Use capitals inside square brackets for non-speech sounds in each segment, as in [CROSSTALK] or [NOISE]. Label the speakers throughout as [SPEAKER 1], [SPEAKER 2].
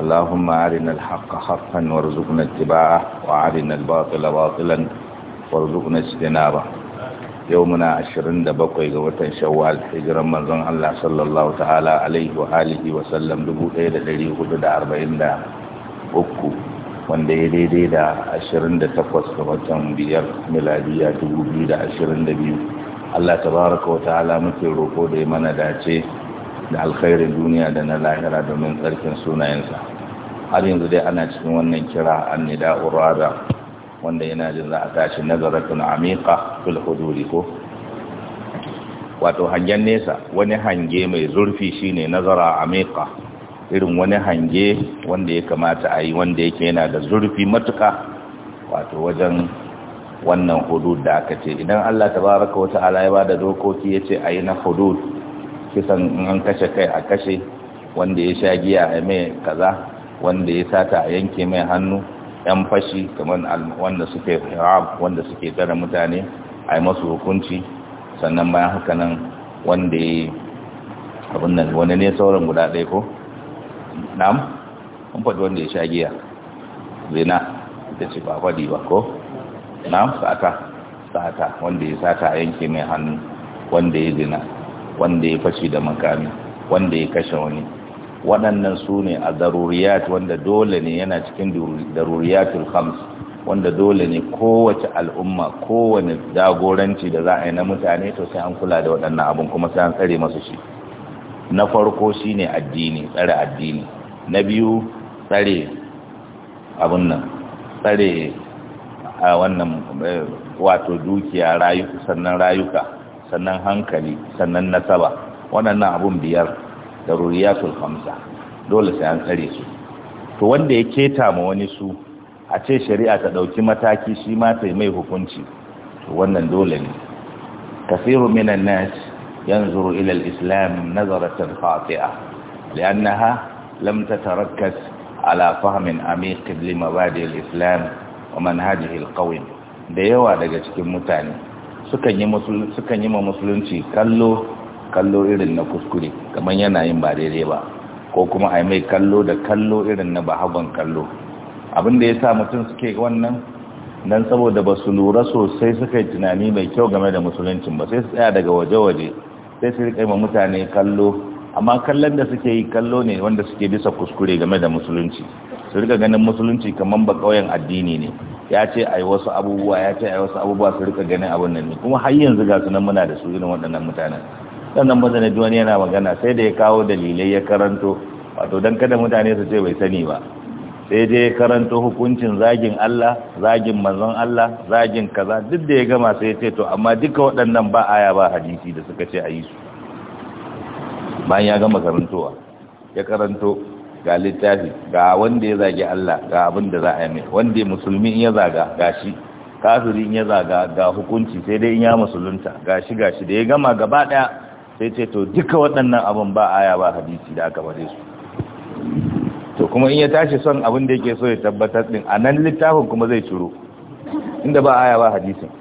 [SPEAKER 1] اللهم أرنا الحق حقا وارزقنا اتباعه وأرنا الباطل باطلا وارزقنا اجتنابه يومنا 27 ga watan Shawwal hijiran manzon Allah sallallahu ta'ala alaihi wa alihi wa sallam 1443 wanda ya daidai da 28 ga watan 5 miladiya 2022 Allah tabaaraka wa ta'ala muke roko da mana dace da alkhairin duniya da na lahira domin tsarkin sunayensa har yanzu dai ana cikin wannan kira an nida urada wanda yana jin za a tashi nazaratun amiqa fil huduri ko wato hangen nesa wani hange mai zurfi shine nazara amiqa irin wani hange wanda ya kamata a yi wanda yake yana da zurfi matuka wato wajen wannan hudud da aka ce idan Allah tabaraka wa ta'ala ya bada dokoki yace ayi na hudud kisan an kashe kai a kashe wanda ya sha giya a mai kaza wanda ya sata a yanke mai hannu yan fashi kamar wanda suke harab wanda suke tsara mutane a yi masu hukunci sannan bayan haka nan wanda ya abin nan wani ne sauran guda ɗaya ko nam? an faɗi wanda ya sha giya zina ita ce ba faɗi ba ko nam? sata sata wanda ya sata a yanke mai hannu wanda ya zina wanda ya fashi da makami wanda ya kashe wani waɗannan su ne a daruriyat wanda dole ne yana cikin daruriyatul khams wanda dole ne kowace al'umma kowane jagoranci da za a yi na mutane to sai an kula da waɗannan abin kuma sai an tsare masu shi na farko shine addini tsare addini na biyu tsare abin nan tsare a wannan eh, wato dukiya rayuka sannan rayuka sannan hankali sannan nasaba waɗannan abin biyar Da daruriyatul hamsa dole sai an tsare su to wanda ya keta ma wani su a ce shari'a ta ɗauki mataki shi ma ta mai hukunci to wannan dole ne kafiru minan nas yanzuru ila al-islam nazaratan khati'a li'annaha lam tatarakkas ala fahmin amiq li mabadi al-islam wa manhajihi al-qawim da yawa daga cikin mutane sukan yi ma musulunci kallo kallo irin na kuskure kamar yana yin ba daidai ba ko kuma a mai kallo da kallo irin na bahagon kallo abinda ya sa mutum suke wannan don saboda ba su lura sosai suka yi tunani mai kyau game da musuluncin ba sai su tsaya daga waje-waje sai su riƙa mutane kallo amma kallon da suke yi kallo ne wanda suke bisa kuskure game da musulunci su rika ganin musulunci kamar ba ƙauyen addini ne ya ce a wasu abubuwa ya ce a yi wasu abubuwa su rika ganin abin nan ne kuma har yanzu ga sunan muna da su irin waɗannan mutanen sannan ba zane yana magana sai da ya kawo dalilai ya karanto wato don kada mutane su ce bai sani ba sai dai ya karanto hukuncin zagin Allah zagin manzon Allah zagin kaza duk da ya gama sai ya ce to amma duka waɗannan ba aya ba hadisi da suka ce a yi su bayan ya gama karantowa ya karanto ga littafi ga wanda ya zagi Allah ga abin da za a yi mai wanda musulmi in ya zaga ga shi kafirin in ya zaga ga hukunci sai dai in ya musulunta ga shi ga shi da ya gama gaba ɗaya sai ce to duka waɗannan abin ba aya ba hadisi da aka bare su to kuma in ya tashi son abin da yake so ya tabbatar din a nan littafin kuma zai ciro inda ba aya ba hadisin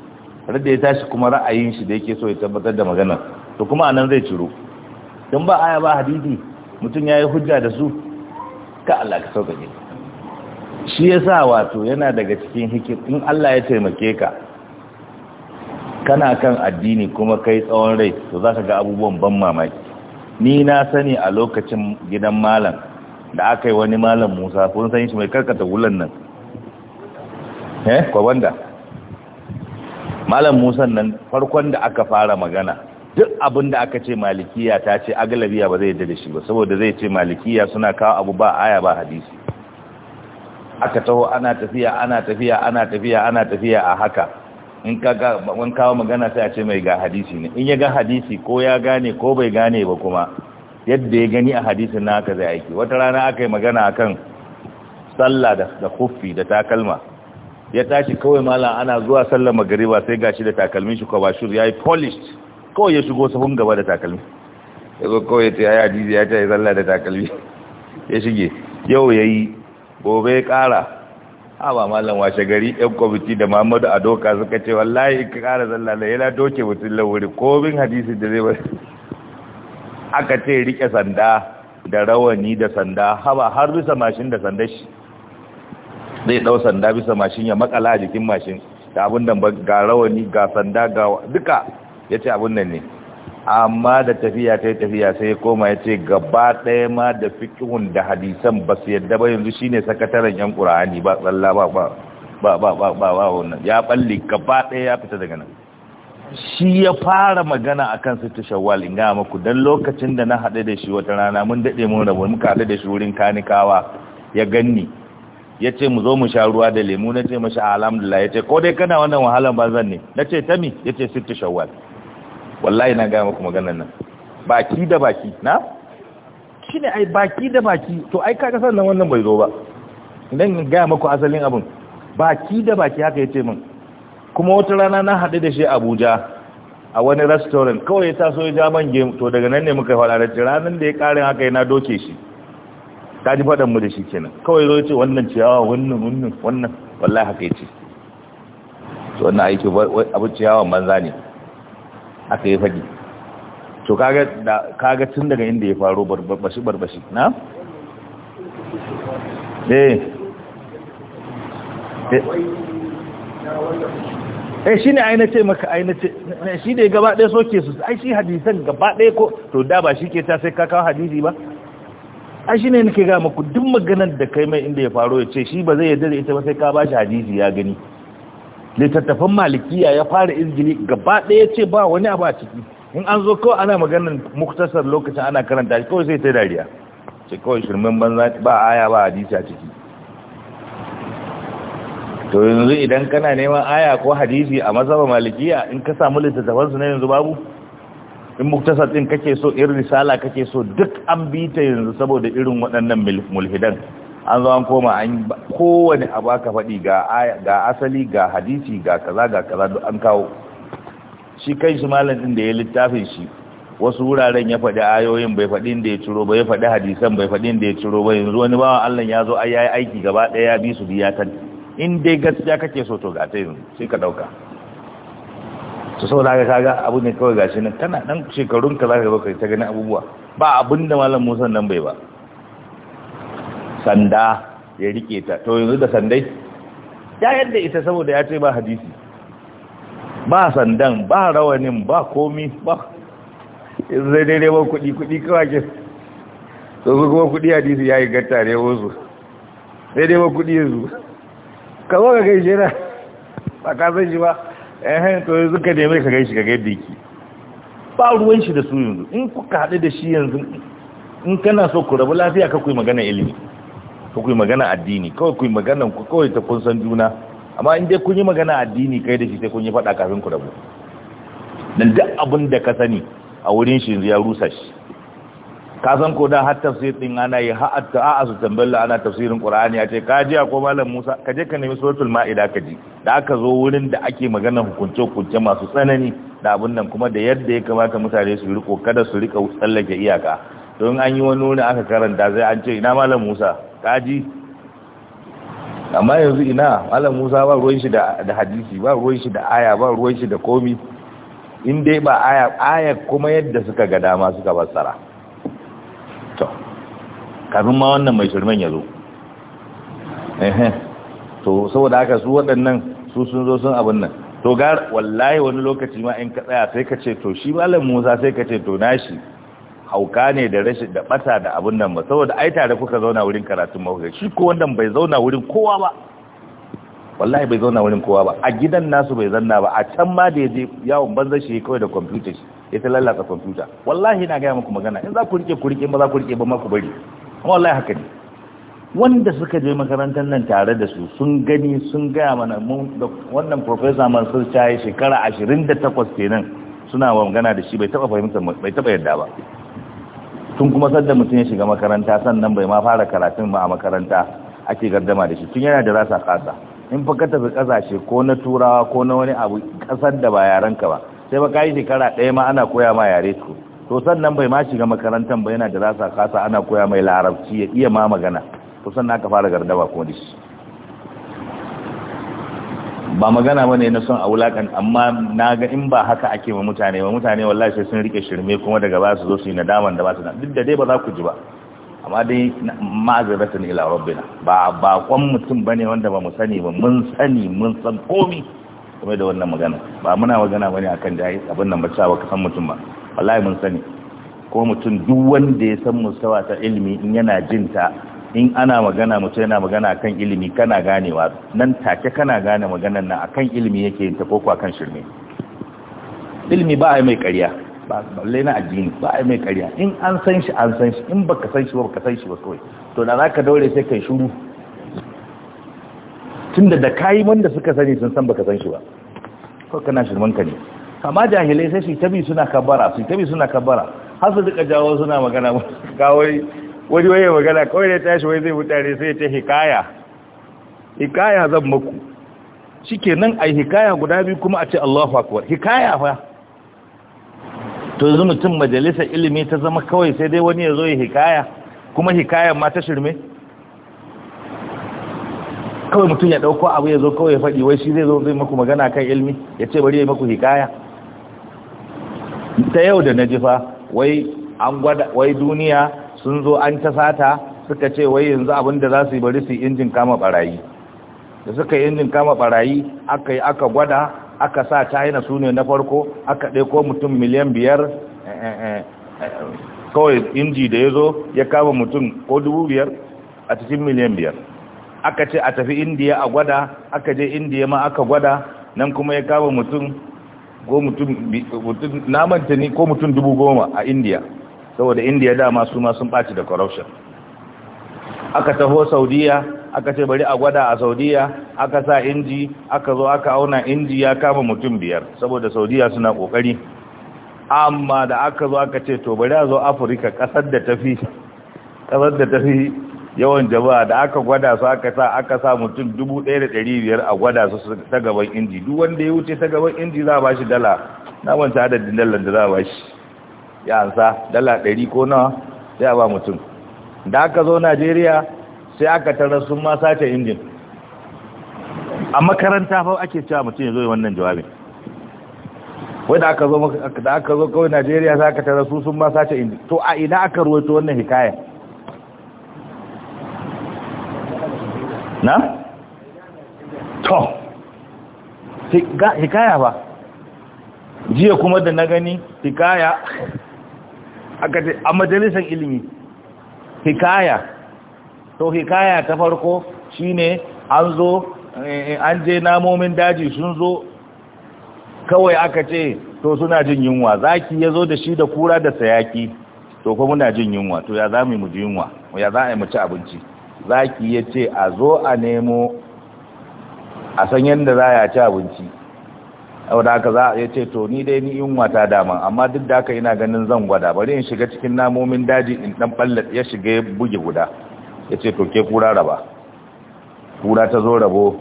[SPEAKER 1] har da ya tashi kuma ra'ayin shi da yake so ya tabbatar da magana to kuma a nan zai ciro don ba aya ba hadisi mutum ya yi hujja da su ka Allah ka sauƙaƙe shi ya sa wato yana daga cikin hikim in Allah ya taimake ka kana kan addini kuma kai tsawon rai to za ka ga abubuwan ban mamaki ni na sani a lokacin gidan malam da aka yi wani malam musa kun san shi mai karkata wulan nan eh kwabanda malam musa nan farkon da aka fara magana duk abin da aka ce malikiya ta ce agalabiya ba zai da shi ba saboda zai ce malikiya suna kawo abu ba aya ba hadisi aka taho ana tafiya ana tafiya ana tafiya ana tafiya a haka in ka wani kawo magana sai a ce mai ga hadisi ne in ya ga hadisi ko ya gane ko bai gane ba kuma yadda ya gani a hadisin na haka zai aiki wata rana aka yi magana akan sallah da kuffi da takalma ya tashi kawai mala ana zuwa sallar magariba sai gashi da takalmin shi shuru ya yi polished kawai ya shigo sahun gaba da takalmi ya zo kawai ta yi hadisi ya ce ya sallah da takalmi [LAUGHS] ya shige yau ya yi gobe ya kara. ba malam washe gari yan kwamiti da muhammadu a doka suka ce wallahi in ka kara zallala yana doke mutum lawuri komin hadisi da zai bari aka ce rike sanda da rawani da sanda haba har bisa mashin da sanda shi zai dau sanda bisa mashin ya makala a jikin mashin da abin da ga rawani ga sanda ga duka ya ce abin nan ne amma da tafiya ta tafiya sai koma ya ce gaba ɗaya ma da fikihun da hadisan ba su yadda ba yanzu shine sakataren yan ƙura'ani ba tsalla ba ba ba ba ba ba ba wannan ya ɓalli gaba ɗaya ya fita daga nan shi ya fara magana a kan sittu shawwal in gaya maku dan lokacin da na haɗe da shi wata rana mun daɗe mun rabu mun kaɗe da shi wurin kanikawa ya ganni ya ce mu zo mu sha ruwa da lemu na ce mashi alhamdulillah ya ce ko dai kana wannan wahalan ba zan ne na ce ta mi ya ce sittu shawwal wallahi na gaya muku maganar nan baki da baki na shi ne ai baki da baki to ai kaga sannan wannan bai zo ba idan gaya muku asalin abin baki da baki haka ya ce min kuma wata rana na haɗu da shi abuja a wani restaurant kawai ya taso ya ja man game to daga nan ne muka fara da ranar da ya ƙarin haka yana doke shi ta ji faɗan mu da shi kenan kawai zo ce wannan ciyawa wannan wannan wannan wallahi haka ya ce wannan aiki abu ciyawan banza ne aka yi fage to kaga tun daga inda ya faro barbashi barbashi na? Eh. eh eh shi ne aina ce maka aina ce eh, shi ne gaba ɗaya soke su ai shi hadisan gaba ɗaya ko to da ba shi ke ta sai kawo hadisi ba ai shi ne nake gama ku duk maganar da kai mai inda ya faro ya ce shi ba zai yadda da ita ba sai ka ba shi hadisi ya gani littattafan malikiya ya fara izgili gaba ɗaya ce ba wani abu a ciki in an zo kawai ana maganin muktasar lokacin ana karanta shi kawai sai ta dariya ce kawai shirmin banza ba aya ba hadisi a ciki to yanzu idan kana neman aya ko hadisi a mazhaba malikiya in ka samu littattafan su na yanzu babu in muktasar din kake so irin risala kake so duk an bi ta yanzu saboda irin waɗannan mulhidan an zo an koma an kowane abu aka faɗi ga asali ga hadisi ga kaza ga kaza duk an kawo shi kai shi malam din da ya littafin shi wasu wuraren ya faɗi ayoyin bai faɗi da ya ciro ba ya faɗi hadisan bai faɗi da ya ciro ba yanzu wani bawan Allah ya zo ai yayi aiki gaba ɗaya ya bi su biya ta in dai gaskiya kake so to ga ta yanzu sai ka dauka to saboda ka kaga abu ne kawai gashi nan kana dan shekarun ka zaka zo kai ta gani abubuwa ba abinda malam Musa nan bai ba sanda ya rike ta to yanzu da sandai ya yadda ita saboda ya ce ba hadisi ba sandan ba rawanin ba komi ba yanzu zai daidai ba kudi kudi kawakin to su kuma kudi hadisi ya yi gata ne wasu daidai ba kudi yanzu ka zo ka gaishe na ba ka san shi ba ehen to yanzu ka nemi ka gaishe ka gaida ki ba ruwan shi da su yanzu in kuka haɗu da shi yanzu in kana so ku rabu lafiya ka kuyi magana ilimi ko ku yi magana addini kawai ku yi magana ku kawai ta kun san juna amma in dai kun yi magana addini kai da shi sai kun yi faɗa kafin ku rabu dan duk abin da ka sani a wurin shi ya rusa shi ka san ko dan har tafsir din ana yi har atta a su tamballa ana tafsirin qur'ani ya ce ka ji ko malam Musa ka je ka nemi suratul maida ka ji da aka zo wurin da ake magana hukunce hukunce masu tsanani da abin nan kuma da yadda ya kamata mutane su riko kada su rika tsallake iyaka don an yi wani wurin aka karanta sai an ce ina malam Musa kaji amma yanzu ina malam musa ba ruwan shi da hadisi ba ruwan shi da aya ba ruwan shi da komi in dai ba aya aya kuma yadda suka ga dama suka fassara to kafin ma wannan mai shirman ya zo to saboda haka su waɗannan su sun zo sun abin nan to gar wallahi wani lokaci ma in ka tsaya sai ka ce to shi malam musa sai ka ce to nashi hauka ne da rashin da bata da abun nan ba saboda ai tare kuka zauna wurin karatun mahuka shi ko wannan bai zauna wurin kowa ba wallahi bai zauna wurin kowa ba a gidan nasu bai zanna ba a can ma da yaje yawon banza shi kawai da kwamfuta shi ya ta lallata kwamfuta wallahi na gaya muku magana in za ku rike ku rike ba za ku rike ba ma ku bari wallahi haka ne wanda suka je makarantar nan tare da su sun gani sun gaya mana mun wannan professor sun Chai shekara 28 kenan suna magana da shi bai taba fahimtar bai taba yarda ba tun kuma sadda mutum ya shiga makaranta sannan bai ma fara karatun ba a makaranta ake gardama da shi tun yana da rasa kasa in fa ka tafi kasashe ko na turawa ko na wani abu kasar da ba ka ba sai ba ka yi shekara daya ma ana koya ma yare ku to sannan bai ma shiga makarantar ba yana da rasa kasa ana koya mai larabci ya iya ma magana to sannan aka fara gardama ko da shi ba magana bane na son a amma na ga in ba haka ake wa mutane ba mutane wallahi sun rike shirme kuma daga ba su zo su yi nadaman da ba su duk da dai ba za ku ji ba amma dai ma'azaratan ila rabbina ba bakon mutum bane wanda ba mu sani ba mun sani mun san komi game da wannan magana ba muna magana bane akan dai abin nan ba ta ba kasan mutum ba wallahi mun sani ko mutum duk wanda ya san mustawa ta ilimi in yana jinta in ana magana mutum yana magana akan ilimi kana ganewa nan take kana gane maganan nan akan ilimi yake yin ta koko akan shirme ilimi ba ai mai ƙarya ba balle na addini ba ai mai ƙarya in an san shi an san shi in baka san shi ba baka san shi ba kawai to da zaka daure sai kai shuru tunda da kayi wanda suka sani sun san baka san shi ba ko kana shirman ka ne amma jahilai sai shi tabi suna kabara su tabi suna kabara har su duka jawo suna magana kawai [LAUGHS] wani waye magana kawai da tashi wai zai mutane sai ta hikaya hikaya zan maku ke nan a hikaya guda biyu kuma a ce Allahu akbar hikaya fa to zai mutum majalisar ilimi ta zama kawai sai dai wani ya zo ya hikaya kuma hikayan ma ta shirme kawai mutum ya dauko abu ya zo kawai ya faɗi wai shi zai zo zai maku magana kan ilimi ya ce bari ya maku hikaya ta yau da na jifa wai an gwada wai duniya sun zo an ta sata suka ce wai yanzu abin da za su yi bari su yi injin kama barayi da suka yi injin kama barayi aka yi aka gwada aka sa china su ne na farko aka ɗaiko mutum miliyan biyar eh, eh, eh, kawai inji da ya zo ya kama mutum ko dubu biyar a cikin miliyan biyar aka ce a tafi indiya a gwada aka je indiya ma aka gwada nan kuma ya kama mutum ko mutum namanta ni ko mutum dubu goma a indiya saboda indiya dama su ma sun ɓaci da corruption aka taho saudiya aka ce bari a gwada a saudiya aka sa inji aka zo aka auna inji ya kama mutum biyar saboda saudiya suna kokari amma da aka zo aka ce to bari a zo afirka kasar da tafi kasar yawan jama'a da aka gwada su aka sa aka sa mutum biyar a gwada su ta gaban inji duk wanda ya wuce ta gaban inji za a ba shi dala na wanta adadin dalar da za a ba shi. ya ansa dala ɗari ko nawa sai a ba mutum da aka zo najeriya sai aka tara sun ma sace injin a makaranta fa ake cewa mutum ya zo wannan jawabin wai da aka zo da aka zo kawai najeriya sai aka tara su sun ma sace injin to a ina aka ruwaito wannan hikaya na? to hikaya ba jiya kuma da na gani hikaya a majalisar ilimi hikaya to hikaya ta farko shine an zo eh, an je namomin daji sun zo kawai aka ce to suna jin yunwa zaki ya zo da shi da kura da sayaki to kuma muna jin yunwa to ya za mu ji yunwa ya za a yi mu ci abinci zaki ya ce a zo a nemo a san yadda za a ci abinci saboda haka za a ce to ni dai ni yin ta dama amma duk da haka ina ganin zan gwada bari in shiga cikin namomin daji in dan balla ya shiga ya buge guda ya ce to ke kura raba kura ta zo rabo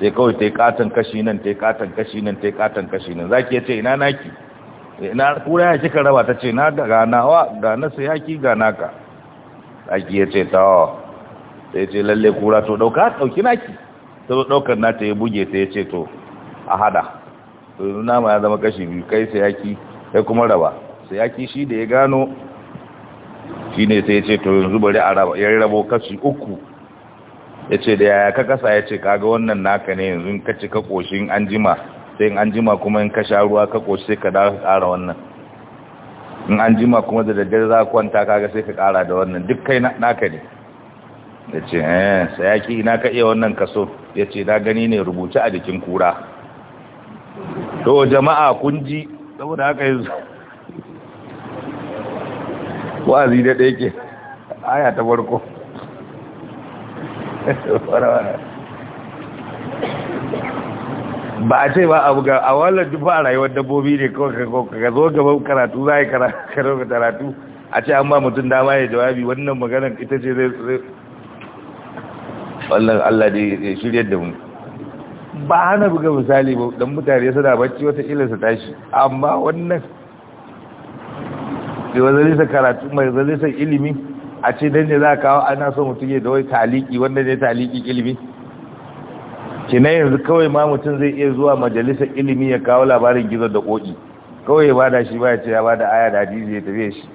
[SPEAKER 1] sai kawai ta yi katon kashi nan ta yi katon kashi nan ta yi katon kashi nan za ki ya ce ina naki eh, ina kura ya kika raba ta ce na ga nawa ga na gana ga naka ki ya ce wa sai ce lalle kura to dauka dauki naki ta zo daukar ta ya buge ta ya ce to a hada to yanzu nama ya zama kashi biyu kai yaki sai kuma raba yaki shi da ya gano shi ne sai ya ce to yanzu bari a raba ya rabo kashi uku ya ce da yaya ka kasa ya ce kaga wannan naka ne yanzu ka ci ka in an jima sai in an jima kuma in ka sha ruwa ka koshi sai ka da ka ƙara wannan in an jima kuma da daddare za kwanta kaga sai ka ƙara da wannan duk kai naka ne ya ce eh sayaki ina ka iya wannan kaso ya ce da gani ne rubuce a jikin kura to jama'a kun ji saboda haka yanzu wazi da ɗaya ke aya ta farko ba a ce ba abu ga a wallar jufa a rayuwar dabbobi ne kawai ka zo gaban karatu za a yi karatu a ce an ba mutum dama ya jawabi wannan maganar ita ce zai wannan allah da ya shirya da mu ba hana buga misali ba dan mutane suna bacci wata ila su tashi amma wannan da wazalisa karatu mai wazalisa ilimi a ce dan ne za ka kawo ana so mutum ya da wai taliki wanda ne taliki ilimi kina yanzu kawai ma mutum zai iya zuwa majalisar ilimi ya kawo labarin gizo da koki kawai ya bada shi ba ya ce ya bada aya da hadisi ya tafiye shi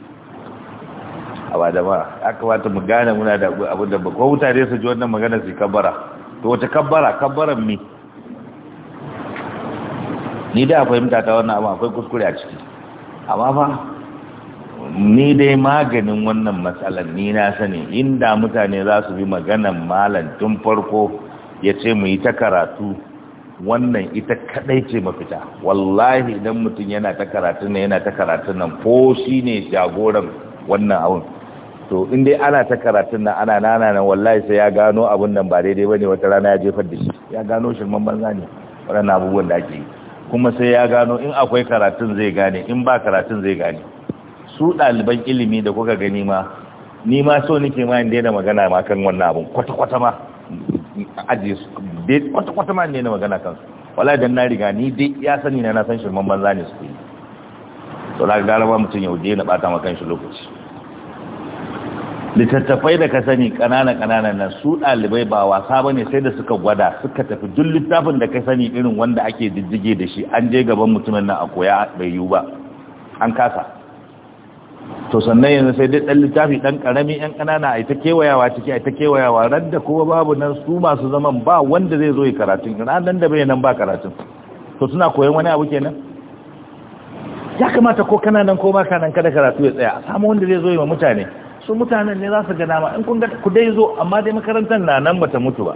[SPEAKER 1] a ba da ba ya kamata mu gane muna da abin da ba ko mutane su ji wannan magana su kabbara to wata kabbara kabbaran me ni da fahimta ta wannan abu akwai kuskure a ciki amma fa ni dai maganin wannan matsalar ni na sani inda mutane za su bi maganan malam tun farko ya ce mu yi ta karatu wannan ita kadai ce mafita wallahi idan mutum yana ta karatun nan yana ta karatun nan ko shi ne jagoran wannan abun to in dai ana ta karatun nan ana nana nan wallahi sai ya gano abun nan ba daidai bane wata rana ya jefar da shi ya gano shirman banza ne waɗannan abubuwan da ake yi kuma sai ya gano in akwai karatun zai gane in ba karatun zai gane su ɗaliban ilimi da kuka gani ma ni ma so nike ma in daina magana ma kan wannan abun kwata-kwata ma ajiye su kwata-kwata ma in daina magana kansu wala dan na riga ni dai ya sani na na san shirman banza ne su yi to na ga ba mutum ya daina bata ma kan shi lokaci littattafai da ka sani kanana kanana nan su ɗalibai ba wasa ba ne sai da suka gwada suka tafi duk littafin da ka sani irin wanda ake jijjige da shi an je gaban mutumin nan a koya bai yiwu ba an kasa to sannan yanzu sai dai ɗan littafi ɗan ƙarami ɗan ƙanana a ita kewayawa ciki a ita kewayawa ran da kowa babu nan su masu zaman ba wanda zai zo yi karatun ina nan da bai nan ba karatun to suna koyon wani abu kenan ya kamata ko kana nan ko ba nan kada karatu ya tsaya a samu wanda zai zo yi wa mutane su mutanen ne za su ga dama in kun ga ku dai zo amma dai makarantar na nan bata mutu ba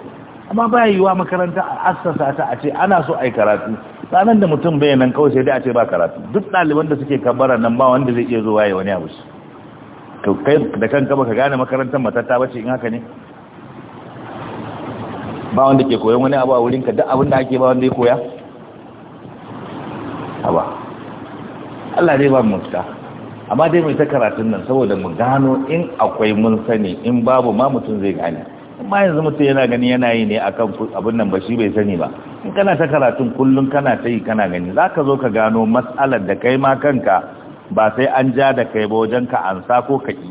[SPEAKER 1] amma ba yiwuwa makaranta a assasa ta a ce ana so a yi karatu ranar da mutum bai nan kawai sai dai a ce ba karatu duk ɗaliban da suke kabbara nan ba wanda zai iya zo waye wani abu kai da kanka baka gane makarantar matatta bace in haka ne ba wanda ke koyon wani abu a wurinka duk abin da ake ba wanda ya koya haba Allah dai ba mu mutaka amma dai mai ta karatun nan saboda mu gano in akwai mun sani in babu ma mutum zai gane amma yanzu mutum yana gani yana yi ne akan abin nan ba shi bai sani ba in kana ta karatun kullum kana ta yi kana gani za ka zo ka gano matsalar da kai ma kanka ba sai an ja da kai ba wajen ka ansa ko ka ƙi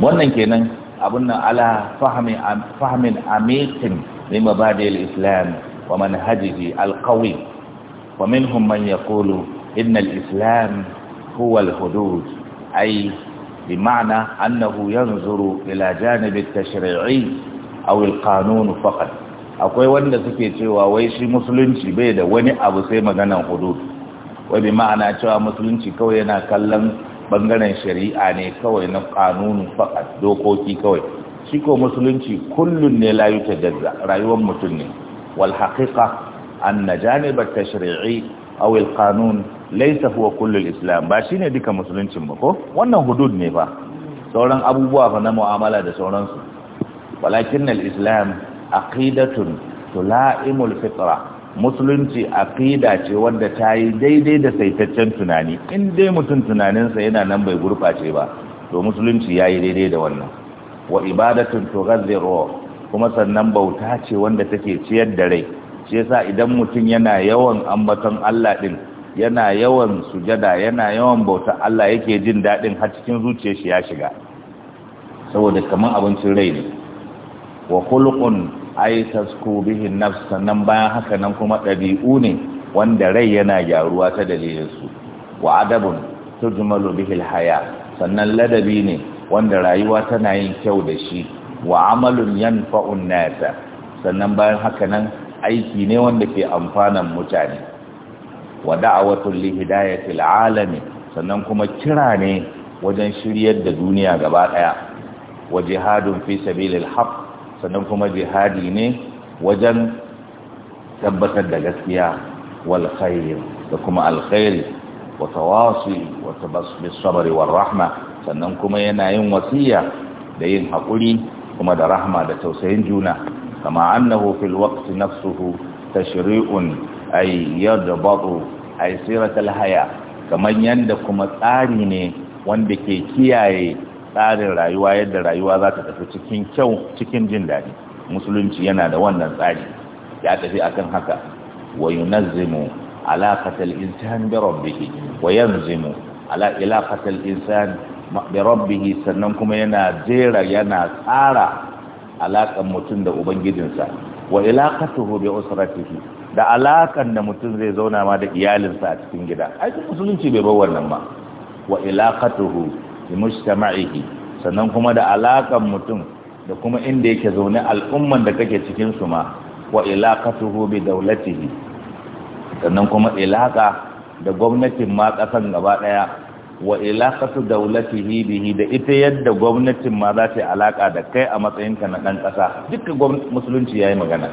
[SPEAKER 1] wannan kenan abin nan ala fahimin amikin lima badiyar islam wa manhajihi alkawai ومنهم من يقول إن الإسلام هو الحدود أي بمعنى أنه ينظر إلى جانب التشريعي أو القانون فقط أقول وانا سكيتي وويشي مسلم شبيدة واني أبو سيما جانا الحدود وبمعنى أتوى مسلم شكوينا كلم بنغانا شريعاني كوينا قانون فقط دو قوتي كوي شكو مسلم شكو كل نلايو تجزع رأيوان متنين والحقيقة anna janibat tashri'i aw al-qanun laysa huwa islam ba shine duka musuluncin ba ko wannan hudud ne ba sauran abubuwa fa na mu'amala da sauransu walakin al-islam aqidatun tula'imul fitra musulunci aƙida ce wanda ta yi daidai da saitaccen tunani in dai mutum tunaninsa yana nan bai gurɓace ba to musulunci ya yi daidai da wannan Wa'ibadatun ibadatun tughazzi kuma sannan bauta ce wanda take ciyar da rai shi yasa idan mutum yana yawan ambaton Allah din yana yawan sujada yana yawan bauta Allah yake jin daɗin har cikin zuciyar shi ya shiga saboda kaman abincin rai ne wa khuluqun ay tasku bihi nafs sannan bayan haka nan kuma ɗabi'u ne wanda rai yana gyaruwa ta dalilin su wa adabun tujmalu bihi alhaya sannan ladabi ne wanda rayuwa tana yin kyau da shi wa amalun yanfa'un nasa sannan bayan haka nan aiki ne wanda ke amfanan mutane wa da'awatul li hidayatil alami sannan kuma kira ne wajen shiryar da duniya gaba daya wa jihadun fi sabilil haqq sannan kuma jihadi ne wajen tabbatar da gaskiya wal khair da kuma alkhairi wa tawasi wa tabassum sabr rahma sannan kuma yana yin wasiya da yin hakuri kuma da rahma da tausayin juna كما أنه في الوقت نفسه تشريع أي يضبط أي سيرة الحياة كما يندكم تاريني واندكي كياي tsarin rayuwa yadda rayuwa za ta tafi cikin kyau cikin jin daɗi musulunci yana da wannan tsari ya tafi akan haka wa yunazzimu alaqatal insani bi rabbih wa yanzimu ala ilaqatal insani bi rabbih sannan kuma yana jera yana tsara alaƙar mutum da ubangijinsa wa ilaqatuhu bi usratihi da alaƙan da mutum zai zauna ma da iyalinsa a cikin gida Aiki musulunci bai bar wannan ma wa ilaqatuhu bi mujtama'ihi sannan kuma da alaƙar mutum da kuma inda yake zaune al'umman da kake cikin su ma wa ilaqatuhu bi daulatihi sannan kuma ilaƙa da gwamnatin ma ƙasan gaba ɗaya wa ilaqatu daulati bihi da ita yadda gwamnatin ma za ta alaƙa da kai a matsayinka na ɗan ƙasa dukkan musulunci yayi magana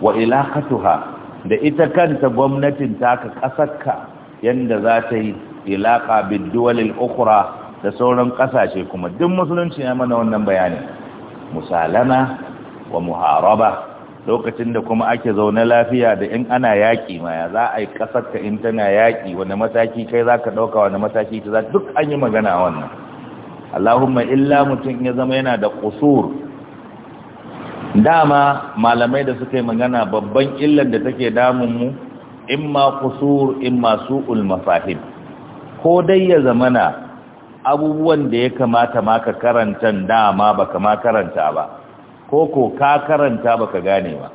[SPEAKER 1] wa ilaqatuha da ita kanta gwamnatin taka ƙasarka yanda za ta yi ilaƙa bid duwalil da sauran ƙasashe kuma duk musulunci ya mana wannan bayani musalana wa muharaba lokacin da kuma ake zaune lafiya da in ana yaƙi ma za a yi ƙasarka in tana yaƙi wani mataki kai za ka ɗauka wani mataki ta za duk an yi magana a wannan allahumma illa mutum ya zama yana da kusur dama malamai da suka yi magana babban illan da take damun mu ma kusur ma su'ul mafahim ko dai ya zamana abubuwan da ya kamata ma ka karanta dama baka ma karanta ba ko ko ka karanta baka gane ba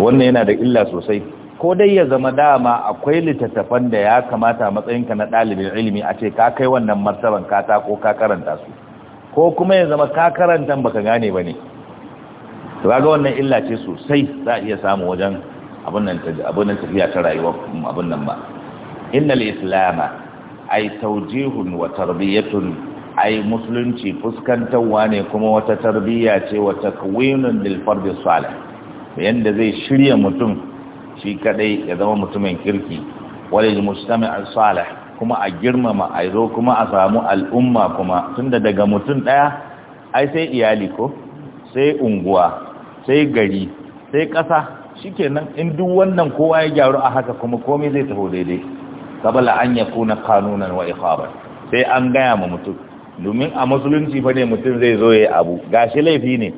[SPEAKER 1] wannan yana da illa sosai ko dai ya zama dama akwai littattafan da ya kamata matsayinka na ɗalibin ilimi a ce ka kai wannan martaban ta ko ka karanta su ko kuma ya zama ka karanta baka gane ba ne ga wannan illa ce sosai za a iya samu wajen abin tafiya ta rayuwa abin nan ba innal islama ai tawjihun wa tarbiyyatun. ai musulunci fuskantarwa ne kuma wata tarbiyya ce wata kawinun dilfar da salih yadda zai shirya mutum shi kadai ya zama mutumin kirki wale da mustami'ar salih kuma a girmama a zo kuma a samu al'umma kuma tunda daga mutum daya ai sai iyali ko sai unguwa sai gari sai kasa shikenan in duk wannan kowa ya gyaru a haka kuma komai zai taho daidai kabala an yakuna kanunan wa ikhabar sai an gaya ma mutum domin a musulunci fa ne mutum zai zo ya abu Ga shi laifi ne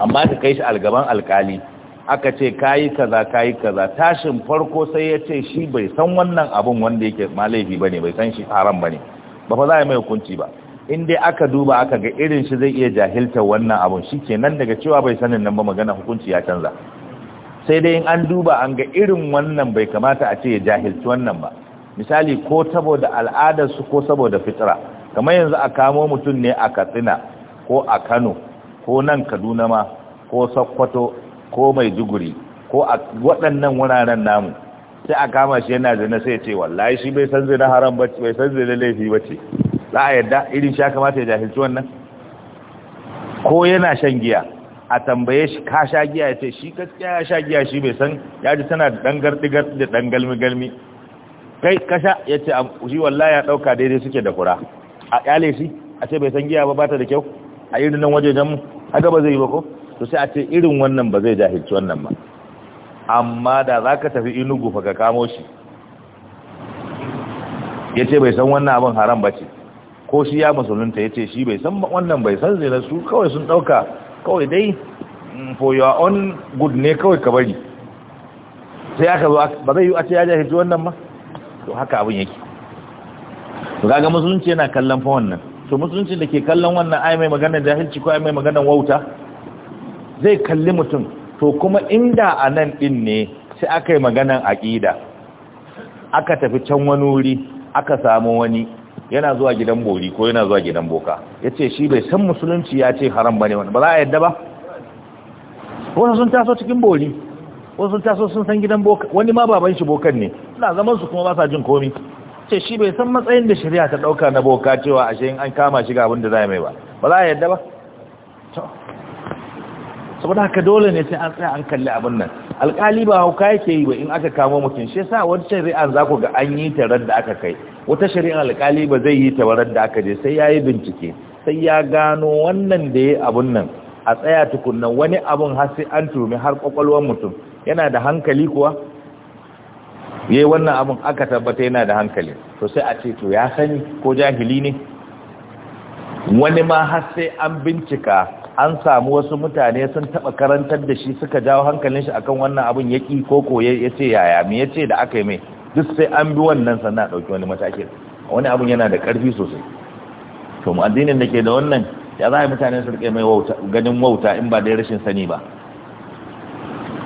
[SPEAKER 1] amma ta kai shi algaban alkali aka ce kayi kaza kayi kaza tashin farko sai ya ce shi bai san wannan abun wanda yake ma laifi bane bai san shi haram bane ba fa za a mai hukunci ba in dai aka duba aka ga irin shi zai iya jahilta wannan abun shikenan daga cewa bai sanin nan ba magana hukunci ya canza sai dai in an duba an ga irin wannan bai kamata a ce ya jahilci wannan ba misali ko saboda al'adarsu ko saboda fitra kamar yanzu a kamo mutum ne a katsina ko a kano ko nan kaduna ma ko sokoto ko maiduguri ko a waɗannan wuraren namu sai a kama shi yana zina sai ce wallahi shi bai san zina haram ba bai san zina laifi ba ce za a yadda irin shi ya kamata ya jahilci wannan ko yana shan giya a tambaye shi ka sha giya ya ce shi gaskiya ya sha giya shi bai san ya ji tana da dangar digar da dan galmi galmi kai kasha ya ce shi wallahi ya dauka daidai suke da kura a kyale shi a ce bai san giya ba bata da kyau a irin nan wajejen mu haka ba zai yi ba ko to sai a ce irin wannan ba zai jahilci wannan ba amma da za ka tafi inugu fa ka kamo shi ya ce bai san wannan abin haram ba ce ko shi ya musulunta ya ce shi bai san wannan bai san zai su kawai sun ɗauka kawai dai mm, for your own good ne kawai ka bari sai aka zo ba zai yi a ce ya jahilci wannan ba to haka abin yake to kaga musulunci yana kallon fa wannan to musulunci da ke kallon wannan ai mai maganar jahilci ko ai mai maganar wauta zai kalli mutum to kuma inda a nan ɗin ne sai aka yi maganar aƙida aka tafi can wani wuri aka samu wani yana zuwa gidan bori ko yana zuwa gidan boka ya ce shi bai san musulunci ya ce haram ba ne wani ba za a yadda ba wasu sun taso cikin bori wasu sun taso sun san gidan boka wani ma baban shi bokan ne suna zaman su kuma ba sa jin komi ce shi bai san matsayin da shari'a ta dauka na boka cewa ashe in an kama shi ga abin da zai mai ba ba za a yadda ba saboda haka dole ne sai an tsaya an kalli abin nan alkali ba hauka yake yi ba in aka kamo mutum shi yasa wata shari'a za ku ga an yi ta da aka kai wata shari'a alkali ba zai yi ta da aka je sai ya yi bincike sai ya gano wannan da ya abun nan a tsaya tukunna wani abun har sai an tumi har kwakwalwar mutum yana da hankali kuwa ya yi wannan abin aka tabbata yana da hankali to sai a ce to ya sani ko jahili ne wani ma har sai an bincika an samu wasu mutane sun taba karantar da shi suka jawo hankalin shi akan wannan abin ya ko koye ya ce yaya me ya ce da aka yi mai duk sai an bi wannan sannan ɗauki wani mataki wani abin yana da ƙarfi sosai to mu addinin da ke da wannan ya za a yi mutane su rike mai ganin wauta in ba dai rashin sani ba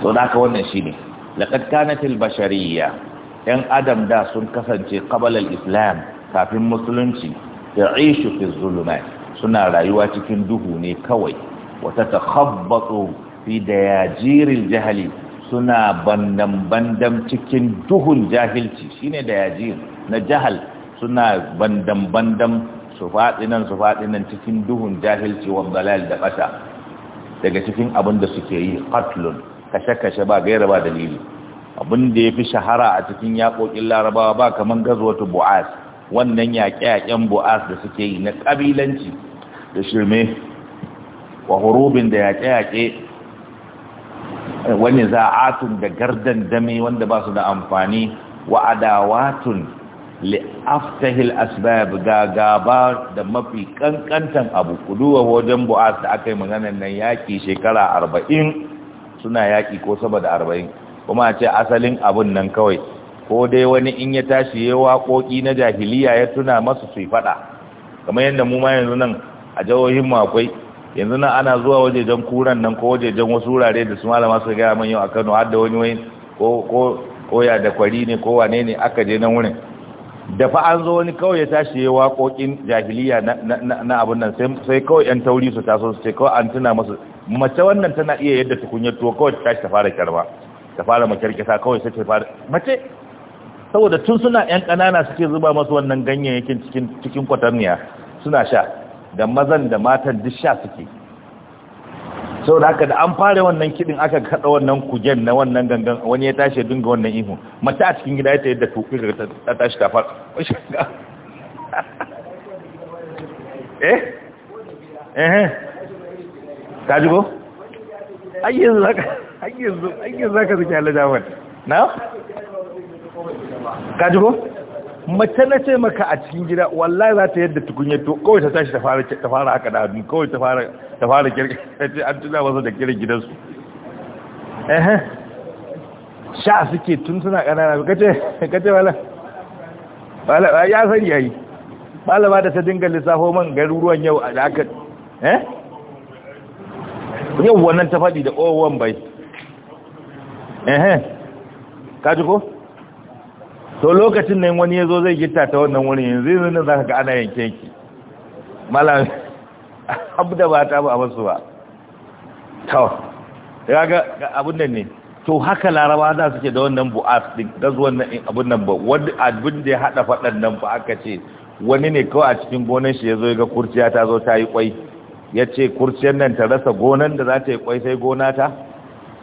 [SPEAKER 1] so da haka wannan shi ne لقد كانت bashariyya ‘yan adam da sun kasance kabalar islam kafin musulunci da aishu fi zulumai suna rayuwa cikin duhu ne kawai wata ta habbatsu fi da yajirin jahali suna bandan-bandan cikin duhun jahilci shine da yajir na jahal suna bandan-bandan su faɗinan su faɗinan cikin duhun jahilci wa da ɓata daga cikin abin da suke yi katlun kashe-kashe ba gaira ba dalili abin da ya fi shahara a cikin yaƙoƙin larabawa ba kamar gazwatu bu'as wannan yaƙe-yaƙen bu'as da suke yi na ƙabilanci da shirme wa hurubin da yaƙe-yaƙe wani za'atun da gardan dame wanda ba su da amfani wa adawatun li'aftahil asbab ga gaba da mafi kankantan abu kuduwa wajen bu'as da aka yi maganar nan yaƙi shekara arba'in suna yaƙi ko saboda arba'in kuma a ce asalin abun nan kawai ko dai wani in ya tashi ya waƙoƙi na jahiliya ya tuna masu su faɗa kamar yadda mu ma yanzu nan a jihohin mu akwai yanzu nan ana zuwa wajejen kuran nan ko wajejen wasu wurare da su malama su gaya man yau a Kano har da wani wani ko ko ko ya da kwari ne ko wane ne aka je nan wurin da fa an zo wani kawai ya tashi ya waƙoƙin jahiliya na abun nan sai kawai yan tauri su taso su ce kawai an tuna masu mace wannan tana iya yadda tukunyar tuwo kawai ta tashi ta fara karba ta fara makirkisa kawai sai ta fara mace saboda tun suna yan kanana suke zuba masu wannan ganyayyakin cikin cikin kwatarniya suna sha da mazan da matan duk sha suke saboda haka da an fara wannan kidin aka kada wannan kujen na wannan gangan wani ya tashi dinga wannan ihu mace a cikin gida ita yadda tuki ta tashi ta fara [LAUGHS] eh eh ta eh. jigo
[SPEAKER 2] ayyin zaka ayyin zaka na ka ji ko
[SPEAKER 1] mace na ce maka a cikin gida wallahi za ta yadda tukun to kawai ta tashi ta fara haka da abin kawai ta fara ta ce an tuna masa da kirin gidansu sha suke tun suna kanana kace kace wala wala ya sani yayi ba da ta dinga lissafo man garuruwan yau da aka eh yau wannan ta faɗi da owon oh, bai ehe kaji ko to lokacin nan wani ya zo zai gita ta wannan wurin yanzu yanzu ne za ka ga ana yanke ki malam [LAUGHS] abu da ba ta ba a masu ba to ya ga abun nan ne to haka laraba za su ke da wannan bu'as din da zuwan nan abun nan ba wani abin da ya haɗa faɗan nan ba aka ce wani ne kawai a cikin gonan shi ya zo ya ga kurciya ta zo ta yi kwai ya ce kurciyar nan ta rasa gonan da za ta yi kwai sai gona ta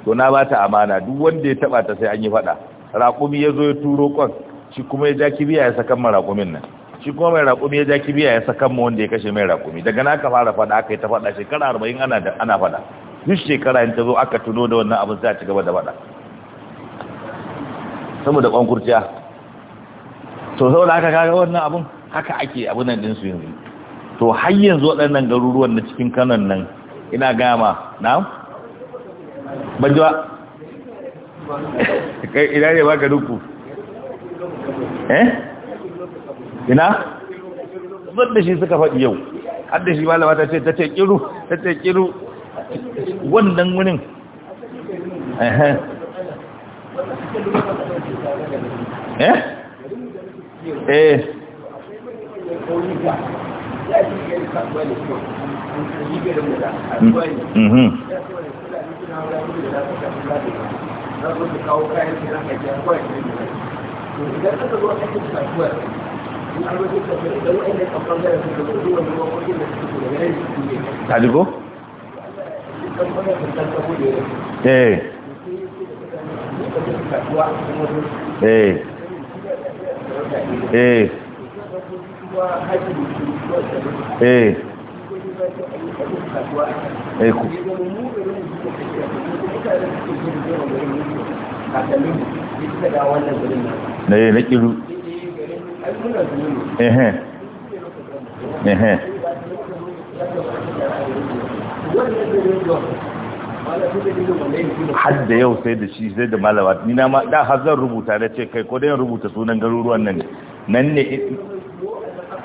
[SPEAKER 1] to na ba ta amana duk wanda ya taba ta sai an yi fada raƙumi ya zo ya turo kwan shi kuma ya ja kibiya ya sakan ma raƙumin nan shi kuma mai raƙumi ya ja kibiya ya sakan ma wanda ya kashe mai raƙumi daga na aka fara fada aka yi ta fada shekara arba'in ana da ana fada duk shekara in ta zo aka tuno da wannan abin za a ci gaba da fada saboda kwan kurciya to saboda aka kaga wannan abun haka ake abin nan din su yanzu to har yanzu waɗannan garuruwan na cikin kanan nan ina gama na banjuwa
[SPEAKER 2] [LAUGHS]
[SPEAKER 1] kai ina ne baka duku eh ina zuwa da shi suka faɗi yau har da shi malama ta ce ta ce kiru ta ce kiru wannan wurin
[SPEAKER 2] eh eh ta dugo? eh eh eh eh, eh na yi kiru har da yau
[SPEAKER 1] sai da shi sai da malawa ni na ma da hazar rubuta da ce kai ko da rubuta sunan garuruwan nan nan ne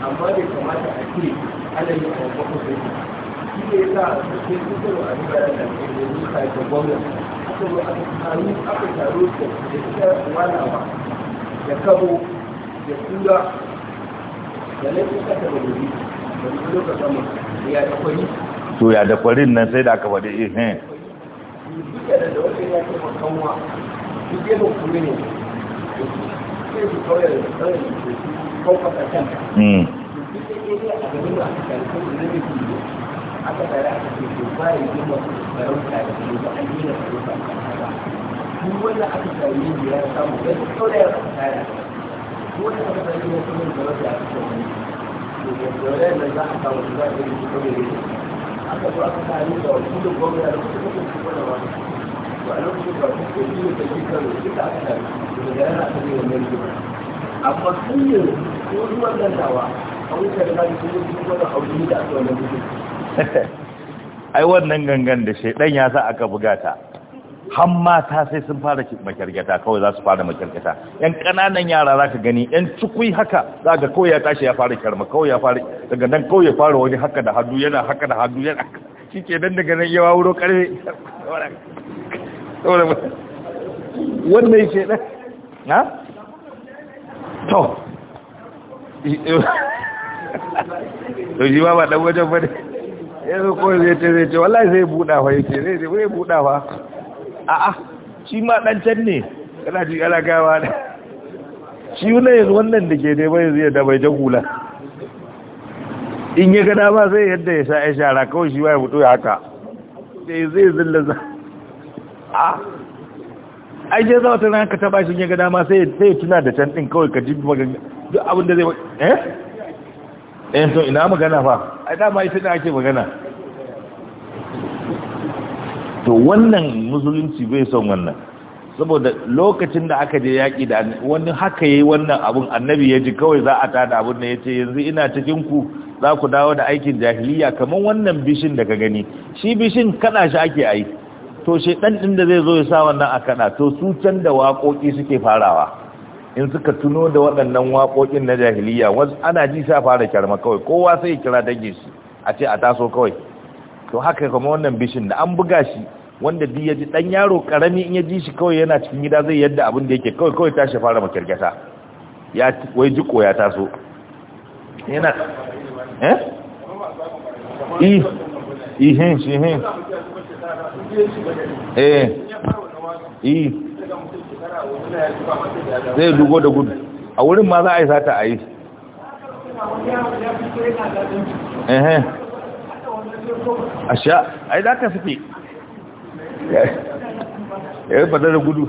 [SPEAKER 2] amma bai kamata a ce ana yi a wani shi ne yasa kusurwa a da ta gwamnati aka taru aka taru da da kabo da da laifin kasa da da lokacin ya da to
[SPEAKER 1] ya da nan sai da aka faɗi ihe eh, eh.
[SPEAKER 2] duka da da ya ce duk kuma ne sai su kawai da tsarin Hmm. amma sun da [LAUGHS] ai
[SPEAKER 1] wannan gangan da shaidan ya sa aka buga ta han mata sai sun fara makyargata kawai za su fara makyargata yan kananan yara za ka gani yan cikui haka za ga kawai ya tashi ya fara kyarma kawai ya fara daga nan kawai ya fara wani haka da hadu yana haka da hadu yana [LAUGHS] shi ke nan daga nan yawa wuro karfe
[SPEAKER 2] wannan shaidan na? to
[SPEAKER 1] to shi ba ba dan wajen ba ne ya ko zai ce zai ce wallahi zai buɗa fa yake zai ce zai buɗa fa a'a shi ma dan can ne
[SPEAKER 2] kana ji ana gawa ne
[SPEAKER 1] shi wannan yanzu wannan da ke neman yanzu yadda bai jan hula in ya gada ba sai yadda ya sha ya shara kawai shi ba ya mutu ya haka sai zai zilla za a ai je za wata ranka ta bashin ya gada ma sai ya tuna da can ɗin kawai ka jibi magana duk abin da zai eh eh to ina magana fa ai dama ita da ake magana to wannan musulunci bai son wannan saboda lokacin da aka je yaki da wani haka yi wannan abun annabi ya ji kawai za a tada abun ne ya ce yanzu ina cikin ku za ku dawo da aikin jahiliya kamar wannan bishin da ka gani shi bishin kada shi ake ai to shedan din da zai zo ya sa wannan a kada to su can da waƙoƙi suke farawa in suka tuno da waɗannan waƙoƙin na jahiliya wasu ana ji sa fara kyarma kawai kowa sai kira dangin shi a ce a taso kawai to haka kuma wannan bishin da an buga shi wanda duk ya ji ɗan yaro ƙarami in ya ji shi kawai yana cikin gida zai yadda abin da yake kawai kawai tashi fara makirgata ya wai ji ya taso yana eh ihe shi eh
[SPEAKER 2] eh, eh, eh. eh zai dugo da gudu
[SPEAKER 1] a wurin ma za a yi sata a yi a sha a yi zaka suke ya yi fada da gudu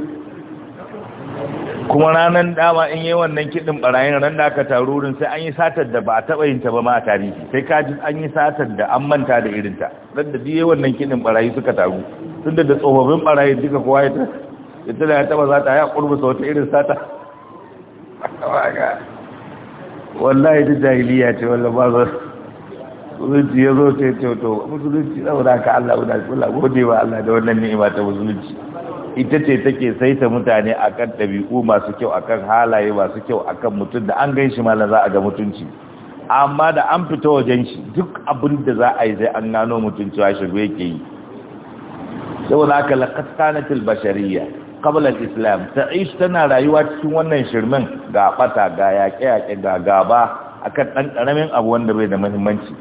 [SPEAKER 1] kuma ranar dama in yi wannan kiɗin ɓarayin ran da aka tarurin sai an yi satar da ba a taɓa yin ta ba ma a tarihi sai kajin an yi satar da an manta da irinta ɗan da biye wannan kiɗin ɓarayi suka taru tun da tsofaffin ɓarayin duka kowa ya ya tana ya taba ta ya kurmusa wata irin sata wallahi da jahiliya ce wanda ba su. musulunci ya zo ce ce to musulunci saboda ka Allah guda su kula gode wa Allah da wannan ni'ima ta musulunci ita ce take saita mutane akan ɗabi'u masu kyau akan halaye masu kyau akan mutum da an gan shi ma za a ga mutunci amma da an fita wajen shi duk abin da za a yi sai an gano mutunci cewa shigo yake yi saboda haka laqad kanatil qabla islam ta ta'ish tana rayuwa cikin wannan shirmin ga fata ga yaƙe yaƙe ga gaba a kan ɗan ƙaramin abu wanda bai da mahimmanci.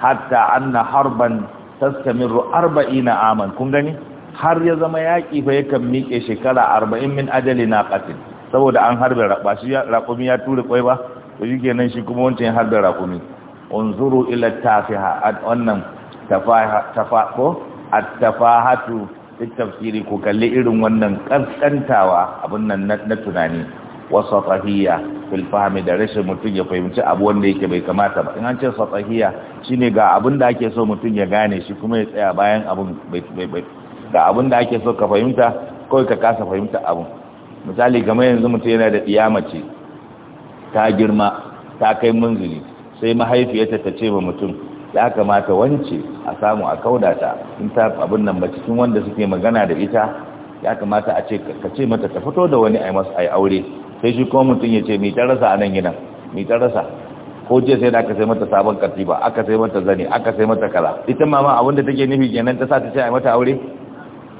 [SPEAKER 1] hatta an na harban tastamiru 40 aman kun gani har ya zama yaƙi fa yakan miƙe shekara arba'in min ajali na ƙasin saboda an harbe raƙa shi raƙumi ya tura ƙwai ba to kenan shi kuma wancan harbe raƙumi unzuru ila tafiha wannan tafaha tafaqo at-tafahatu Duk tafsiri ko kalli irin wannan kaskantawa abin nan na tunani wasu tsahiyya fil fahmi da rashin mutum ya fahimci abu wanda yake bai kamata ba in an ce tsahiya shine ga abin da ake so mutum ya gane shi kuma ya tsaya bayan abin ga abin da ake so ka fahimta kawai ka kasa fahimta abu misali kamar yanzu mutum yana da ce ta girma ta kai munzuri sai mahaifiyarta ta ce wa mutum ya kamata wance a samu a kaudata in ta abin nan ba cikin wanda suke magana da ita ya kamata a ce ka ce mata ta fito da wani aimas ai aure sai shi kuma mutum ya ce mi ta rasa a nan gidan mi ta rasa ko je sai da aka sai mata sabon katiba aka sai mata zani aka sai mata kala ita ma ma abinda take nufi kenan ta sa ta ce ai mata aure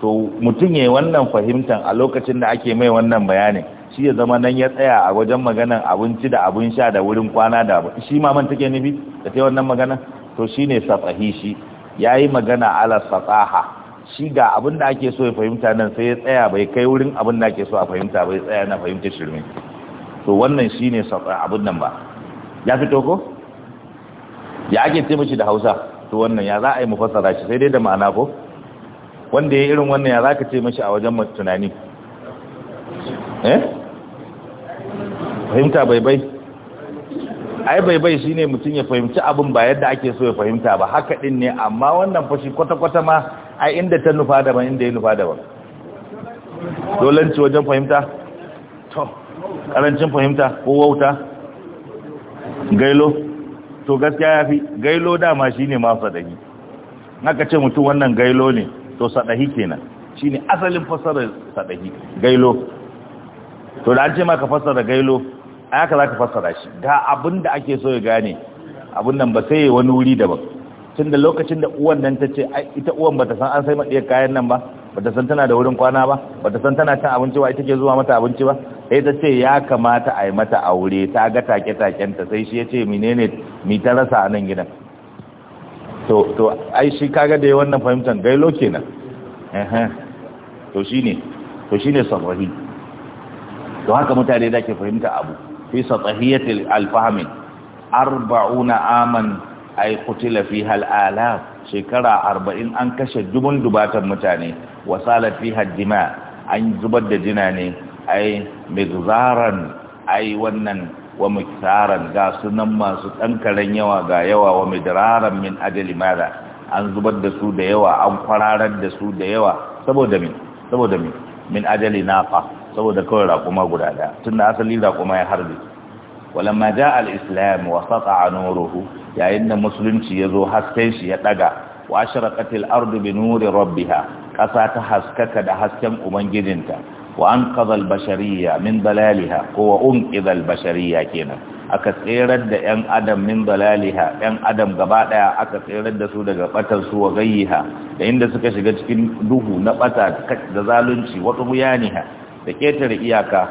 [SPEAKER 1] to mutum yi wannan fahimtan a lokacin da ake mai wannan bayanin shi ya zama nan ya tsaya a wajen maganan abinci da abin sha da wurin kwana da shi ma man take nufi da ta wannan magana to ne safahi shi yi magana ala safaha shi ga abin da ake so ya fahimta nan sai ya tsaya bai kai wurin abin da ake so a fahimta bai tsaya na fahimta shirme to wannan shi shine abin nan ba ya fito ko ya ake ce da Hausa to wannan ya za a yi mafasara shi sai dai da ma'ana ko wanda ya irin wannan ya za ka ce a wajen tunani eh fahimta bai bai ai bai bai shine mutum ya fahimci abin ba yadda ake so ya fahimta ba haka din ne amma wannan fashi kwata-kwata ma ai inda ta nufa daban inda ya nufa daban dolanci wajen fahimta to karancin fahimta ko wauta gailo to gaskiya ya fi gailo dama shine ma sadahi naka ce mutum wannan gailo ne to sadahi kenan shine asalin fasarar sadahi gailo to da an ce maka fasara gailo a haka za ka fassara shi ga abin da ake so ya gane abin nan ba sai ya wani wuri daban tun da lokacin da uwan nan ta ce ita uwan ba ta san an sai maɗiyar kayan nan ba ba ta san tana da wurin kwana ba ba ta san tana cin abinci ba ita ke zuwa mata abinci ba sai ta ce ya kamata a yi mata aure ta ga take-takenta sai shi ya ce menene mi ta rasa a nan gidan to ai shi kaga da wannan fahimtar gailo kenan to shine to shine to haka mutane da ke fahimta abu fi satahiyatil alfahmi arba'una aman ay qutila fiha alaf shekara arba'in an kashe dubun dubatan mutane wasalat fiha dima an zubar da jina ne ai migzaran wannan wa miktaran ga sunan masu ɗankaren yawa ga yawa wa midraran min ajali mada an zubar da su da yawa an kwararar da su da yawa saboda min saboda min min ajali saboda kawai raƙuma guda ɗaya tunda asali raƙuma ya harbe walamma ja al-islam wa sata'a nuruhu yayin da musulunci ya zo hasken shi ya ɗaga wa ashraqatil ardu ardubi nuri rabbiha ƙasa ta haskaka da hasken ubangijinta wa an al-bashariyya min dalaliha ko wa unqidha al kenan aka tserar da ‘yan adam min balaliha ‘yan adam gaba ɗaya aka tserar da su daga ɓatar su wa gayyiha da inda suka shiga cikin duhu na ɓata da zalunci wata buyaniha da ketare iyaka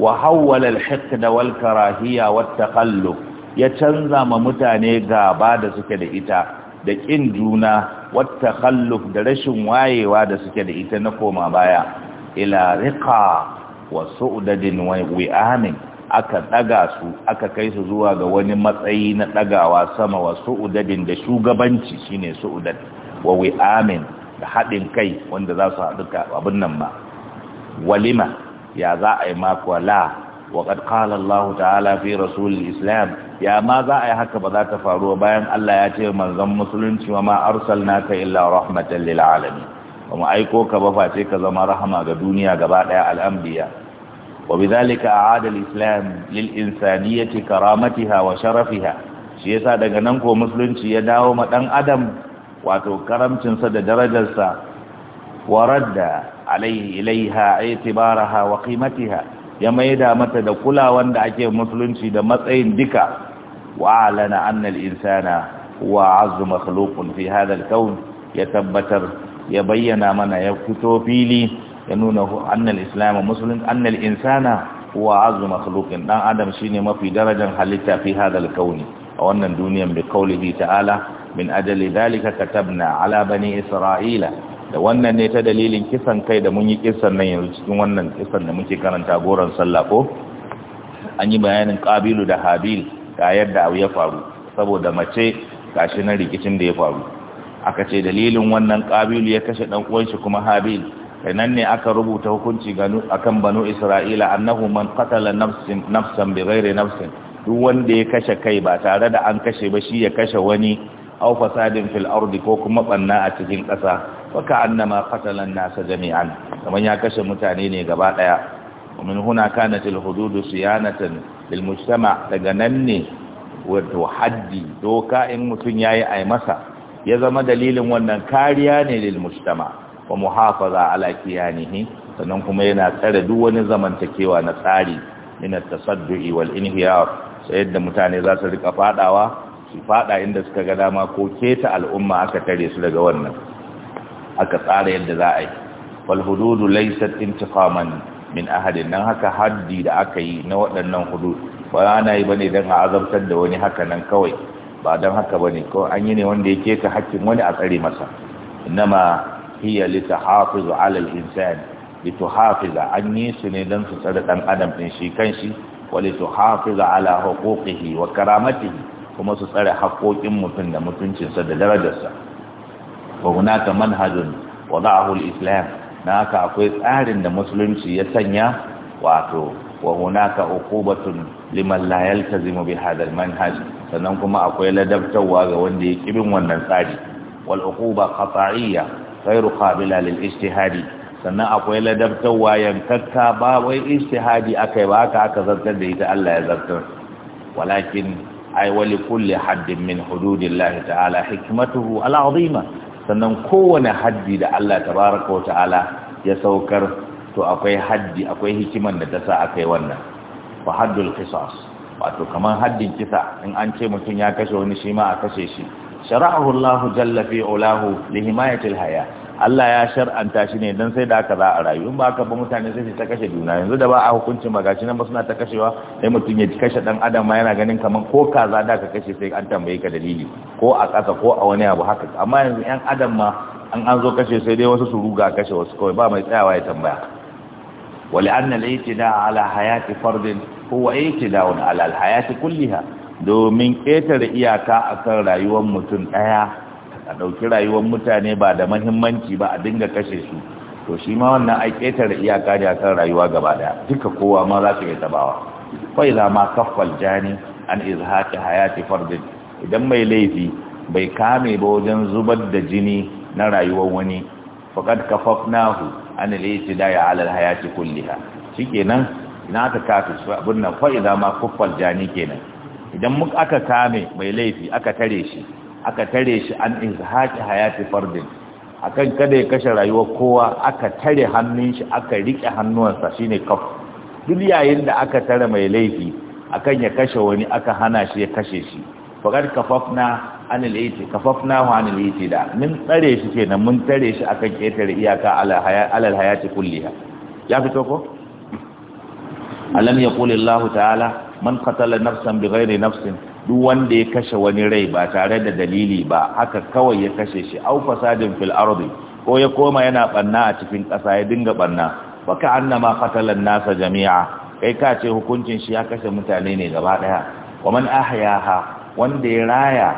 [SPEAKER 1] wa hawwala al-hiqd wal karahiya wat taqallu ya canza ma mutane gaba da suke da ita da kin juna wat takhalluf da rashin wayewa da suke da ita na koma baya ila riqa wa su'dadin wa wi'amin aka daga su aka kai su zuwa ga wani matsayi na dagawa sama wa su'dadin da shugabanci shine su'dad wa wi'amin da haɗin kai wanda za su haɗu abin nan ba walima ya za a yi mako la waƙad ƙala Allah ta'ala fi rasulul islam ya ma za a yi haka ba za ta faru bayan Allah ya ce manzan musulunci wa ma naka illa rahmatan lil alamin mu aiko ka ba face ka zama rahama ga duniya gaba daya al'ambiya wa bidhalika a'ada al-islam lil insaniyati karamatiha wa sharafiha shi yasa daga nan ko musulunci ya dawo ma dan adam wato karamcinsa da darajarsa wa radda alaihi ilaiha itibaraha wa qimatiha ya maida mata da kulawan da ake musulunci da matsayin duka wa alana anna al-insana wa azzu makhluqun fi hadha al-kawn ya tabbatar ya bayyana mana ya fito fili ya nuna anna al-islam muslim anna al-insana wa azzu makhluqin dan adam shine mafi darajar halitta fi hadha al-kawn a wannan duniyar bi qawlihi ta'ala min ajali dhalika katabna ala bani isra'ila da wannan ne ta dalilin kisan kai da mun yi kisan nan yanzu cikin wannan kisan da muke karanta goron sallah ko an yi bayanin kabilu da habil ga yadda abu ya faru saboda mace gashi na rikicin da ya faru aka ce dalilin wannan kabilu ya kashe dan uwan shi kuma habil nan ne aka rubuta hukunci akan banu isra'ila annahu man qatala nafsin nafsan bighairi nafsin duk wanda ya kashe kai ba tare da an kashe ba shi ya kashe wani aw fasadin fil ardi ko kuma banna a cikin ƙasa fa annama qatala nasa jami'an kaman ya kashe mutane ne gaba daya min huna kanat al-hudud siyanatan lil mujtama daga nan ne wato haddi doka in mutun yayi ai masa ya zama dalilin wannan kariya ne lil mujtama wa muhafaza ala kiyanihi sannan kuma yana tsare duk wani zamantakewa na tsari min at-tasaddu'i wal inhiyar sai da mutane za su rika fadawa su fada inda suka ga dama ko keta al'umma aka tare su daga wannan aka tsara yadda za a yi wal hududu laysat intiqaman min ahadin nan haka haddi da aka yi na waɗannan hudud ba ana yi bane dan a azabtar da wani haka nan kawai ba dan haka bane ko an yi ne wanda ya keta hakkin wani a tsare masa inma hiya litahafiz ala al-insan lituhafiz an yi su ne dan su tsare dan adam din shi kanshi wa lituhafiz ala huquqihi wa karamatihi kuma su tsare haƙoƙin mutum da mutuncinsa da darajarsa wa hunaka manhajun a hul islam na haka akwai tsarin da musulunci ya sanya wato wa hunaka uqubatun liman la yaltazimu bi hadha manhaj sannan kuma akwai ladabtarwa ga wanda ya kibin wannan tsari wal uquba qat'iyya ghayru qabila lil ijtihadi sannan akwai ladabtawa yankakka ba wai ijtihadi akai ba haka aka zartar da ita Allah ya zartar walakin ai wali kulli haddin min hududillahi ta'ala hikmatuhu al'azima sannan kowane haddi da Allah tabaraka wa ta'ala ya saukar to akwai haddi akwai hikiman da ta sa akai wannan fa haddul qisas wato kaman haddin kisa in an ce mutum ya kashe wani shi ma a kashe shi shara'ahu Allah jalla fi ulahu li himayatil haya Allah ya shar'anta shi ne don sai da aka za a rayu in ba ka ba mutane sai ta kashe juna yanzu da ba a hukuncin ba gashi nan ba suna ta kashewa sai mutum ya kashe dan adam ma yana ganin kaman ko kaza da ka kashe sai an tambaye ka dalili ko a ƙasa ko a wani abu haka amma yanzu yan adam ma an an zo kashe sai dai wasu su ruga kashe wasu kawai ba mai tsayawa ya tambaya wali anna al da ala hayati fardin huwa i'tida ala hayati kulliha domin ƙetare iyaka akan rayuwar mutum ɗaya a ɗauki rayuwar mutane ba da mahimmanci ba a dinga kashe su to shi ma wannan ai ƙetare iyaka ne kan rayuwa gaba ɗaya duka kowa ma za su yi tabawa kwai za ma kaffal jani an haƙi hayati fardin idan mai laifi bai kame ba wajen zubar da jini na rayuwar wani faqad kafafnahu an laifi da ya halar hayati kulliha shikenan ina ta kafi su abin nan fa za ma kafal jani kenan idan muka aka kame mai laifi aka tare shi aka tare shi an izhaki hayati fardin akan kada ya kashe rayuwar kowa aka tare hannun shi aka rike hannuwansa shine kaf duk yayin da aka tare mai laifi akan ya kashe wani aka hana shi ya kashe shi faqad kafafna anil iti kafafna wa anil iti da min tare shi kenan mun tare shi akan ketare iyaka alal hayati kulliha ya fito ko alam yaqulillahu ta'ala man qatala nafsan bighairi nafsin duk wanda ya kashe wani rai ba tare da dalili ba haka kawai ya kashe shi au fasadin fil ardi ko ya koma yana banna a cikin ƙasa ya dinga banna baka annama qatalan nasa jami'a kai ka ce hukuncin shi ya kashe mutane ne gaba daya wa man ahyaha wanda ya raya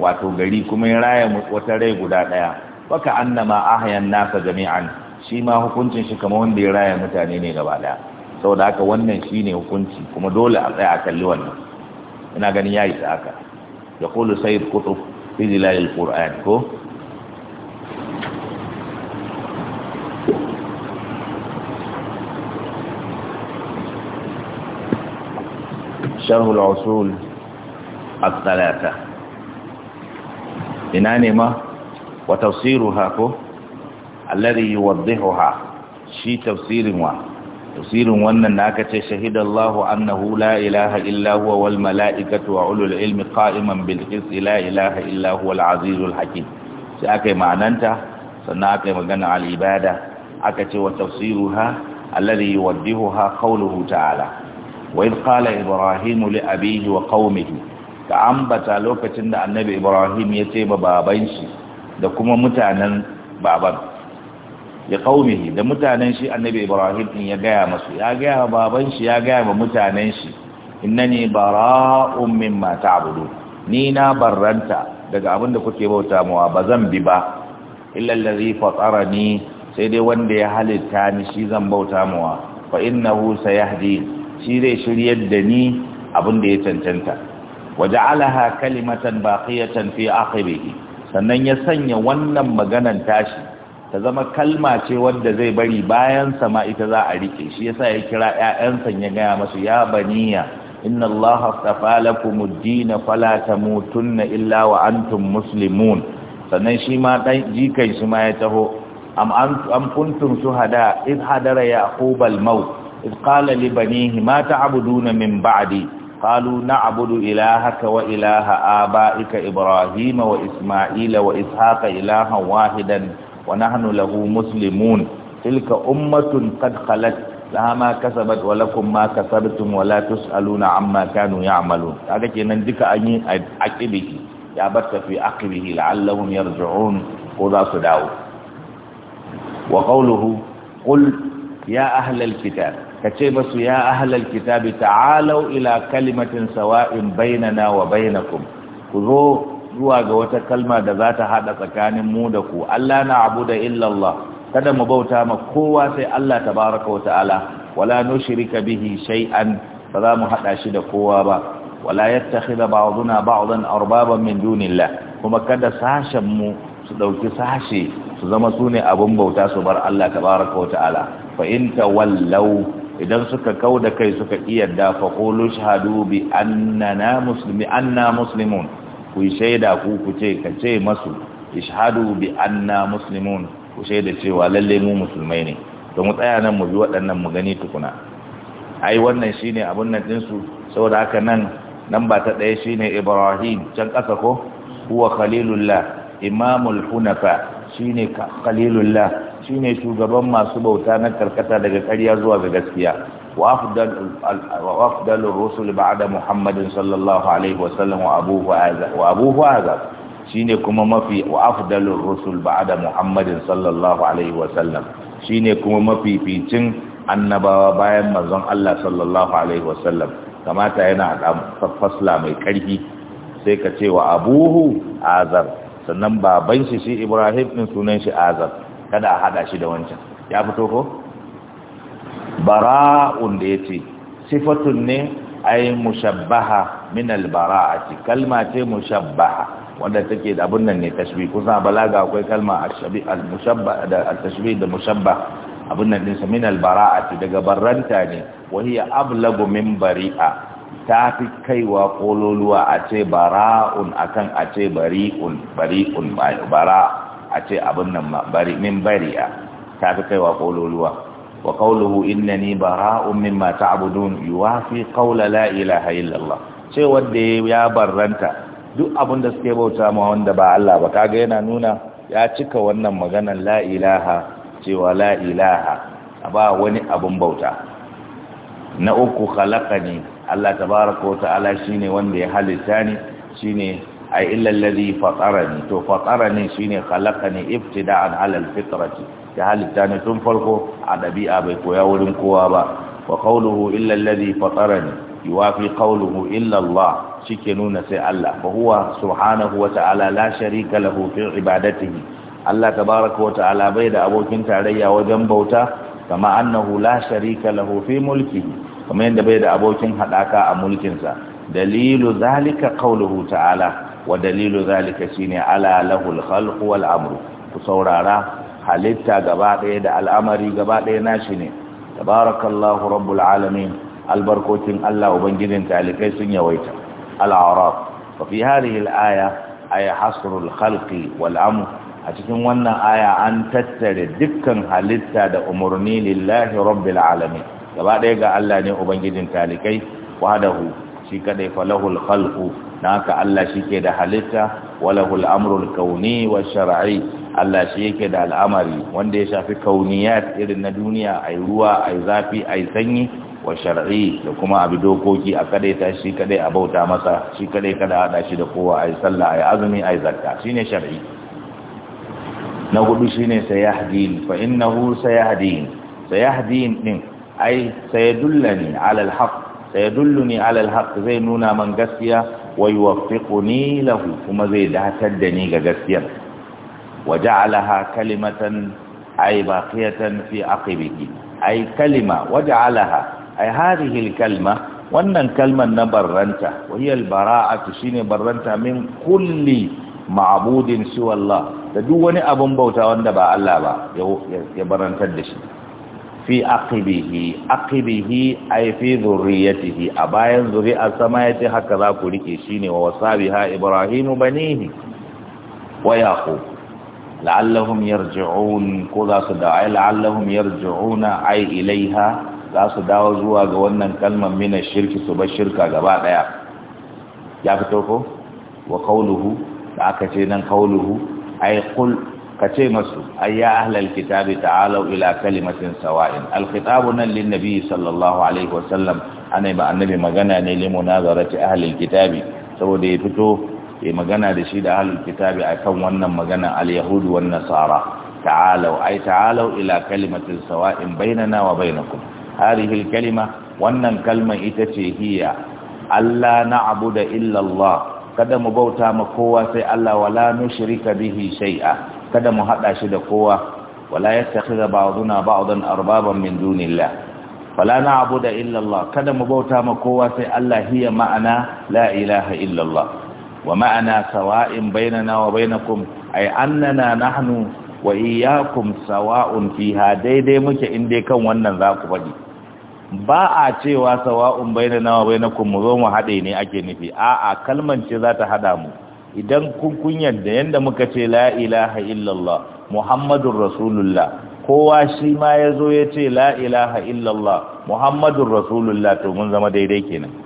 [SPEAKER 1] wato gari kuma ya raya wata rai guda daya baka annama ahyan nasa jami'an shi ma hukuncin shi kamar wanda ya raya mutane ne gaba daya saboda haka wannan shine hukunci kuma dole a tsaya a kalli wannan ina gani ya isa haka ya kulu sayyid kutub fi zilalil qur'an ko شرح العصول الثلاثة إنانما وتفسيرها الذي يوضحها شي تفسير واحد tafsirin wannan da aka ce shahidallahu annahu la ilaha illa huwa wal mala'ikatu wa ulul ilmi qa'iman bil la ilaha illa huwa al azizul hakim sai aka yi ma'ananta sannan aka yi magana al ibada aka ce wa tafsiruha alladhi yuwaddihuha qawluhu ta'ala wa id qala ibrahim li abihi wa qaumihi ka ambata lokacin da annabi ibrahim ya ce ba baban shi da kuma mutanen baban Ya qaumihi da mutanen shi annabi ibrahim din ya gaya masu ya gaya baban shi ya gaya ma mutanen shi innani bara'un mimma ta'budu ni na barranta daga abin da kuke bauta mawa bazan bi ba illa allazi fatarani sai dai wanda ya halitta ni shi zan bauta mawa fa innahu sayahdi shi zai shiryar da ni abin da ya cancanta waja'alaha kalimatan baqiyatan fi akhirih sannan ya sanya wannan maganan tashi ta zama kalma ce wadda zai bari bayan sama ita za a rike shi yasa ya kira ƴaƴansa ya gaya masu ya baniya inna Allah astafa lakum ad-din fala tamutunna illa wa antum muslimun sannan shi ma dan jikan shi ma ya taho am am kuntum shuhada id hadara yaqub al-maut id qala li banihi ma ta'buduna min ba'di qalu na'budu ilahaka wa ilaha aba'ika ibrahima wa isma'ila wa ishaqa ilahan wahidan wa nahnu lahu muslimun tilka ummatun qad khalat laha ma kasabat wa lakum ma kasabtum wa la tusaluna amma kanu ya'malun kaga kenan duka an yi aqibihi ya batta fi aqibihi la'allahum yarji'un ko za dawo wa qawluhu qul ya ahlal kitab kace masu ya ahlal kitab ta'alu ila kalimatin sawa'in bainana wa bainakum ku zo zuwa ga wata kalma da za ta haɗa tsakanin mu da ku Allah na abu da illallah kada mu bauta ma kowa sai Allah tabaraka wa ta'ala wala nushrika bihi shay'an ba za mu haɗa shi da kowa ba wala yattakhidha ba'duna ba'dan arbaban min dunillah kuma kada sashen mu su ɗauki sashe su zama sune abun bauta su bar Allah tabaraka wa ta'ala fa in idan suka kau da kai suka iya dafa ko lushadu bi annana muslimi anna muslimun ku yi shaida ku ku ce ka ce masu ishhadu bi anna muslimun ku shaida cewa lalle mu musulmai ne don mu tsaya nan mu bi waɗannan mu gani tukuna ai wannan shine abun nan din su saboda haka nan nan ba ta ɗaya shine Ibrahim can ƙasa ko huwa khalilullah imamul hunafa shine khalilullah shine shugaban masu bauta na karkata daga ƙarya zuwa ga gaskiya وأفضل الرسل بعد محمد صلى الله عليه وسلم وأبوه هذا shine kuma mafi wa afdalur rusul ba'da Muhammadin sallallahu alaihi wasallam shine kuma mafificin annabawa bayan manzon Allah sallallahu alaihi wasallam kamata yana da fasla mai karfi sai ka ce wa abuhu azar sannan baban shi shi Ibrahim din sunan shi azar kada a hada shi da wancan ya fito ko bara'un da yace sifatun ne ay mushabbaha min albara'ati kalma ce mushabbaha wanda take da abun nan ne tashbih kusa balaga akwai kalma ashabi almushabba da altashbih da mushabbah abun nan din sa min albara'ati daga barranta ne ya ablagu min bari'a ta fi kaiwa kololuwa a ce bara'un akan a ce bari'un bari'un bara a ce abin nan bari min bari'a ta fi kaiwa kololuwa wa qawluhu innani bara'un mimma ta'budun yuwafi qawla la ilaha illallah sai wanda ya barranta duk abin da suke bauta ma wanda ba Allah ba kaga yana nuna ya cika wannan maganar la ilaha cewa la ilaha ba wani abin bauta na uku khalaqani Allah tabaraka wa ta'ala shine wanda ya halitta ni shine ai illa allazi fatarani to fatarani shine khalaqani ibtida'an ala fitrati ya halitta ne tun farko a ɗabi'a bai koya wurin kowa ba wa qawluhu illa alladhi fatarani yuwafi qawluhu illa Allah shike nuna sai Allah fa huwa subhanahu wa ta'ala la sharika lahu fi ibadatihi Allah tabaraka wa ta'ala bai da abokin tarayya wajen bauta kama annahu la sharika lahu fi mulkihi kamar yadda bai da abokin hadaka a mulkinsa dalilu zalika qauluhu ta'ala wa dalilu zalika shine ala lahul khalqu wal amru ku saurara halitta gaba ɗaya da al'amari gaba ɗaya nashi ne tabarakallahu rabbul alamin albarkotin Allah ubangijin talikai sun yawaita al-a'raf wa fi hadhihi al khalqi wal amr a cikin wannan aya an tattare dukkan halitta da umarni lillahi rabbil alamin gaba ɗaya ga Allah ne ubangijin talikai wahdahu shi kadai falahul khalqu naka Allah shike da halitta walahul amrul kauni wash shar'i Allah shi yake da al'amari wanda ya shafi kauniyat irin na duniya ai ruwa ai zafi ai sanyi wa shar'i da kuma abi dokoki a kadai ta shi kadai a bauta masa shi kadai kada hada shi da kowa ai sallah ai azumi ai zakka shine shar'i na hudu shine sayahdin fa innahu sayahdin sayahdin din ai sayadullani ala alhaq sayadulluni ala alhaq zai nuna man gaskiya wa yuwaffiquni lahu kuma zai datar da ni ga gaskiyar wa ja'alaha kalimatan ay fi aqibihi ay kalima wa ja'alaha ay wannan kalmar na barranta wa al-bara'atu shine barranta min kulli ma'budin siwa da duk wani abun bauta wanda ba Allah ba ya barantar da shi fi aqibihi aqibihi ay fi dhurriyyatihi a bayan zuri'ar sama yace haka za ku rike shine wa wasabiha ibrahimu banihi wa yaqub la'allahum yarji'un ko za su da ai la'allahum yarji'una ai ilaiha za su dawo zuwa ga wannan kalmar mina shirki su bar shirka gaba daya ya fito ko wa qawluhu da aka ce nan qawluhu ai qul ka ce masu ai ya ahlal kitabi ta'alu ila kalimatin sawa'in al-khitabu nan lin nabi sallallahu alaihi sallam. anai ba annabi magana ne limunazarati ahlil kitabi saboda ya fito ya magana da shi da halin kitabi akan wannan magana al-yahud wan nasara ta'alau ay ta'alau ila kalimatin sawa'in bainana wa bainakum hadhihi al-kalima wannan kalma ita ce hiya alla na'budu illa Allah kada mu bauta ma kowa sai Allah wala nushrika bihi shay'a kada mu hada shi da kowa wala yattakhidha ba'duna ba'dan arbaban min dunillah fala na'budu illa Allah kada mu bauta ma kowa sai Allah hiya ma'ana la ilaha illa Allah wa ma'ana sawa'in bainana wa bainakum ay annana nahnu wa iyyakum sawa'un fiha daidai muke dai kan wannan za ku faɗi ba a cewa sawa'un bainana wa bainakum mu zo mu haɗe ne ake nufi a'a kalmar ce za ta haɗa mu idan kun kunyar yarda yanda muka ce la ilaha illallah muhammadur rasulullah kowa shi ma ya zo ya ce la ilaha illallah muhammadur rasulullah to mun zama daidai kenan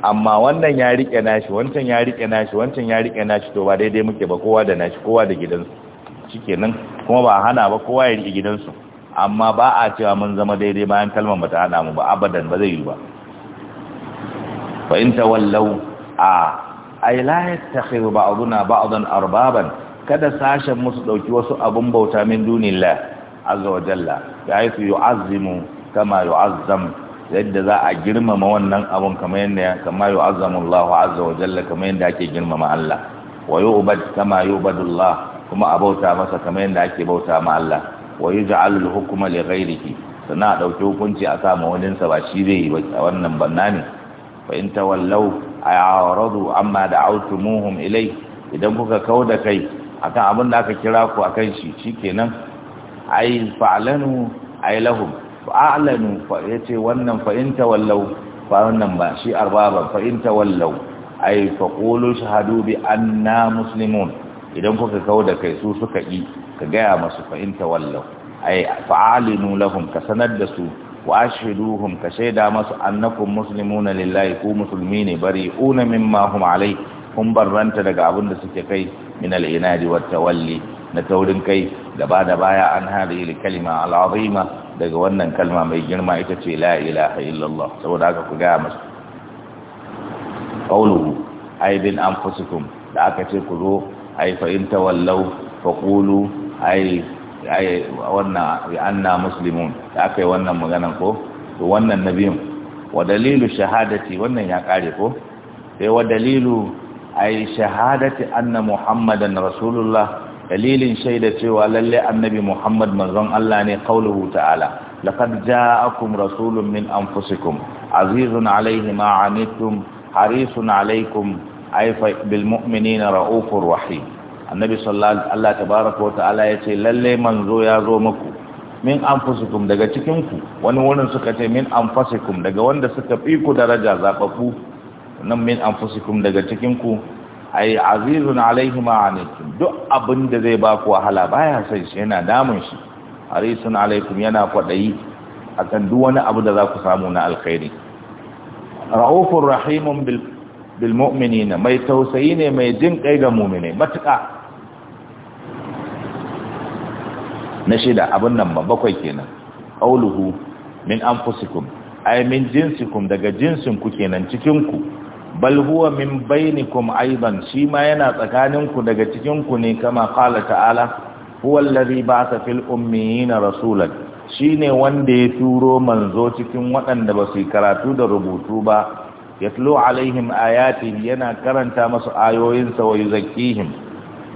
[SPEAKER 1] amma wannan ya rike nashi wancan ya rike nashi wancan ya rike nashi to ba daidai muke ba kowa da nashi kowa da gidansu shikenan kuma ba hana ba kowa ya rike gidansu amma ba a cewa mun zama daidai bayan kalmar bata hana mu ba abadan ba zai yi ba fa in tawallaw a ay la yattakhidhu ba'duna ba'dan arbaban kada sashen musu dauki wasu abun bauta min dunillah azza wa jalla ya yi su yu'azzimu kama yu'azzam yadda za a girmama wannan abun kamar yadda kama yi azamullahu azza wa jalla kamar yadda ake girmama Allah wa yu'bad kama yu'badullah kuma a bauta masa kamar yadda ake bauta ma Allah wa yuj'alul hukma li ghayrihi sana a ɗauki hukunci a sa waninsa ba shi zai yi a wannan banna ne fa in tawallau a'radu amma da'awtumuhum ilai idan kuka kauda kai akan abin da aka kira ku akan shi shikenan ai fa'lanu ai lahum fa'alanu Ya yace wannan fa wallau. tawallau fa wannan ba shi arbaban fa wallau. tawallau ay fa shahadu bi idan kuka kawo da kai su suka yi ka gaya masu fa in tawallau ay fa'alinu ka sanar da su wa ashhiduhum ka shaida masu Annakun annakum na lillahi ko musulmi ne bari'una min hum alai kun barranta daga abin da suke kai min al tawalli na taurin kai da ba da baya an hadhihi kalima al'azima daga wannan kalma mai girma ita ce la ilaha illallah saboda haka ku gaya masu qawluhu ay bin anfusikum da aka ce ku zo ay fa Faƙulu, ai fa qulu anna muslimun da aka yi wannan maganan ko to wannan nabiyin wa dalilu shahadati wannan ya kare ko sai wa dalilu ai shahadati anna muhammadan rasulullah dalilin shaida cewa lalle annabi Muhammad manzon Allah ne kauluhu ta'ala laqad ja'akum rasulun min anfusikum azizun 'alayhi ma 'anittum harisun 'alaykum ay bil mu'minina raufur rahim annabi sallallahu Allah tabaaraka wa ta'ala yace lalle manzo ya zo muku min anfusikum daga cikinku. wani wurin suka ce min anfusikum daga wanda suka fi ku daraja zababbu nan min anfusikum daga cikinku. ai azizun alaihi anikum duk abin da zai ba ku wahala baya sai shi yana damun shi harisun alaikum yana kwadayi akan duk wani abu da za ku samu na alkhairi raufur rahimun bil bil mu'minina mai tausayi ne mai jin kai ga mu'minai matuƙa na shida abin nan ba bakwai kenan qauluhu min anfusikum ay min jinsikum daga jinsin ku kenan cikin ku bal huwa min bainikum aidan shi ma yana tsakaninku daga cikinku ne kama qala ta'ala huwa allazi ba'atha fil ummiyina rasulan shine wanda ya turo manzo cikin waɗanda ba su karatu da rubutu ba yatlu alaihim ayatihi yana karanta masu ayoyinsa wa yuzakkihim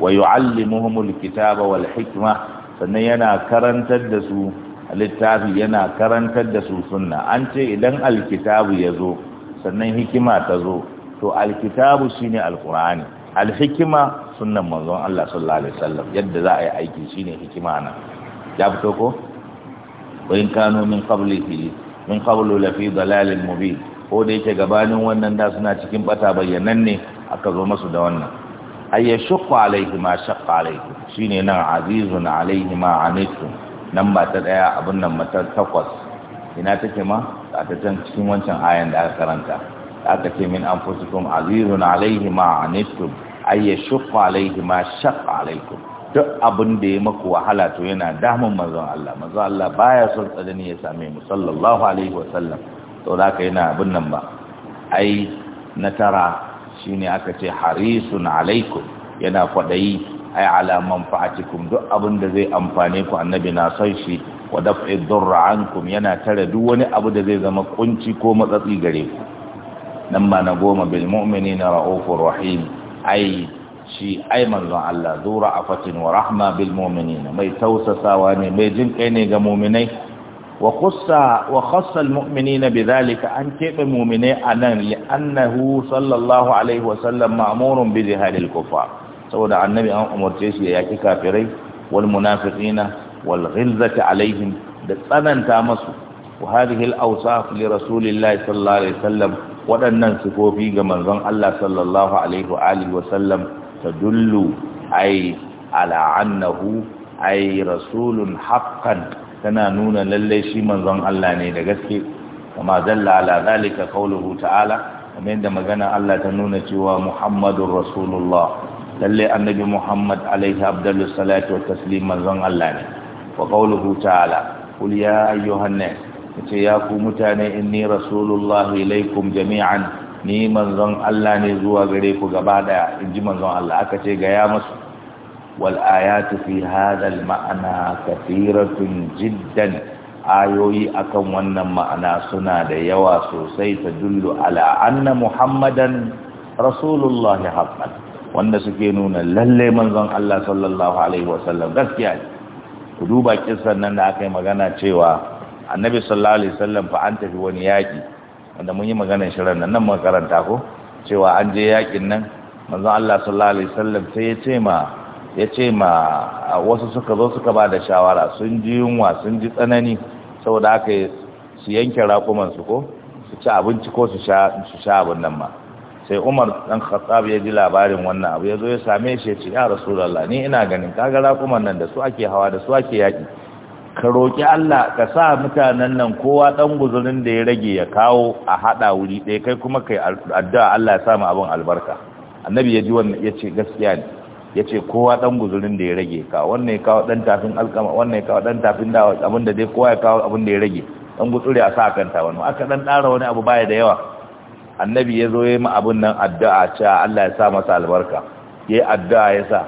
[SPEAKER 1] wa yuallimuhumul kitaba wal hikma sannan yana karantar da su littafi yana karantar da su sunna an ce idan alkitabu ya zo sannan hikima ta zo to alkitabu shine alqur'ani alhikima sunnan manzon Allah sallallahu alaihi wasallam yadda za a yi aiki shine hikima na ya fito ko wa in kanu min qablihi min qablu la fi dalalin mubin ko da yake gabanin wannan da suna cikin bata bayyanan ne aka zo masu da wannan ay yashqa alaihi ma shaqqa alaihi shine nan azizun alaihi ma anittum nan ba ta daya abun nan mata takwas ina take ma a ta can cikin wancan ayan da aka karanta aka ce min anfusukum azizun alaihi ma anittum ay yashqa alaihi ma shaqqa alaikum duk abin da ya maku wahala to yana damun manzon Allah manzon Allah baya son tsadani ya same mu sallallahu alaihi sallam" to da ka yana abin nan ba ai na tara shine aka ce harisun alaikum yana kwadayi ai ala manfa'atikum duk abin da zai amfane ku annabi na son shi wa daf'i dhurra ankum yana tare duk wani abu da zai zama kunci ko matsatsi gare ku nan ma na goma bil mu'minina raufur rahim ai shi ai manzon Allah zura afatin wa rahma bil mu'minina mai tausasawa ne mai jin kai ne ga mu'minai wa khassa wa khassa al mu'minina bidhalika an kebe mu'minai anan li annahu sallallahu alaihi wa sallam ma'murun bi jihadil kuffar saboda annabi an umurce shi ya yaki kafirai wal munafiqina wal ghilzati alaihim da tsananta masu wa hadhihi al awsaf li rasulillahi sallallahu alaihi waɗannan sifofi ga manzon Allah sallallahu alaihi wa alihi wa sallam tadullu ay ala annahu ay rasulun haqqan tana nuna lalle shi manzon Allah ne da gaske kama dalla ala zalika qawluhu ta'ala kamar da magana Allah ta nuna cewa Muhammadur Rasulullah lalle annabi Muhammad alaihi abdullu salatu wa taslim manzon Allah ne wa qawluhu ta'ala qul ya ce ya ku mutane inni rasulullah ilaikum jami'an ni manzon Allah ne zuwa gare ku gaba daya inji manzon Allah aka ce ga ya musu wal ayatu fi hadha al ma'ana jiddan ayoyi akan wannan ma'ana suna da yawa sosai ta dullu ala anna muhammadan rasulullah haqqan wanda suke nuna lalle manzon Allah sallallahu alaihi wasallam gaskiya ne ku duba kisan nan da aka yi magana cewa annabi sallallahu alaihi wasallam fa an tafi wani yaƙi wanda mun yi maganar shirin nan nan makaranta ko cewa an je yakin nan manzon Allah sallallahu alaihi wasallam sai ya ce ma ya ce ma wasu suka zo suka ba da shawara sun ji yunwa sun ji tsanani saboda yi su yanke rakuman su ko su ci abinci ko su sha su sha abin nan ma sai umar dan khattab ya ji labarin wannan abu ya zo ya same shi ya ce ya rasulullah ni ina ganin kaga raƙuman nan da su ake hawa da su ake yaƙi ka roƙi Allah ka sa mutanen nan kowa dan guzurin da ya rage ya kawo a hada wuri ɗaya kai kuma kai addu'a Allah ya sa mu abin albarka annabi ya ji wannan ya ce gaskiya ne ya ce kowa dan guzurin da ya rage ka wannan ya kawo dan tafin alkama wannan ya kawo dan tafin dawa abin da dai kowa ya kawo abin da ya rage dan gutsuri a sa kanta wani aka dan ɗara wani abu baya da yawa annabi ya zo ya ma abin nan addu'a cewa Allah ya sa masa albarka ya yi addu'a ya sa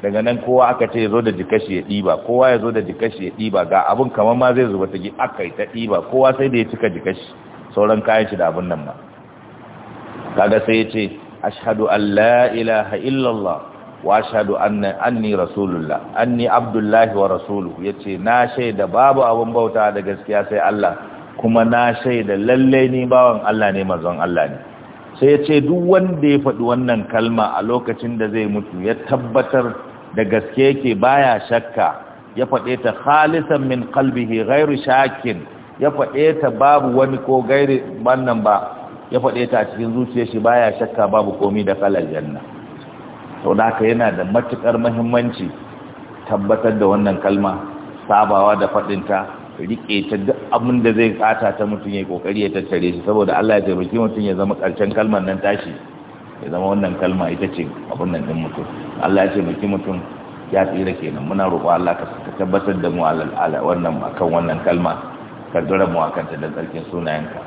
[SPEAKER 1] daga nan kowa aka ce ya zo da jikashi ya ɗiba kowa ya zo da jikashi ya ɗiba ga abin kamar ma zai zuba ta gi aka yi ta ɗiba kowa sai da ya cika jikashi sauran kayan shi da abin nan ma kaga sai ya ce ashhadu an la ilaha illallah wa ashhadu anni rasulullah anni abdullahi wa rasuluhu yace na shaida babu abin bauta da gaskiya sai Allah kuma na shaida lalle ni bawan Allah ne manzon Allah ne sai ya ce duk wanda ya faɗi wannan kalma a lokacin da zai mutu ya tabbatar da gaske yake baya shakka ya faɗe ta khalisan min qalbihi ghairu shakin ya faɗe ta babu wani ko gairi wannan ba ya faɗe ta cikin zuciyar shi baya shakka babu komai da kalal janna to da haka yana da matukar muhimmanci tabbatar da wannan kalma sabawa da faɗinta rike ta duk abin da zai kata ta mutum ya kokari ya tattare shi saboda Allah ya taimaki mutum ya zama karshen kalmar nan tashi ya zama wannan kalma ita ce abin nan din mutum Allah ya taimaki mutum ya tsira kenan muna roƙo Allah ka tabbatar da mu a wannan akan wannan kalma ka dora mu akan ta da tsarkin sunayenka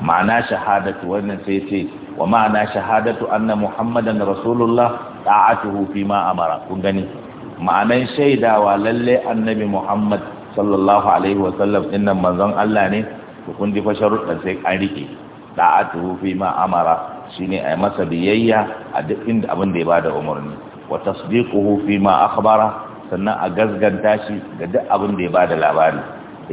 [SPEAKER 1] ma'ana shahadatu wannan sai ce wa ma'ana shahadatu anna muhammadan rasulullah ta'atuhu fi ma amara kun gani ma'anan shaidawa lalle annabi muhammad sallallahu alaihi wa sallam innan manzon Allah ne to kun ji fa sharuɗan sai an rike da'atuhu fi ma amara shine ai masa biyayya a duk inda abin da ya bada umarni wa tasdiquhu fi ma akhbara sannan a gazganta shi ga duk abin da ya bada labari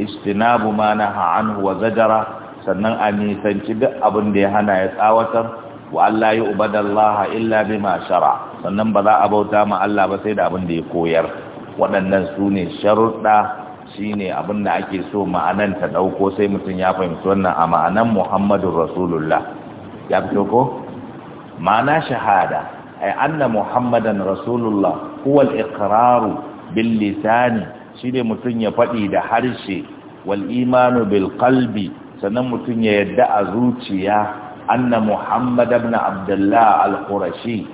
[SPEAKER 1] ijtinabu ma naha anhu wa zajara sannan a nisanci duk abin da ya hana ya tsawatar wa Allah ya ubadallaha illa bima shara sannan ba za a bauta ma Allah ba sai da abin da ya koyar waɗannan su ne sharuɗa shine abin da ake so ma'anan ta ɗauko sai mutum ya fahimci wannan a ma'anan Muhammadu Rasulullah ya fito ko ma'ana shahada ay anna Muhammadan Rasulullah huwa al-iqraru bil lisani shine mutum ya faɗi da harshe wal imanu bil qalbi sannan mutum ya yadda a zuciya anna Muhammad ibn Abdullah al-Qurashi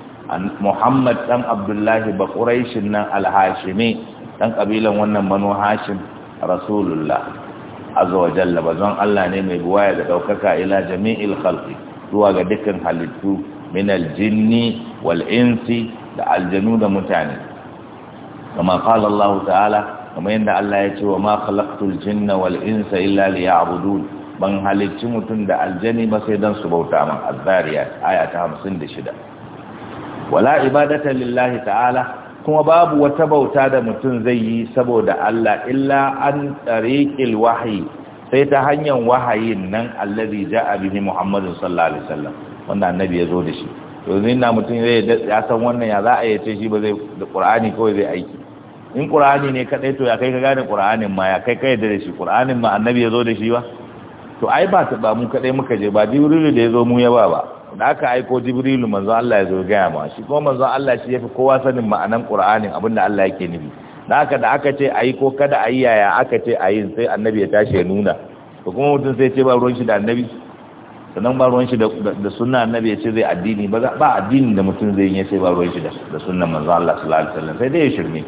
[SPEAKER 1] Muhammad dan Abdullahi ba Quraishin nan al-Hashimi dan kabilan wannan Banu Hashim rasulullah azza wa jalla bazon Allah ne mai buwaya da daukaka ila jami'il khalqi zuwa ga dukkan halittu min aljinni wal insi da aljanu da mutane kama qala Allah ta'ala kama yanda Allah ya ce wa ma khalaqtul jinna wal insa illa liya'budun ban halicci mutum da aljani ba sai dan su bauta man az-zariyat aya ta 56 wala ibadata lillahi ta'ala kuma babu wata bauta da mutum zai yi saboda Allah illa an tariqil wahayi, sai ta hanyar wahayin nan allazi a bihi Muhammadu sallallahu alaihi wasallam wanda annabi ya zo da shi yanzu ina mutum zai ya san wannan ya za a yi ce shi ba zai da Qur'ani kawai zai aiki in Qur'ani ne kadai to ya kai ka gane Qur'anin ma ya kai kai da shi Qur'anin ma annabi ya zo da shi ba to ai ba ta ba mu kadai muka je ba Jibrilu da ya zo mu ya ba ba da aka aiko jibrilu manzo Allah ya zo gaya ma shi kuma manzo Allah shi yafi kowa sanin ma'anan qur'anin abinda Allah yake nufi da aka da aka ce ayi ko kada ayi yaya aka ce ayi sai annabi ya tashi ya nuna to kuma mutum sai ce ba ruwan shi da annabi sannan ba ruwan shi da sunna annabi ya ce zai addini ba ba addini da mutum zai yi sai ba ruwan shi da sunnan manzo Allah sallallahu alaihi wasallam sai dai ya shirme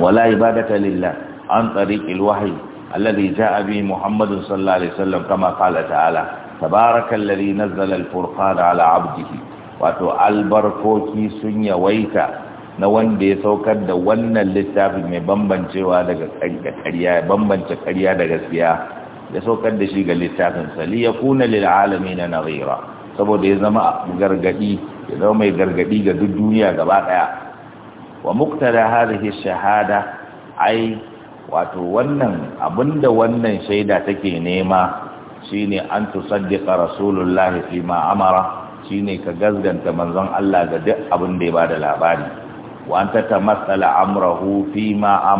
[SPEAKER 1] wala ibadata lillah an tariqil wahyi alladhi ja'a bi muhammadin sallallahu alaihi wasallam kama qala ta'ala tabarakallazi nazzala al-furqana ala 'abdihi wato albarkoki sun yawaita na wanda ya saukar da wannan littafin mai bambancewa daga ƙarya bambance ƙarya da gaskiya ya saukar da shi ga littafin sali ya kuna lil na nadhira saboda ya zama gargadi ya zama mai gargadi ga duk duniya gaba daya wa muqtada hadhihi shahada ai wato wannan abinda wannan shaida take nema shine an tusaddiqa rasulullahi fi ma amara shine ka gazganta manzon Allah ga duk abin da ya bada labari wa an matsala amrahu fi ma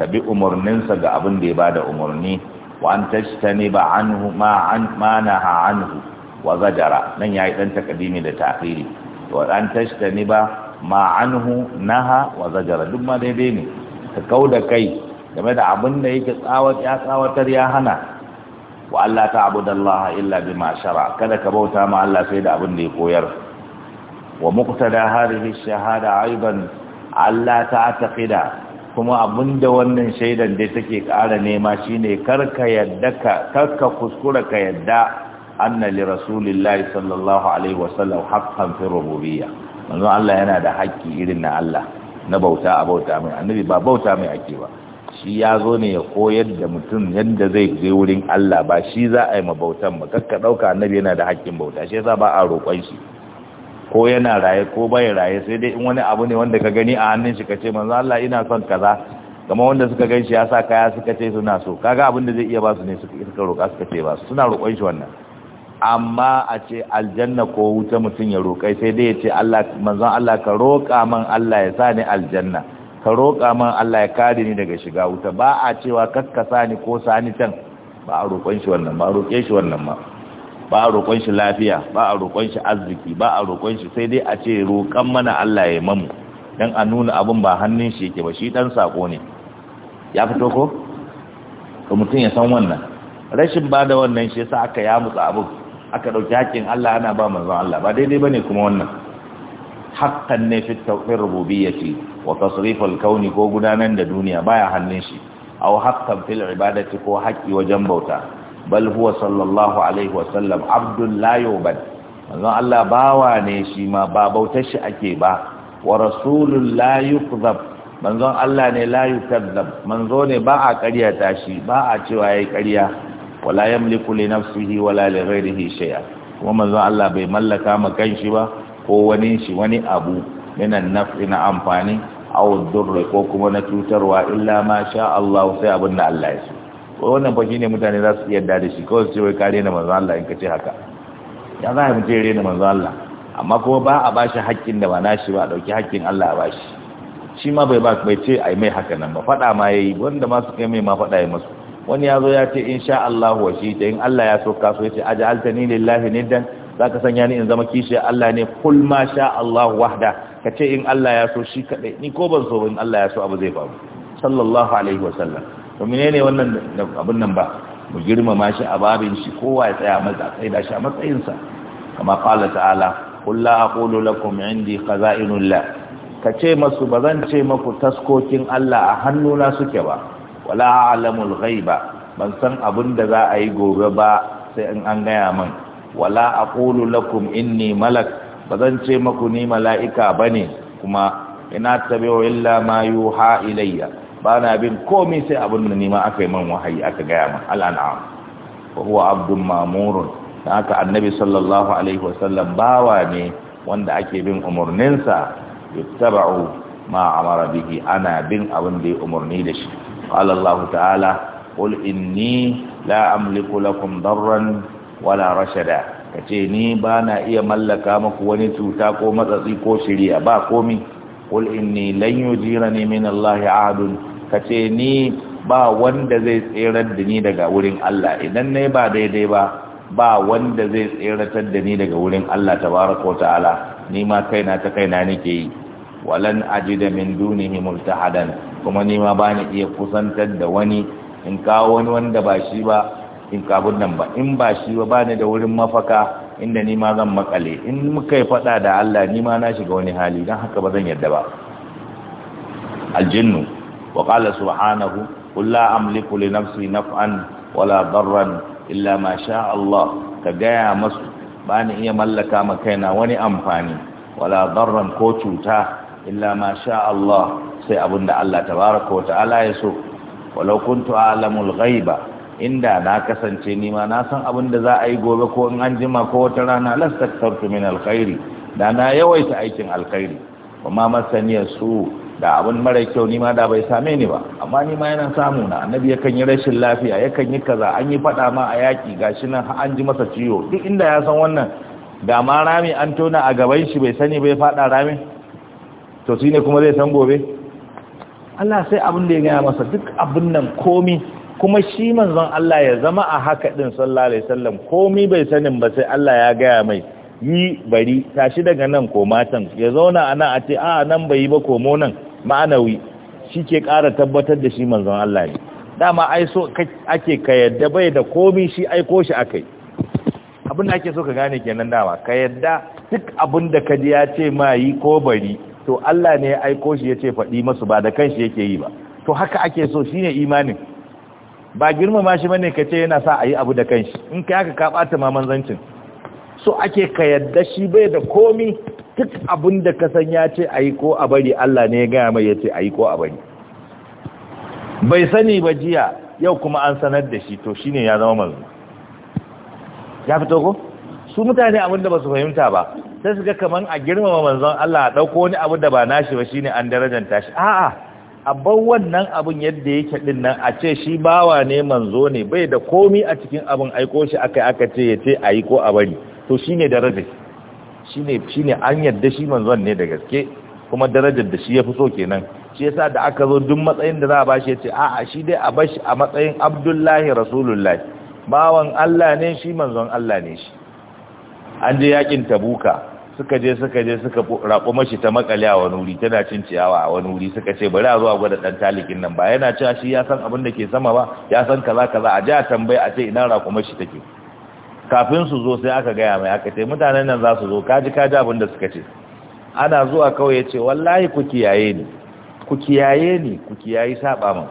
[SPEAKER 1] ka bi umarninsa ga abin da ya bada umurni wa an tajtaniba anhu ma an ma naha anhu wa zajara nan yayi dan takadimi da ta'khiri wa an ba ma anhu naha wa zajara duk ma daidai ne ka kauda kai game da abin da yake ya tsawatar ya hana wa Allah ta'budallaha illa bi shara kada ka bauta ma Allah sai da abin da ya koyar wa muqtada hadhihi shahada aidan Allah ta da. kuma abinda wannan shaidan da take ƙara nema shine karka yadda ka karka kuskura ka yadda anna li rasulillahi sallallahu alaihi sallam haqqan fi rububiyya manzo Allah yana da haƙƙi irin na Allah na bauta a bauta mai annabi ba bauta mai ake ba shi ya zo ne ya koyar da mutum yadda zai je wurin Allah ba shi za a yi mabautan ba kakka ɗauka annabi yana da haƙƙin bauta shi yasa ba a roƙon shi ko yana raye ko bai raye sai dai in wani abu ne wanda ka gani a hannun shi ka ce manzo Allah ina son kaza kamar wanda suka gan shi ya sa kaya suka ce suna so kaga abin da zai iya ba su ne suka roƙa suka ce ba su suna roƙon shi wannan amma a ce aljanna ko wuta mutum ya roƙai sai dai ya ce Allah manzon Allah ka roƙa man Allah ya sa ni aljanna ka roƙa man Allah ya kare ni daga shiga wuta ba a cewa kaskasa ni ko sani can ba a roƙon shi wannan ba a roƙe shi wannan ma ba a roƙon shi lafiya ba a roƙon shi arziki ba a roƙon shi sai dai a ce roƙan mana Allah ya mamu dan a nuna abin ba hannun shi yake ba shi dan sako ne ya fito ko Ka mutum ya san wannan rashin ba da wannan shi yasa aka yamutsa abin aka ɗauki hakkin Allah ana ba manzon Allah ba daidai bane kuma wannan Hakkan ne fi tawfir rububiyyati wa tasrif kauni ko gudanar da duniya baya hannun shi aw haqqan fil ibadati ko haqqi wajen bauta bal huwa sallallahu alaihi wa sallam abdul la yubad Allah bawa ne shi ma ba bautar shi ake ba wa rasulun la yukzab manzon Allah ne la yukzab manzo ne ba a ƙarya tashi ba a cewa yayi ƙarya wala yamliku li nafsihi wala li ghairihi shay'a kuma manzon Allah bai mallaka ma kanshi ba ko wani shi wani abu minan naf'i na amfani aw durri ko kuma na cutarwa illa ma sha Allah sai abin da Allah ya so ko wannan fa shine mutane za su yarda da shi kawai su ce wai kare na manzo Allah in ka ce haka ya za mu ce na manzo Allah amma kuma ba a bashi haƙƙin da ba nashi ba a dauki haƙƙin Allah a bashi shi ma bai ba bai ce ai mai haka nan ba faɗa ma yayi wanda ma su kai mai ma faɗa ya musu wani ya zo ya ce insha Allah wa shi ta in Allah ya so ka so ya ce aj'altani lillahi niddan za ka sanya ni in zama kishiyar Allah ne kul ma sha Allah wahda ka ce in Allah ya so shi kaɗai ni ko ban so in Allah ya so abu zai faru sallallahu alaihi wasallam to ne wannan abin nan ba mu girmama shi a babin shi kowa ya tsaya matsa sai da shi a matsayinsa kama qala ta'ala kul la aqulu lakum indi khaza'inullah ka ce masu ba zan ce maku taskokin Allah a hannuna suke ba wala a'lamul ghaiba ban san abin da za a yi gobe ba sai in an gaya min wala aqulu lakum inni malak bazan ce maku ni mala'ika bane kuma ina tabi'u illa ma yuha ilayya bana bin komai sai abin da ni aka yi man wahayi aka gaya min al'an'am wa huwa abdun mamurun haka annabi sallallahu alaihi wasallam bawa ne wanda ake bin umurninsa yuttaba'u ma amara bihi ana bin abin da ya umurni da shi qala allah ta'ala qul inni la amliku lakum darran wala rashada ka ce ni ba na iya mallaka maku wani cuta ko matsatsi ko shirya ba komi qul inni lan yujirani min Allahi ahadun ka ce ni ba wanda zai tseren da ni daga wurin Allah idan nayi ba daidai ba ba wanda zai tseratar da ni daga wurin Allah tabaraka wa ta'ala ni ma kaina ta kaina nake yi walan ajida min dunihi multahadan kuma ni ma bani iya kusantar da wani in kawo wani wanda ba shi ba in nan ba in ba shi ba bani da wurin mafaka inda ni ma zan makale in muka yi fada da Allah ni ma na shiga wani hali dan haka ba zan yadda ba aljinnu wa qala subhanahu qul la amliku li nafsi naf'an wala darran illa ma sha Allah ka gaya masu bani iya mallaka ma kaina wani amfani wala darran ko cuta illa ma sha Allah sai abinda Allah tabaraka wa ta'ala ya so walau kuntu a'lamul ghaiba inda na kasance ni ma na san abin da za a yi gobe ko in an jima ko wata rana lastaktartu min alkhairi da na yawaita aikin alkhairi kuma masaniya su da abin mara kyau ni ma da bai same ni ba amma ni ma yana samu na annabi yakan yi rashin lafiya yakan yi kaza an yi fada ma a yaki gashi nan an ji masa ciwo duk inda ya san wannan da ma rami an tona a gaban shi bai sani bai fada rami to shine kuma zai san gobe Allah sai abin da ya gaya masa duk abin nan komi kuma shi manzon Allah ya zama a haka din sallallahu alaihi wasallam komai bai sanin ba sai Allah ya gaya mai yi bari tashi daga nan ko matan ya zauna ana a ce a nan bai yi ba komo nan ma'anawi shi ke ƙara tabbatar da shi manzon Allah ne dama ai so ake ka yadda bai da komi shi aiko shi akai abin ake so ka gane kenan dama ka yadda duk abin da ka ji ya ce ma yi ko bari to Allah ne ya aiko shi ya ce faɗi masu ba da kanshi yake yi ba to haka ake so shine imanin ba girmama shi bane ka ce yana sa a yi abu da kanshi in ka haka ka ɓata ma manzancin so ake ka yadda shi bai da komi duk abin da ka san ya ce a yi ko a bari Allah ne ya gaya mai ya ce a yi ko a bari bai sani ba jiya yau kuma an sanar da shi to shine ya zama mazu ya fito ko su mutane abin da ba su fahimta ba sai su ga kamar a girmama manzon Allah a ɗauko wani abu da ba nashi ba shine an darajanta shi a'a abban wannan abin yadda yake din nan a ce shi bawa ne manzo ne bai da komi a cikin abin aiko shi aka yi aka ce ya ce a yi ko a bari to shi ne darajar shi ne an yadda shi manzon ne da gaske kuma darajar da shi ya fi so kenan shi ya sa da aka zo duk matsayin da za a bashi ya ce a'a shi dai a bashi a matsayin abdullahi rasulullahi bawan Allah ne shi manzon Allah ne shi an je yakin tabuka suka je suka je suka rabu mashi ta makale a wani wuri tana cin ciyawa a wani wuri suka ce bari a zo a gwada dan talikin nan ba yana cewa shi ya san abin da ke sama ba ya san kaza kaza a ja tambaye a ce ina rabu mashi take kafin su zo sai aka gaya mai aka ce mutanen nan za su zo kaji kaji abin da suka ce ana zuwa kawai ya ce wallahi ku kiyaye ni ku kiyaye ni ku kiyayi saba min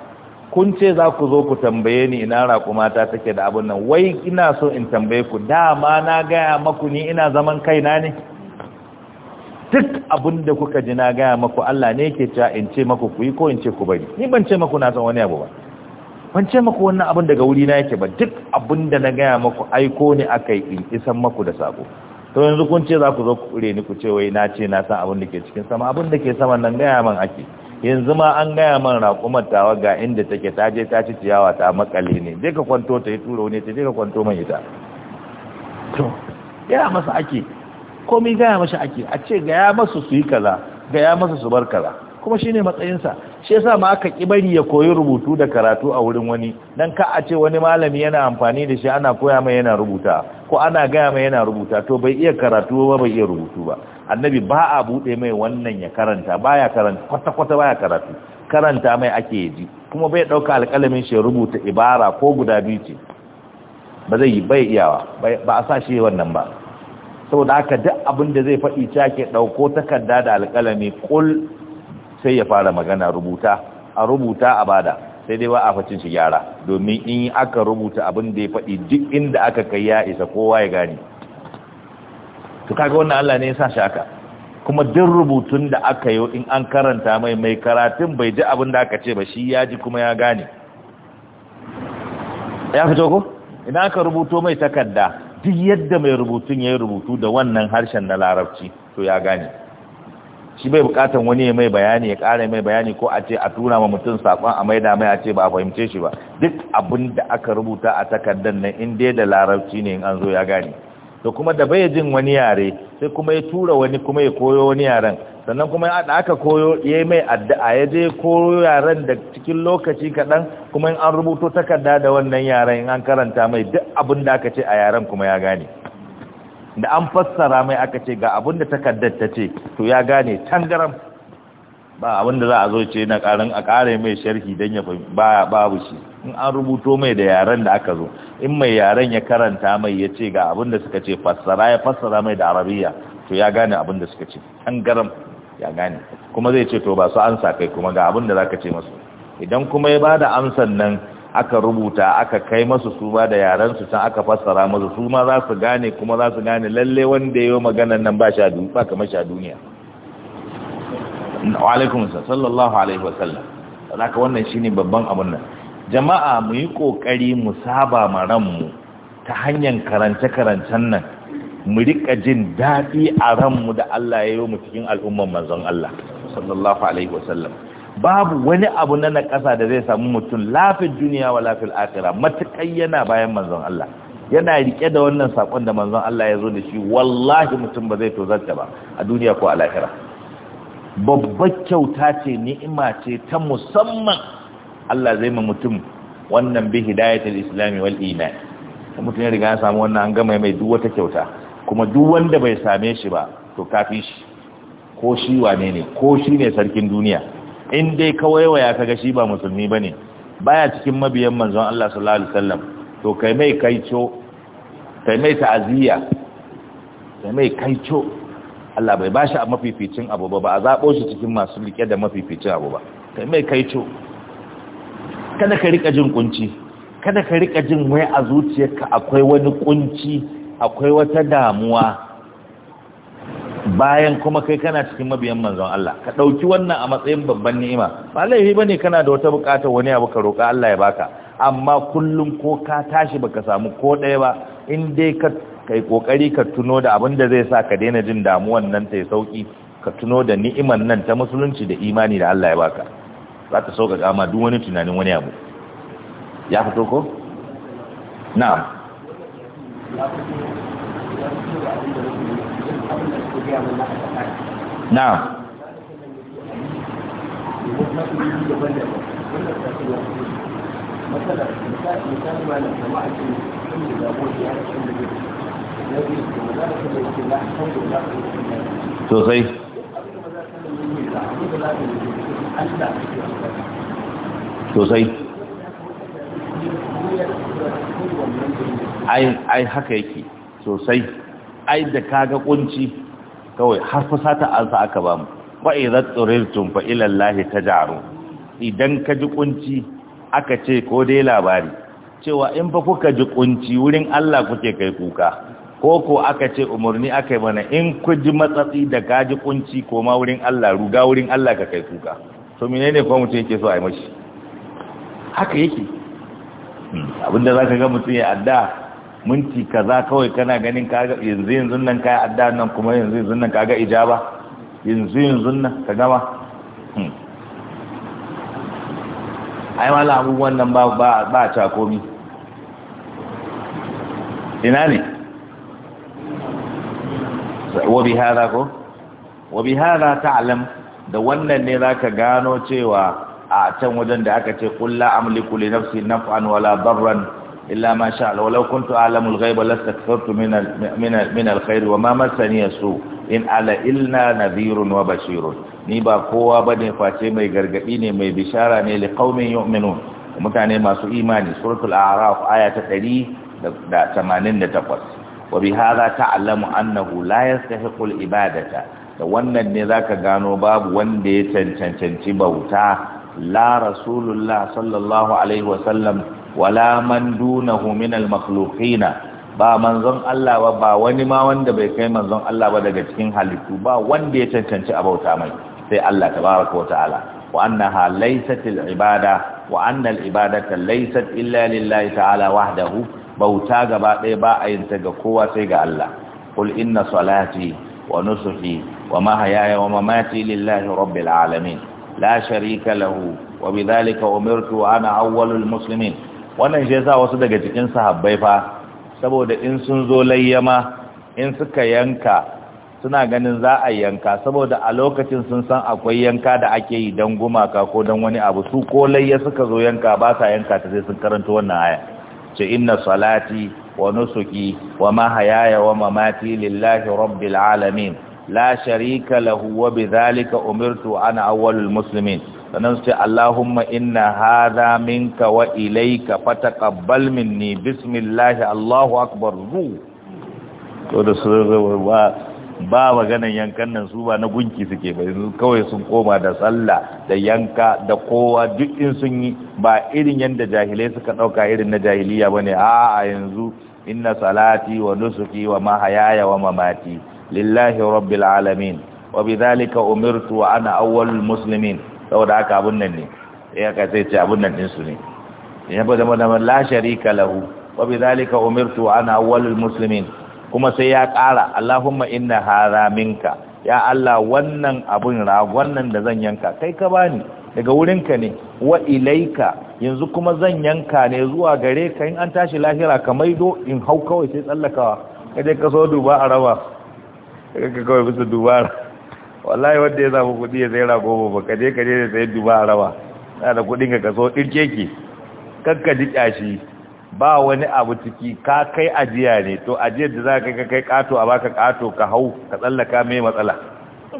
[SPEAKER 1] kun ce za ku zo ku tambaye ni ina mata take da abin nan wai ina so in tambaye ku dama na gaya maku ni ina zaman kaina ne duk abin da kuka ji na gaya maku Allah ne yake cewa in ce maku ku yi ko in ce ku bari ni ban ce maku na san wani abu ba ban ce maku wannan abin daga wuri na yake ba duk abin da na gaya maku aiko ne aka yi isan maku da sako to yanzu kun ce za ku zo ku kure ni ku ce wai na ce na san abin da ke cikin sama abin da ke sama nan gaya man ake yanzu ma an gaya man raƙumar tawa ga inda take ta je ta ci ciyawa ta makale ne je ka kwanto ta yi turo ne ta je ka kwanto man ita to ya masa ake komai gaya masa ake a ce gaya masa su yi kaza gaya masa su bar kaza kuma shine matsayinsa shi yasa ma aka ki bari ya koyi rubutu da karatu a wurin wani dan ka a ce wani malami yana amfani da shi ana koya mai yana rubuta ko ana gaya mai yana rubuta to bai iya karatu ba bai iya rubutu ba annabi ba a bude mai wannan ya karanta baya karanta kwata kwata baya karatu karanta mai ake ji kuma bai dauka alƙalamin shi rubuta ibara ko guda biyu ce ba zai yi bai iyawa ba a sa shi wannan ba saboda haka duk abin da zai faɗi ta ke ɗauko takarda da alƙalami ƙul sai ya fara magana rubuta a rubuta a bada sai dai ba a facin shi gyara domin in aka rubuta abin da ya faɗi duk inda aka kai ya isa kowa ya gani to kaga wannan Allah ne ya sa shi haka kuma duk rubutun da aka yi in an karanta mai mai karatun bai ji abin da aka ce ba shi ya ji kuma ya gane ya fito ko idan aka rubuto mai takarda duk yadda mai rubutun ya yi rubutu da wannan harshen na larabci to ya gane shi bai bukatan wani mai bayani ya kara mai bayani ko a ce a tura ma mutum sakon a da mai a ce ba a fahimce shi ba duk abin da aka rubuta a takardar nan in dai da larabci ne in an zo ya gane to kuma da bai jin wani yare sai kuma ya tura wani kuma ya koyo wani yaren sannan kuma ya da aka koyo ya mai addu'a ya je koyo yaren da cikin lokaci kaɗan kuma in an rubuto takarda da wannan yaren in an karanta mai duk abin da aka ce a yaren kuma ya gane da an fassara mai aka ce ga abin da takardar ta ce to ya gane tangaram ba abin da za a zo ce na ƙarin a ƙare mai sharhi don ya ba babu shi in an rubuto mai da yaren da aka zo in mai yaren ya karanta mai ya ce ga abin da suka ce fassara ya fassara mai da arabiya to ya gane abin da suka ce tangaram ya gane kuma zai ce to ba su ansa kai kuma ga abin da zaka ce masu idan kuma ya bada amsan nan aka rubuta aka kai masu su ba da yaran su can aka fassara masu su ma za su gane kuma za su gane lalle wanda yayi maganar nan ba sha ba kamar sha duniya wa alaikum sallallahu alaihi wasallam zaka wannan shine babban abun nan jama'a mu yi kokari mu saba ma mu ta hanyar karance-karancen nan mu rika jin daɗi a ran mu da Allah ya yi mu cikin al'umman manzon Allah sallallahu alaihi wasallam babu wani abu na nakasa da zai samu mutum lafin duniya wa lafin akira matukai yana bayan manzon Allah yana rike da wannan sakon da manzon Allah ya zo da shi wallahi mutum ba zai tozarta ba a duniya ko a lahira babbar kyauta ce ni'ima ce ta musamman Allah zai ma mutum wannan bi hidayatul islami wal iman mutum ya riga ya samu wannan an gama mai duk wata kyauta kuma duk wanda bai same shi ba to kafi shi ko shi wane ne ko shi ne sarkin duniya in dai kawai waya ka ga shi ba musulmi bane baya cikin mabiyan manzon Allah sallallahu alaihi wasallam to kai mai kaico kai mai ta'aziyya kai mai kaico Allah bai bashi a mafificin abu ba ba a zabo shi cikin masu rike da mafificin abu ba kai mai kaico kada ka rika jin kunci kada ka rika jin wai a zuciyarka akwai wani kunci akwai wata damuwa bayan kuma kai kana cikin mabiyan manzon Allah ka ɗauki wannan a matsayin babban ni'ima ba laifi bane kana da wata buƙatar wani abu ka roka Allah ya baka amma kullum ko ka tashi baka samu ko ɗaya ba in dai ka kai kokari ka tuno da abin da zai sa ka daina jin damuwan nan ta sauki ka tuno da ni'iman nan ta musulunci da imani da Allah ya baka za ta sauƙaƙa kama duk wani tunanin wani abu ya fito ko na'am Na. sosai sosai ai haka yake sosai ai da kaga kunci kawai har fa sata sa aka bamu wa idza turiltum fa ila allahi tajaru idan ka ji kunci aka ce ko dai labari cewa in fa kuka ji kunci wurin Allah kuke kai kuka ko ko aka ce umarni aka yi mana in ku ji matsatsi da ka ji kunci ko ma wurin Allah ruga wurin Allah ka kai kuka to menene ko mutum yake so a yi mashi haka yake abinda za ka ga mutum ya adda minti kaza kawai kana ganin kaga yanzu yanzu nan ka adda nan kuma yanzu yanzu nan kaga ijaba yanzu yanzu nan ka gama hmm. ai mala abubuwan nan ba ba ba ta komi ina ne wa bi hada ko wa bi hada ta'lam da wannan ne zaka gano cewa a can wajen da aka ce kulla la amliku li nafsi naf'an wala darran illa ma sha Allah walau kuntu a'lamu al-ghaiba lastakthartu min min al-khair wa ma massani su in ala illa nadhirun wa bashirun ni ba kowa bane face mai gargadi ne mai bishara ne li qaumin yu'minun mutane masu imani suratul a'raf aya ta 188 وبهذا تعلم أنه لا Ibadata? Da wannan ne zaka gano babu wanda ya cancanci bauta la rasulullah sallallahu alaihi wasallam wala man dunahu min al-makhluqina ba manzon Allah ba ba wani ma wanda bai kai manzon Allah ba daga cikin halittu ba wanda ya cancanci abauta mai sai Allah tabaraka wa ta'ala wa annaha laysat al-ibada wa anna al-ibadata laysat illa lillahi ta'ala wahdahu bauta gaba ɗaya ba a yin ta ga kowa sai ga Allah qul inna salati wa nusuki wa mahayaya wa mamati lillahi rabbil alamin la sharika lahu wa bidhalika umirtu ana awwalul muslimin wannan shi yasa wasu daga cikin sahabbai fa saboda in sun zo layyama in suka yanka suna ganin za a yanka saboda a lokacin sun san akwai yanka da ake yi don gumaka ko don wani abu su ko layya suka zo yanka ba sa yanka ta sai sun karanta wannan aya ce inna salati wa nusuki wa mahayaya wa mamati lillahi rabbil alamin لا شريك له وبذلك umirtu ana المسلمين muslimin sannan sai Allahumma inna hadha minka wa ilayka fataqabbal الله bismillah Allahu akbar zu ba ba maganan yankan nan su ba na gunki suke ba yanzu kawai sun koma da sallah da yanka da kowa duk in sun yi ba irin yadda jahilai suka ɗauka irin na jahiliya bane a a yanzu inna salati wa nusuki wa mahayaya wa mamati lillahi rabbil alamin wa bidhalika umirtu wa ana awwalul muslimin saboda haka abun nan ne ya ka sai ce abun nan din su ne ya ba zama da la sharika lahu wa bidhalika umirtu wa ana awwalul muslimin kuma sai ya kara. Allahumma inna hadha minka ya Allah wannan abun ragon nan da zan yanka kai ka bani daga wurinka ne wa ilaika yanzu kuma zan yanka ne zuwa gare ka in an tashi lahira ka maido in hau kawai sai tsallakawa kaje ka so duba a raba ka kawai bisa dubara wallahi wanda ya samu kudi ya sai rago ba ka je ka je da sai dubara ba na da kudin ka kaso dirkeke kakka ji kashi ba wani abu ciki ka kai ajiya ne to ajiyar da za ka kai kato a baka kato ka hau ka tsallaka mai matsala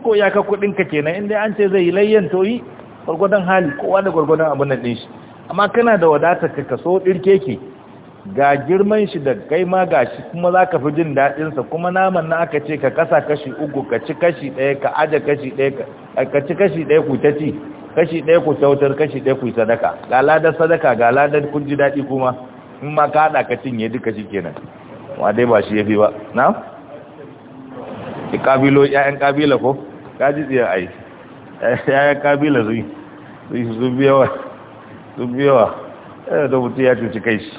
[SPEAKER 1] ko ya ka kudin ka kenan inda an ce zai layyan to yi gwargwadon hali kowa da gwargwadon abin nan din shi amma kana da wadatar ka kaso keke. ga girman shi da kai ma gashi kuma za ka fi jin daɗinsa kuma naman na aka ce ka kasa kashi uku ka ci kashi ɗaya ka aje kashi ɗaya ka eh, ci kashi ɗaya ku ta ci kashi ɗaya ku kyautar kashi ɗaya ku sadaka ga ladar sadaka ga ladar kun ji daɗi kuma in ma ka haɗa ka cinye duka shi kenan wa dai ba shi ya fi ba na? ki ƙabilo ƴaƴan ƙabila ko? ka ji tsaye ai eh, ƴaƴan ƙabila sun biyawa sun biyawa ɗaya da eh, mutu ya cuci kai shi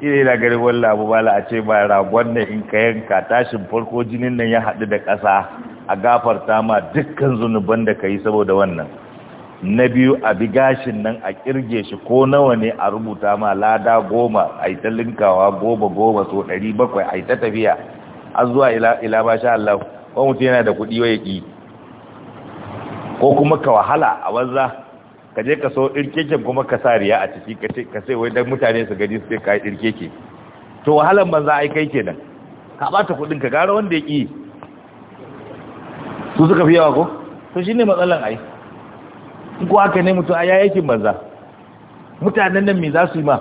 [SPEAKER 1] iri na gari wallah abu bala a ce ba ragon ne in ka yanka tashin farko jinin nan ya haɗu da ƙasa a gafarta ma dukkan zunuban da ka yi saboda wannan na biyu a bi gashin nan a kirge shi ko nawa ne a rubuta ma lada goma a ta linkawa goma goma so ɗari bakwai a ta tafiya a zuwa ila ba sha Allah ko mutum yana da kuɗi wa ya ko kuma ka wahala a banza ka je ka so irkeken kuma ka sa riya a ciki ka sai wai dan mutane su gani su ce ka irkeke to wahalan banza ai kai kenan ka bata kudin ka gara wanda ya ki su suka fi yawa ko to shine matsalan ai ko haka ne mutum ai yake banza mutanen nan me za su yi ma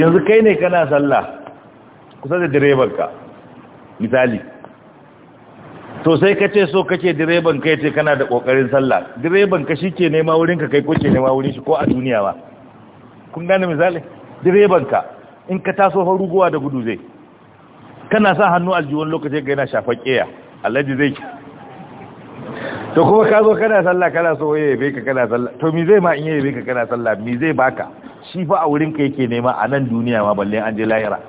[SPEAKER 1] yanzu kai ne kana sallah kusa da direban ka misali to sai ka ce so ce direban kai ce kana da kokarin sallah direban ka shike nema wurin ka kai ko ke nema wurin shi ko a duniya ba kun gane misali direban ka in ka taso guwa da gudu zai kana sa hannu aljiwon lokaci ga yana shafar keya alhaji zai ki to kuma ka zo kana sallah kana so ya yabe ka kana sallah to mi zai ma in ya yabe ka kana sallah mi zai baka shi fa a wurin ka yake nema a nan duniya ma balle an je lahira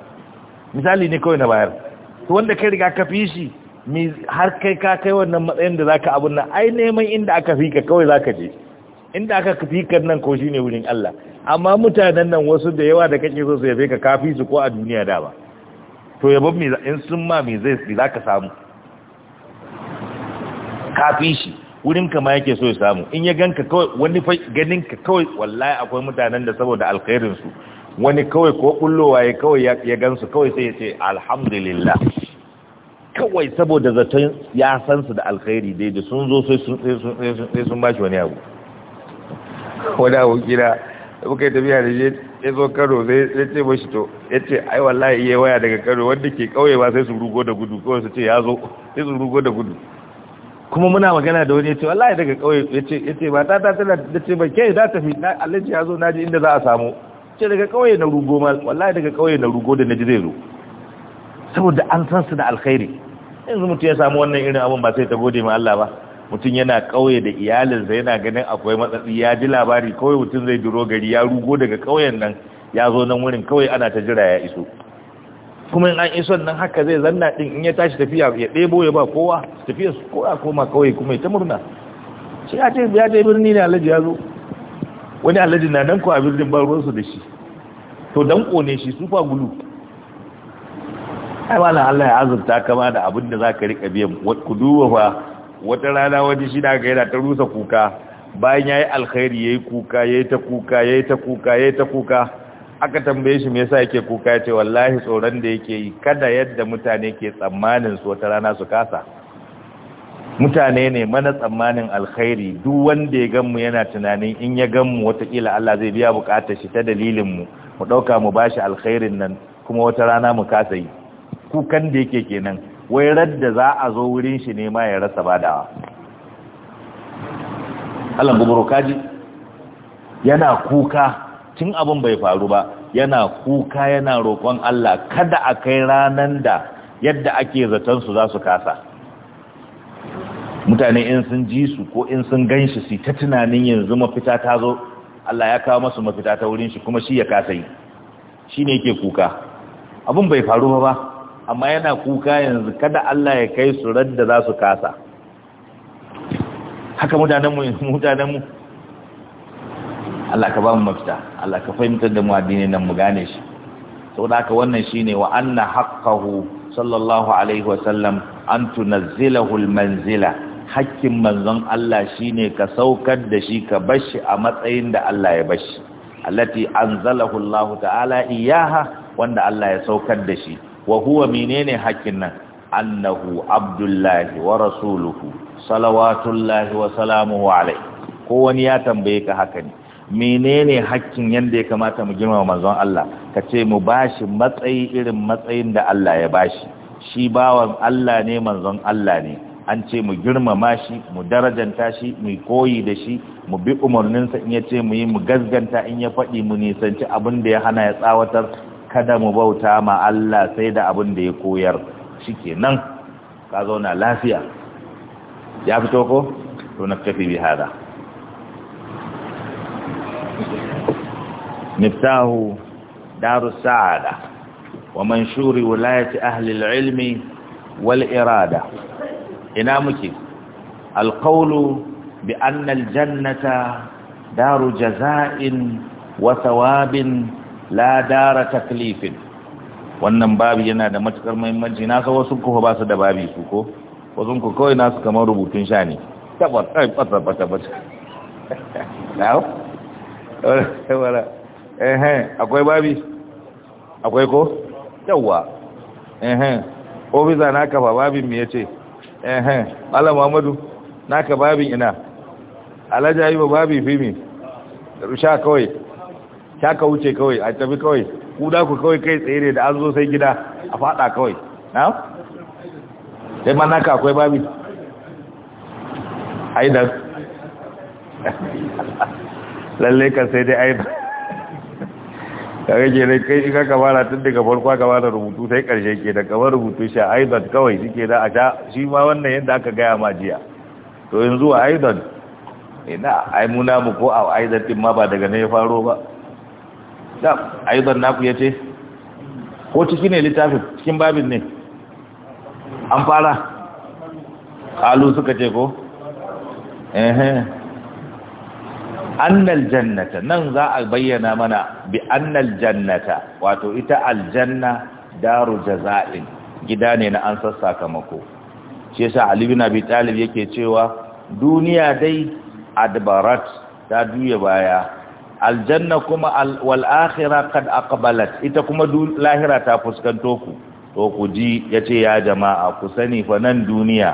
[SPEAKER 1] misali ne kawai na bayar to wanda kai riga ka fi shi har kai ka kai wannan matsayin da zaka abun nan ai neman inda aka fika kawai zaka je inda aka fika nan ko shine wurin Allah amma mutanen nan wasu da yawa da kake so su yabe ka kafi su ko a duniya da ba to yabon me in sun ma me zai fi zaka samu kafi shi wurin ka ma yake so ya samu in ya ganka kawai wani ganin ka kawai wallahi akwai mutanen da saboda alkhairin su wani kawai ko kullowa ya kawai ya gansu kawai sai ya ce alhamdulillah kawai saboda zaton ya san su da alkhairi dai da sun zo sai sun bashi wani abu wani abu kira muka yi tafiya da shi ya zo karo zai ce mashi to ya ce ai wallahi iya waya daga karo wanda ke kauye ba sai su rugo da gudu kawai su ce ya zo sai su rugo da gudu kuma muna magana da wani ya ce wallahi daga kauye ya ce ya ce mata ta tana da ce ba kai za ta fi na allaci ya zo na ji inda za a samu ce daga kauye na rugo ma wallahi daga kauye na rugo da na ji zai zo saboda an san su da alkhairi yanzu mutum ya samu wannan irin abun ba sai ta gode ma Allah ba mutum yana kauye da iyalinsa yana ganin akwai matsatsi ya ji labari kawai mutum zai duro gari ya rugo daga kauyen nan ya zo nan wurin kawai ana ta jira ya iso kuma in an iso nan haka zai zanna din in ya tashi tafiya ya ɗebo ya ba kowa tafiya su kowa koma kawai kuma ya ta murna shi ya ce ya je birni ne alhaji ya zo wani alhaji na nan ko a birnin ban su da shi to dan ne shi sufa gulu ai wala Allah ya azurta ka da abin da za ka rika biyan ku duba wata rana wani shi ga yana ta rusa kuka bayan yayi alkhairi yayi kuka yayi ta kuka yayi ta kuka yayi ta kuka aka tambaye shi me yasa yake kuka yace wallahi tsoron da yake yi kada yadda mutane ke tsammanin su wata rana su kasa mutane ne mana tsammanin alkhairi duk wanda ya ganmu yana tunanin in ya ganmu watakila Allah zai biya bukatar shi ta dalilin mu mu dauka mu bashi alkhairin nan kuma wata rana mu kasa yi kukan da yake kenan wai radda za a zo wurin shi ne ma ya rasa badawa Allah gubaro kaji yana kuka tun abin bai faru ba yana kuka yana roƙon Allah kada a kai ranan da yadda ake zaton su za su kasa mutane in sun ji su ko in sun gan shi su ta tunanin yanzu mafita ta zo Allah ya kawo masu mafita ta wurin shi kuma shi ya kasa yi shi ne yake kuka abin bai faru ba ba amma yana kuka yanzu kada Allah ya kai su radda za su kasa haka mutanenmu mutanenmu Allah ka ba mu mafita Allah ka fahimtar da mu addinin nan mu gane shi saboda haka wannan shine wa anna haqqahu sallallahu alaihi wa sallam an tunazzilahu almanzila hakkin manzon Allah shine ka saukar da shi ka bashi a matsayin da Allah ya bashi allati anzalahu Allah ta'ala iyaha wanda Allah ya saukar da shi wa huwa menene hakkin nan annahu abdullahi wa rasuluhu salawatullahi wa salamuhu alai ko wani ya tambaye ka haka ne menene hakkin yanda ya kamata mu girmama manzon Allah ka ce mu bashi matsayi irin matsayin da Allah ya bashi shi bawan Allah ne manzon Allah ne an ce mu girmama shi mu darajanta shi mu koyi da shi mu bi umarninsa in ya ce mu yi mu gazganta in ya faɗi mu nisanci abin da ya hana ya tsawatar kada mu bauta ma Allah sai da abin da ya koyar nan ka zauna lafiya ya fito ko to na tafi bi hada miftahu Daru sa'ada wa manshuri wulayati ahli ilmi wal irada ina muke alqawlu bi anna jannata daru jaza'in wa thawabin la dara taklifin wannan babu yana da matukar muhimmanci na san wasu kuma ba su da babu su ko wasu ku kawai nasu kamar rubutun sha ne tabbas kai fata fata fata na'u wala eh eh akwai babi akwai ko yawa eh eh ofisa naka ba babin me yace eh eh malam Muhammadu naka babin ina alaja yi ba babi fimi rusha kawai ta ka wuce kawai a tafi kawai ku da ku kawai kai tsaye ne da an zo sai gida a fada kawai na? sai ma naka akwai babi aidan [LAUGHS] lalle ka sai dai aidan ta [LAUGHS] ke da kai ka kamara tun daga farko kamara rubutu sai karshe ke da kamar rubutu shi a aidan kawai shi ke da a sha shi ma wannan yadda aka gaya ma jiya to yanzu a aidan ina ai mu ko a aidan din ma ba daga ne ya faro ba da aizan naku ya ce ko ciki ne littafin cikin babin ne an fara kalu suka ce ko annal jannata nan za a bayyana mana bi annal jannata wato ita aljanna daru jaza'in gida ne na an sakamako shi yasa Ali bin Abi Talib yake cewa duniya dai adbarat ta duye baya aljanna kuma wal akhirah kad aqbalat ita kuma lahira ta fuskanto ku to ku ji yace ya jama'a ku sani fa nan duniya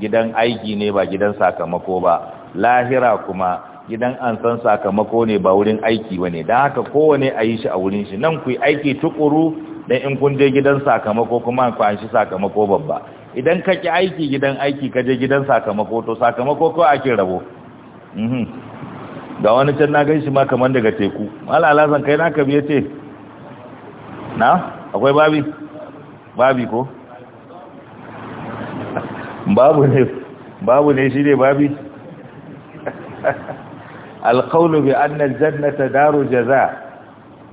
[SPEAKER 1] gidan aiki ne ba gidan sakamako ba lahira kuma gidan an san sakamako ne ba wurin aiki bane dan haka kowane ayi shi a wurin shi nan ku yi aiki tukuru dan in kun je gidan sakamako kuma ku an shi sakamako babba idan ka ki aiki gidan aiki ka je gidan sakamako to sakamako ko ake rabo mhm. ga wani can na gan shi ma kamar daga teku malala zan kai naka biya ce na akwai babi babi ko [LAUGHS] babu ne babu ne shi ne babi [LAUGHS] alƙaunu bi annal jannata daru jaza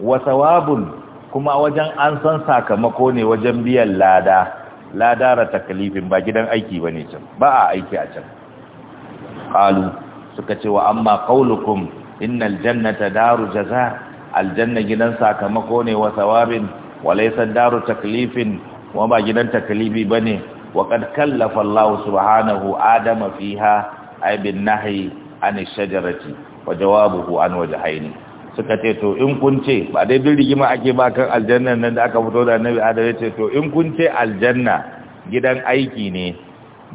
[SPEAKER 1] wa sawabun kuma wajen an san sakamako ne wajen biyan lada ladara takalifin ba gidan aiki bane can ba a aiki a can qalu suka ce wa amma qaulukum innal jannata daru jaza aljanna gidan sakamako ne wa thawabin wa laysa daru taklifin wa ba gidan taklifi bane wa qad kallafa Allah subhanahu adama fiha ay bin nahyi an shajarati wa jawabuhu an wajhaini suka ce to in kun ce ba dai bin rigima ake ba kan aljanna nan da aka fito da annabi adam ya ce to in kun ce aljanna gidan aiki ne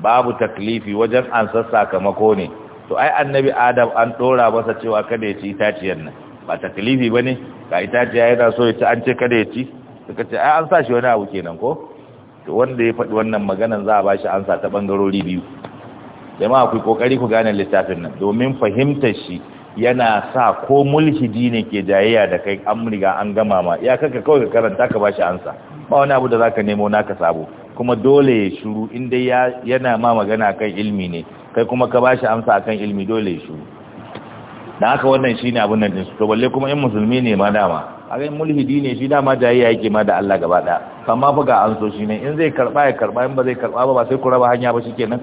[SPEAKER 1] babu taklifi wajen ansa sakamako ne to ai annabi adam an dora masa cewa kada ya ci itaciyar nan ba taklifi bane ga itaciya yana so ya ci an ce kada ya ci suka ce ai an sa shi wani abu kenan ko to wanda ya faɗi wannan maganan za a ba shi ansa ta bangarori biyu jama'a ku kokari ku gane littafin nan domin fahimtar shi yana sa ko mulhidi ne ke jayayya da kai an riga an gama ma ya kaka kawai ka karanta ka ba shi ansa ba wani abu da zaka nemo naka sabo kuma dole ya shuru in dai yana ma magana kan ilmi ne kai kuma ka bashi amsa akan ilmi dole ya shuru dan haka wannan shine abun nan din to balle kuma in musulmi ne ma dama akai mulhidi ne shi dama da yayi yake ma da Allah gaba da amma fa ga an so shi ne in zai karba ya karba in ba zai karba ba sai ku raba hanya ba shikenan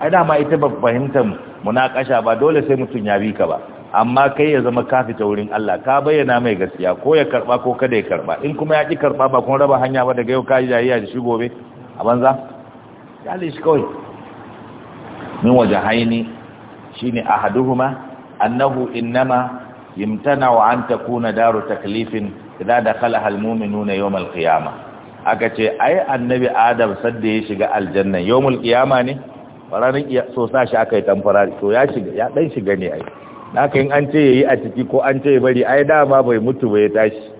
[SPEAKER 1] ai dama ita ba fahimtar munakasha ba dole sai mutun ya bi ka ba amma kai ya zama kafi ta wurin Allah ka bayyana mai gaskiya ko ya karba ko kada ya karba in kuma ya ki karba ba kun raba hanya ba daga yau ka jayayya da shi gobe a banza kyale shi kawai min waje haini shi ne a haduhuma annahu innama yimtana wa an takuna daru taklifin idza dakhala almu'minuna yawm alqiyama aka ce ai annabi adam sadda ya shiga aljanna yawmul qiyama ne fararin iya so sa shi aka yi tamfara to ya shiga ya dan shiga ne ai naka in an ce ya yi a ciki ko an ce bari ai dama bai mutu bai tashi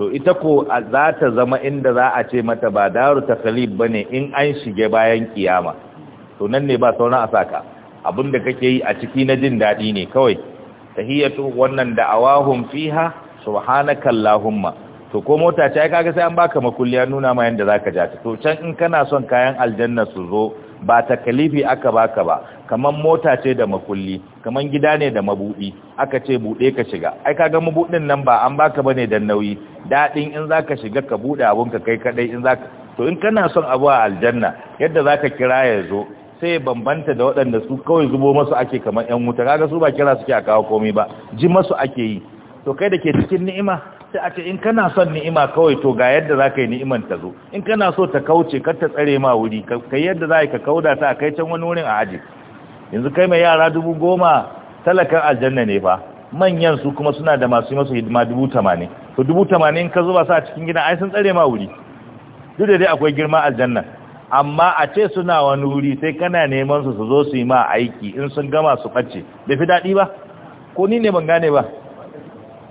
[SPEAKER 1] to ita ko za ta zama inda za a ce mata ba daru ba bane in an shige bayan kiyama to nan ne ba sauran asaka da kake yi a ciki na jin dadi ne kawai tahiyatu wannan da'awahum fiha subhanaka allahumma to ko mota ce ai kaga sai an baka makulliya nuna ma yanda zaka ja ta to can in kana son kayan aljanna su zo ba takalifi aka baka ba kamar mota ce da makulli kamar gida ne da mabuɗi. aka ce buɗe ka shiga ai kaga mabuɗin nan ba an baka bane dan nauyi dadin in zaka shiga ka bude abun ka kai kadai in zaka to in kana son abu a aljanna yadda zaka kira ya zo sai bambanta da waɗanda su kawai zubo masu ake kamar yan wuta kaga su ba kira suke a kawo komai ba ji masu ake yi to kai da ke cikin ni'ima sai a ce in kana son ni'ima kawai to ga yadda za ka yi ni'iman ta zo in kana so ta kauce kar ta tsare ma wuri ka yadda za ka kauda ta a kai can wani wurin a aji yanzu kai mai yara dubu goma talakan aljanna ne fa manyan su kuma suna da masu yi masu hidima dubu tamanin to dubu tamanin ka zuba su a cikin gida ai sun tsare ma wuri duk da dai akwai girma aljanna amma a ce suna wani wuri sai kana neman su su zo su yi ma aiki in sun gama su ɓace bai fi daɗi ba ko ni ne ban gane ba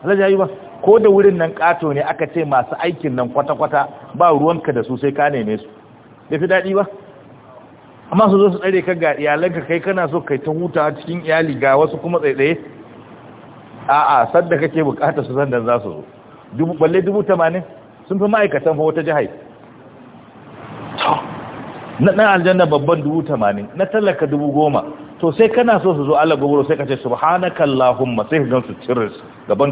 [SPEAKER 1] alhaji ba ko da wurin nan kato ne aka ce masu aikin nan kwata-kwata ba ruwanka da su sai ka neme su bai fi daɗi ba amma su zo su tsare ka ga iyalanka kai kana so kai ta huta cikin iyali ga wasu kuma tsaitsaye a'a sadda kake bukatar su sandan za su zo dubu balle dubu tamanin sun fi ma'aikatan fa wata jihai na ɗan aljanna babban dubu tamanin na tallaka dubu goma to sai kana so su zo ala gogoro sai ka ce subhanaka allahumma sai ka gan su cirris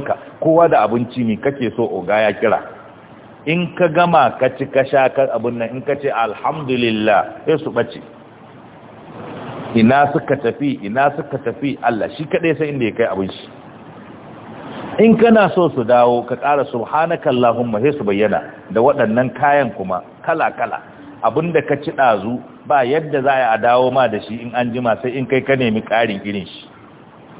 [SPEAKER 1] ka. kowa da abinci ne kake so oga ya kira in ka gama ka ci ka sha ka abin nan in ka ce alhamdulillah sai su bace ina suka tafi ina suka tafi Allah shi kadai sai inda ya kai abin shi in kana so su dawo ka ƙara subhanaka Allahumma sai su bayyana da waɗannan kayan kuma kala-kala abinda ka ci dazu ba yadda za a dawo ma da shi in an jima sai in kai ka nemi ƙarin irin shi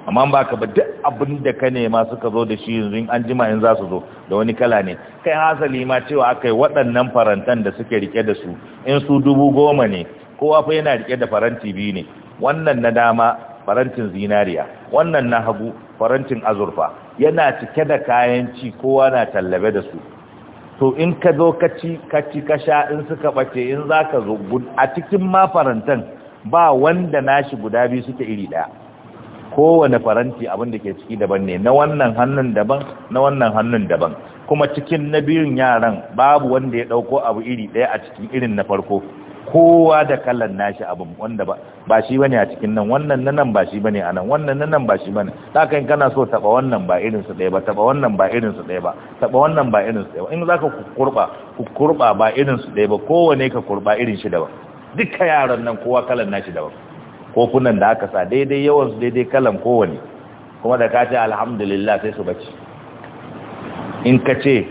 [SPEAKER 1] amma ba ka ba duk abinda ka nema suka zo da shi yanzu in an jima in za su zo da wani kala ne kai hasali ma cewa akai waɗannan farantan da suke rike da su in su dubu goma ne kowa fa yana rike da faranti biyu ne wannan na dama farantin zinariya wannan na hagu farantin azurfa yana cike da kayan ci kowa na tallabe da su to in ka zo ka ci ka ci ka sha in suka bace in za ka zo a cikin ma farantan ba wanda nashi guda biyu suke iri daya kowane faranti abin da ke ciki daban ne na wannan hannun daban na wannan hannun daban kuma cikin na biyun yaran babu wanda ya dauko abu iri ɗaya a cikin irin na farko kowa da kalan nashi abin wanda ba shi bane a cikin nan wannan na nan ba shi bane a nan wannan na nan ba shi bane haka in kana so taba wannan ba irin su ɗaya ba taba wannan ba irin su ɗaya ba taba wannan ba irin su ɗaya ba in zaka kurba ku kurba ba irin su ɗaya ba kowane ka kurba irin shi daban duka yaran nan kowa kalan nashi daban kofunan da aka sa daidai yawan su daidai kalan kowane kuma da ka ce alhamdulillah sai su bace in ka ce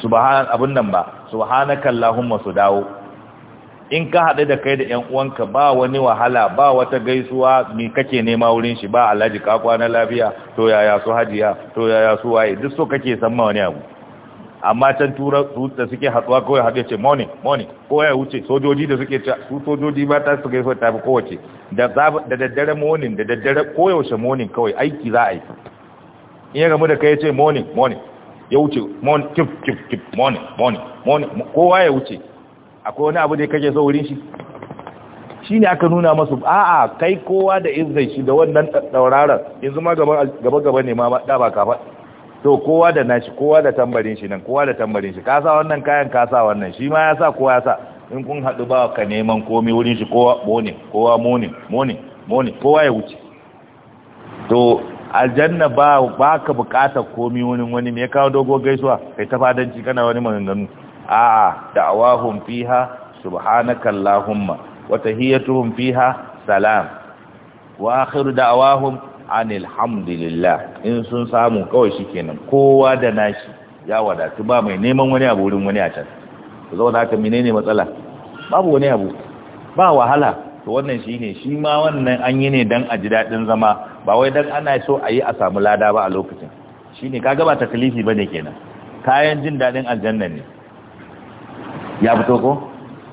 [SPEAKER 1] subhan abun nan ba subhanakallahumma su dawo in ka haɗu da kai da ‘yan uwanka ba wani wahala ba wata gaisuwa mi kake nema wurin shi ba alhaji ka kwana lafiya to yaya su hajiya to yaya su waye duk so kake san ma wani abu amma can tura da suke hatsuwa kawai haɗe ce morning morning ko ya wuce sojoji da suke ta su sojoji ba ta su gaisuwa ta kowace da daddare morning da daddare koyaushe morning kawai aiki za a yi in ya gamu da kai ya ce morning morning ya wuce morning kif kif kif morning morning morning kowa ya wuce akwai wani abu da kake so wurin shi shi ne aka nuna masu a'a kai kowa da izai shi da wannan dauraron yanzu ma gaba-gaba ne ma da ba kafa to kowa da nashi kowa da tambarin shi nan kowa da tambarin shi kasa wannan kayan kasa wannan shi ma ya sa kowa ya sa in kun haɗu ba ka neman komi wurin shi kowa mone kowa moni moni moni kowa ya wuce to aljanna ba ba ka bukatar komi wani wani me ya kawo dogo gaisuwa kai ta fadanci kana wani maganganu a'a da'awahum fiha subhanakallahumma wa tahiyyatuhum fiha salam wa akhiru da'awahum anil hamdulillah in sun samu kawai shikenan kowa da nashi ya wadatu ba mai neman wani abu wurin wani a can zauna haka menene matsala babu wani abu ba wahala to wannan shine shi ma wannan an yi ne dan a ji dadin zama ba wai dan ana so a yi a samu lada ba a lokacin shine kaga ba taklifi bane kenan kayan jin dadin aljanna ne ya fito ko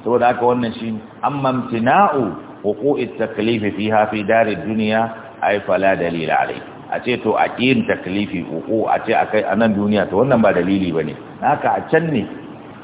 [SPEAKER 1] saboda haka wannan shi amma imtina'u wuqu'i taklifi fiha fi dari dunya ay fala dalila alai a ce to a taklifi wuqu a ce akai anan duniya to wannan ba dalili bane haka a can ne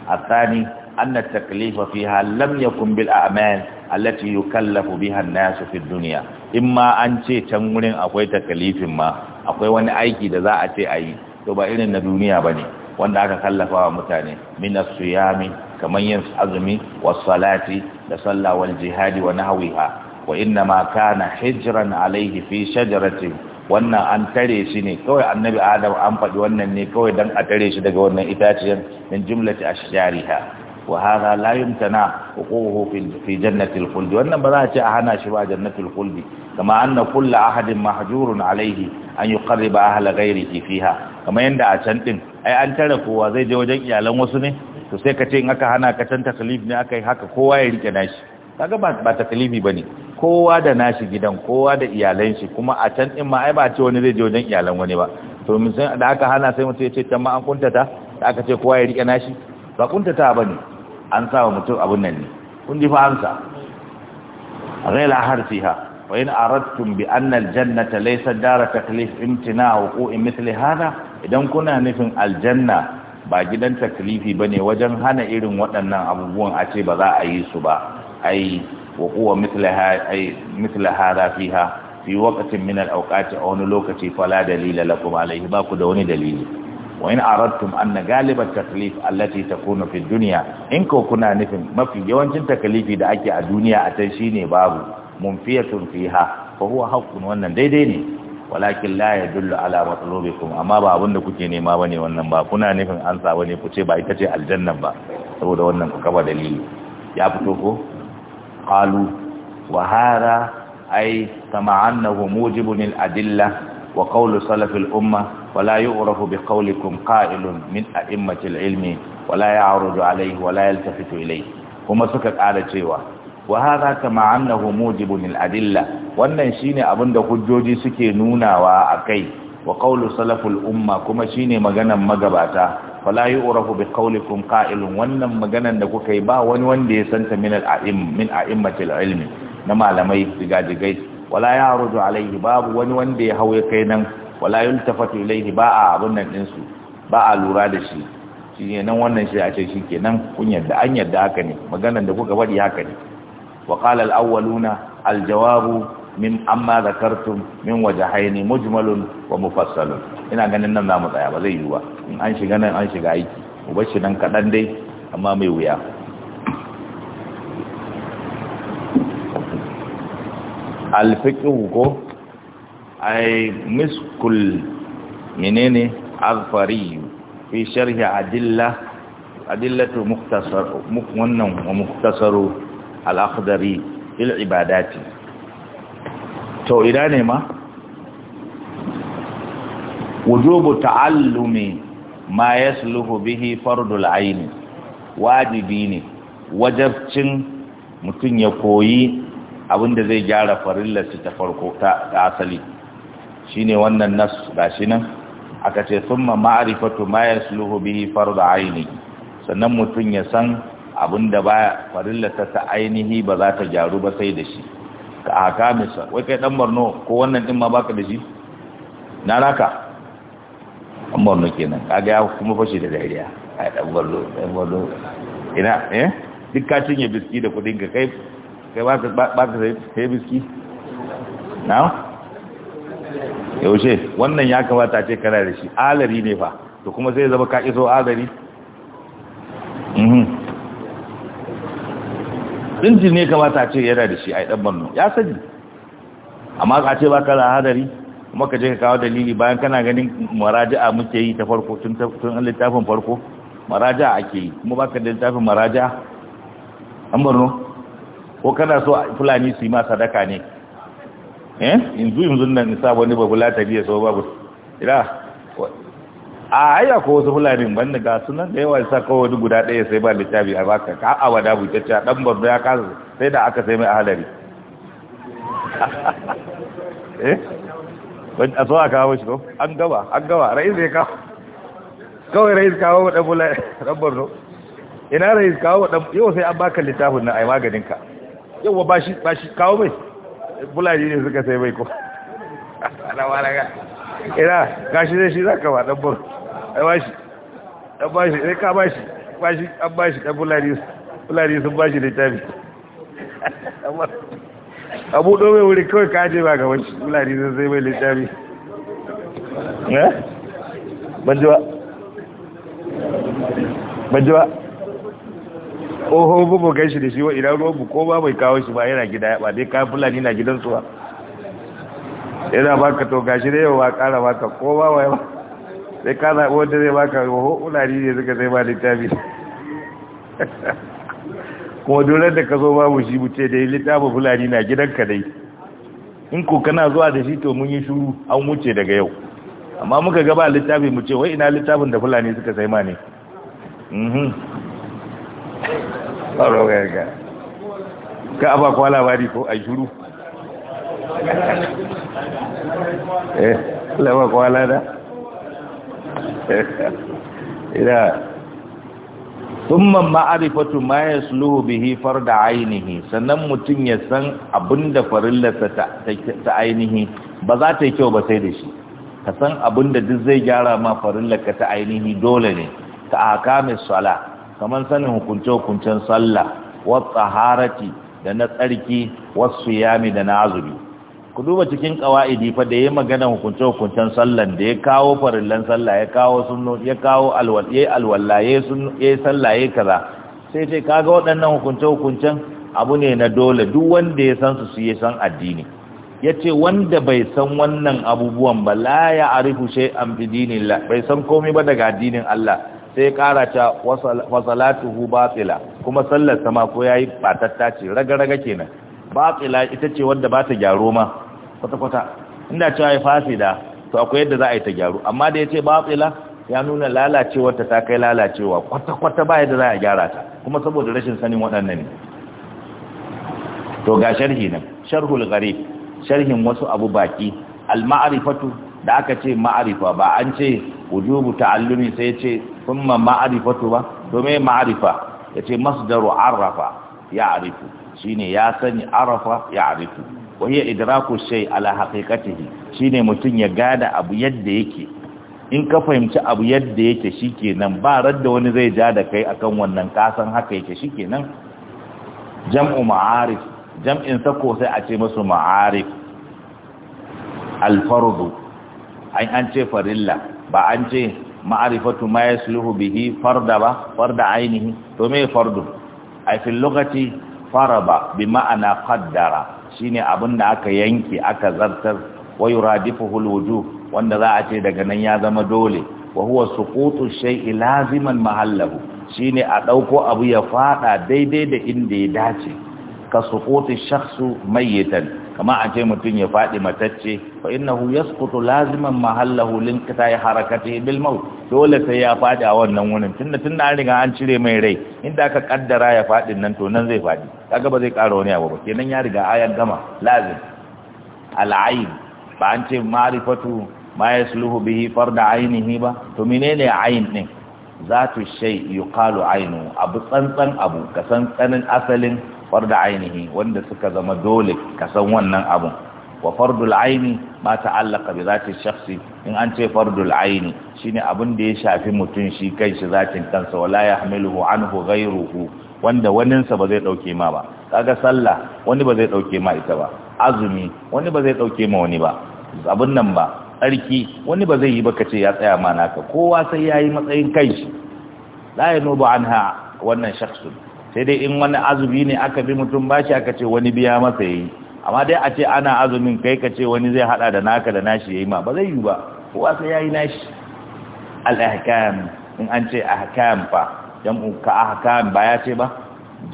[SPEAKER 1] asani anna taklifa fiha lam yakun bil a'mal allati yukallafu biha an-nasu fi dunya imma an ce can wurin akwai taklifin ma akwai wani aiki da za a ce ayi to ba irin na duniya bane wanda aka kallafa wa mutane min as-siyami kamar yin azumi wa salati da sallah wal jihadi wa nahwiha wa inna ma kana hijran alayhi fi shajaratin wannan an tare shi ne kawai annabi adam an faɗi wannan ne kawai dan a tare shi daga wannan itaciyar min jumlati ashjariha wa hadha la yumtana huququhu fi fi jannatil khuldi wannan ba za a ce a hana shi ba jannatil khuldi kama anna kullu ahadin mahjurun alaihi. an yuqarriba ahla ghayrihi fiha Kamar yadda a can din ai an tare kowa zai je wajen iyalan wasu ne to sai ka ce in aka hana ka can takalif ne aka yi haka kowa ya rike nashi kaga ba ba taklifi bane kowa da nashi gidan kowa da iyalan shi kuma a can din ma ai ba ce wani zai je wajen iyalan wani ba to mun san da aka hana sai mutum ya ce can ma an kuntata da aka ce kowa ya rike nashi ba kuntata bane an sa wa mutum abun nan ne kun ji fa amsa غير حرفها وإن ta laisan laysa ليس دار تكليف امتناع وقوع مثل هذا idan kuna nufin aljanna. ba gidan taklifi ba ne wajen hana irin waɗannan abubuwan a ce ba za a yi su ba ai wa kuwa misla hada fiha fi wakacin min al-awqati wani lokaci fala dalila kuma alayhi ba ku da wani dalili wa in aradtum anna galib at-taklif allati takunu fi duniya. in ko kuna nufin mafi yawancin taklifi da ake a duniya a can shine babu munfiyatun fiha fa huwa wannan daidai ne walakin la ya dullu ala kuma, amma ba abin da kuke nema bane wannan ba kuna nufin an sa ne ku ce ba ita ce aljannan ba saboda wannan ku kaba dalili ya fito ko Ƙalu! Wahara! Ai! ay kama annahu mujibun lil adilla wa qawlu salafil umma Wala yu'rafu bi qawlikum qa'ilun min a'immatil ilmi Wala la ya'rudu alayhi Wala la yaltafitu ilayhi kuma suka kara cewa wa hadha kama annahu mujibun lil adilla wannan shine abin da hujjoji suke nunawa a kai wa qawlu salaful umma kuma shine maganan magabata fala yu'rafu bi qawlikum qa'ilun wannan maganan da kuka yi ba wani wanda ya santa min al-a'im min a'immatil ilmi na malamai digadigai wala ya'rudu alaihi babu wani wanda ya hauye kai nan wala yultafatu ilaihi ba a abin nan din su ba a lura da shi shi nan wannan shi a ce shi kenan kun yadda an yadda haka ne maganan da kuka bari haka ne وقال الأولون الجواب من أما ذكرتم من وجهين مجمل ومفصل ina ganin nan namu tsaya ba zai yiwu ba in an shiga nan an shiga aiki ubashi nan kaɗan dai amma mai wuya alfiƙihu ko ai miskul menene azfari fi sharhi adilla wannan muktasaru al’akhdari akhdari ibadati to ina ne ma wujubu ta'allumi ma yasluhu bihi fardul aini wajibi ne wajabcin mutum ya koyi abinda zai gyara farillarsa ta farko ta asali Shi ne wannan nas shi nan aka ce ma ma’arifatu ma yasluhu bihi fardu aini sannan mutum ya san abinda ba farillarsa ta ainihi ba za ta gyaru ba sai da shi ka aka misa wai kai dan barno ko wannan din ma baka da shi na raka an barno kenan kaga ya kuma fashi da dariya ai dan barno dan barno ina eh duk ka cinye biski da kudin ka kai kai ba ba ka sai biski na yaushe wannan ya kamata ce kana da shi alari ne fa to kuma sai zama ka iso alari mhm injin ne kamata a ce yana da shi a ɗan banu ya sani amma a ce ba ka da hadari kuma ka je ka kawo dalili bayan kana ganin maraja'a muke yi ta farko tun an littafin farko maraja'a ake yi kuma ba ka da littafin maraja'a an barno ko kana so fulani su yi ma sadaka ne eh yanzu yanzu nan nisa wani babu latari ya so babu ira a haya ko wasu fulani ban da gasu nan da yawa sa kawai guda ɗaya sai ba littafi a baka ka a wada butacce a ɗan babu ya kasa sai da aka sai mai ahalari [LAUGHS] eh a so a kawo shi ko an gaba an gaba ra'is ya kawo kawai ra'is kawo wa ɗan fulani [LAUGHS] ɗan borno ina ra'is kawo wa ɗan yau sai an baka littafin na a yi ka. yau ba shi ba shi kawo mai fulani ne suka sai mai ko [LAUGHS] ana ga ina gashi zai shi za ka ba ɗan borno abashi, eh, bashi an bashi sai ka bashi bashi an bashi dan fulani fulani sun bashi littafi abu [LAUGHS] ɗo mai wuri kawai ka aje ba ga wani fulani sun sai mai littafi eh? ban ji ba ban ji bubu kai shi da shi wa idan ruwan ko ba mai kawo shi ba yana gida ba dai kayan fulani na gidansu ba yana baka to gashi yau ba kara baka ko ba yawa sai ka zaɓi wanda zai baka waho ulari ne suka zai ba littafi kuma durar da ka zo ba mu shi buce da yi littafin fulani na gidanka dai in ko kana zuwa da shi to mun yi shuru an wuce daga yau amma muka gaba littafi mu ce wai ina littafin da fulani suka sai ma ne mhm. ka aba kwa labari ko a shuru
[SPEAKER 2] eh laba
[SPEAKER 1] kwa lada ila thumma ma'rifatu ma yasluhu bihi farda ainihi sannan mutum ya san abinda farillata ta ainihi ba za ta yi kyau ba sai da shi ka san abinda duk zai gyara ma farillaka ta ainihi dole ne ka ahkamis sala kamar sanin hukunce hukuncen sallah wa taharati da na tsarki wasu yami da na azumi ku duba cikin ƙawa'idi fa da yayi magana hukunce hukuncen sallan da ya kawo farillan sallah ya kawo sunno ya kawo alwala sunno ya sallaye kaza sai sai kaga waɗannan hukunce hukuncen abu ne na dole duk wanda ya san su su ya san addini yace wanda bai san wannan abubuwan ba la ya arifu shay'an bi dinillah bai san komai ba daga addinin Allah sai kara ta wasalatuhu batila kuma sallar sama ko yayi batatta ce raga raga kenan batila ita ce wanda ba ta gyaro ma kwata-kwata inda cewa ya fasida to akwai yadda za a yi ta gyaro amma da ya ce batila ya nuna lalacewar ta kai lalacewa kwata-kwata ba yadda za a gyara ta kuma saboda rashin sanin waɗannan ne to ga sharhi nan sharhul gharib sharhin wasu abu baki al ma'rifatu da aka ce ma'arifa ba an ce wujubu ta'allumi sai ya ce kuma ma'rifatu ba to me ma'arifa yace masdaru arafa ya arifu shine ya sani arafa ya arifu wahiyar idraku shai ala haƙiƙatihi shine mutum ya gada abu yadda yake in ka fahimci abu yadda yake shikenan ba radda wani zai ja da kai akan wannan kasan haka yake shikenan jam'u ma'arif jam'in sako sai a ce masu ma'arif alfardu an ce farilla ba an ce ma'arifatu ma yasluhu bihi farda ba farda ainihi to me fardu ai fil faraba bi ma'ana qaddara shine abin da aka yanke aka zartar wa yuradifuhu alwujuh wanda za a ce daga nan ya zama dole wa huwa suqutu shay'i laziman mahallahu shine a ɗauko abu ya fada daidai da inda ya dace ka suqutu shakhsu mayyitan kama an ce mutum ya faɗi matacce fa innahu yasqutu laziman mahallahu lin qita'i harakatihi bil maut dole sai ya faɗi a wannan wurin tunda tunda an riga an cire mai rai inda aka kaddara ya faɗi nan to nan zai faɗi kaga ba zai ƙara wani abu ba kenan ya riga ayan gama lazim al'ain ba an ce ma'rifatu ma yasluhu bihi farda ainihi ba to menene ain din zatu shay yuqalu ainu abu tsantsan abu ka san tsanin asalin farda ainihi wanda suka zama dole ka san wannan abun wa fardul aini ta allaka bi zati shakhsi in an ce fardul aini shine abin da ya shafi mutum shi kanshi zatin kansa wala yahmiluhu anhu ghayruhu wanda waninsa ba zai dauke ma ba kaga sallah wani ba zai dauke ma ita ba azumi wani ba zai dauke ma wani ba abin nan ba tsarki wani ba zai yi ba kace ya tsaya ma naka kowa sai yayi matsayin kanshi la yanubu anha wannan shakhsun sai dai in wani azumi ne aka bi mutum bashi aka ce wani biya masa yayi amma dai a ce ana azumin kai ka ce wani zai hada da naka da nashi yayi ma ba zai yi ba kowa sai yayi nashi al-ahkam in an ce ahkam fa jam'u ka ahkam ba ya ce ba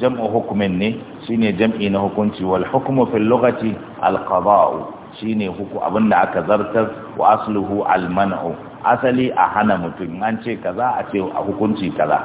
[SPEAKER 1] jam'u hukmin ne shine jam'i na hukunci wal hukmu fil lughati al-qada'u shine huku abinda aka zartar wa asluhu al-man'u asali a hana mutum an ce kaza a ce a hukunci kaza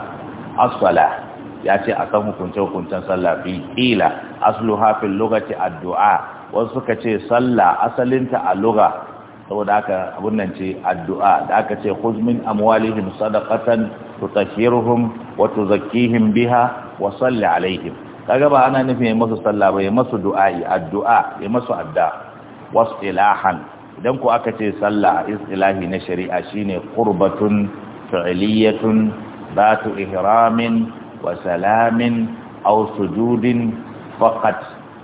[SPEAKER 1] as-salah ya ce a san hukunce-hukuncen sallah fi ƙila aslu hafin lokaci addu'a wasu suka ce sallah asalinta a lura saboda aka nan ce addu'a da aka ce huzmin amwalihim sadaqatan tutahhiruhum wa tuzakkihim biha wa salli alaihim kaga ba ana nufin ya masu sallah ba ya masu du'a'i addu'a ya masu adda wasu ilahan idan ku aka ce sallah istilahi na shari'a shine qurbatun fi'liyatun tu ihramin Wasalamin salamin sujudin faqat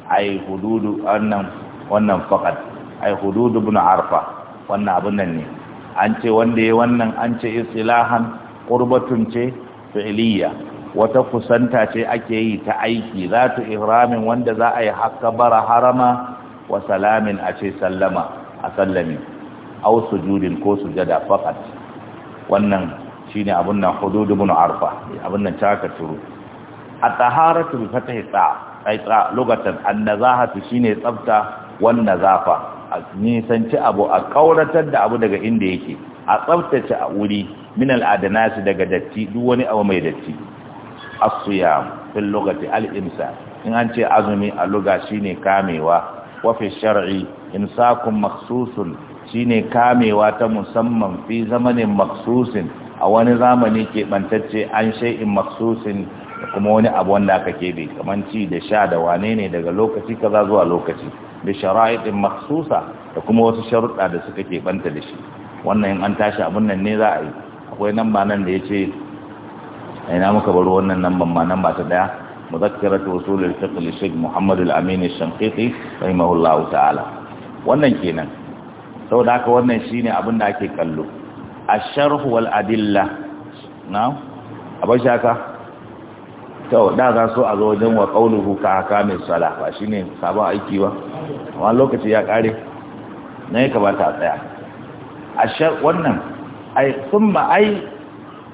[SPEAKER 1] ai hududu wannan wannan ai ay hududu arfa wannan abun nan ne an ce wanda ya wannan an ce istilahan qurbatun ce fi'liya wata kusanta ce ake yi ta aiki za ta ihramin wanda za a yi bara harama wa salamin a ce sallama a sallami au sujudin ko sujada faqat wannan shine abun nan hudud arfa abin nan caka turu A taharatu bi ta ai lugatan an-nazahatu shine tsafta A nazafa nisanci abu a kauratar da abu daga inda yake a tsaftace a wuri min al'adanasi daga datti duk wani abu mai datti Asuya siyam fil in an ce azumi a luga ne kamewa wa fi shar'i maksusun, shi shine kamewa ta musamman fi zamanin makhsusin a wani zamani keɓantacce an shai'in maksusin kuma wani abu wanda aka keɓe kamar ci da sha da wane ne daga lokaci kaza zuwa lokaci da shara'idin maksusa da kuma wasu sharuɗa da suka keɓanta da shi wannan an tashi abin nan ne za a yi akwai nan ba nan da ya ce ina muka bar wannan nan ban ma nan ba ta daya muzakkiratu usulul ta li shaykh Muhammad al-Amin rahimahullahu ta'ala wannan kenan saboda haka wannan shine abin da ake kallo asharh wal adilla na abai shaka to da za so a zo wajen wa qauluhu ka akamin sala ba shine sabon aiki ba amma lokaci ya kare ne ka ba ta tsaya ashar wannan ai thumma ai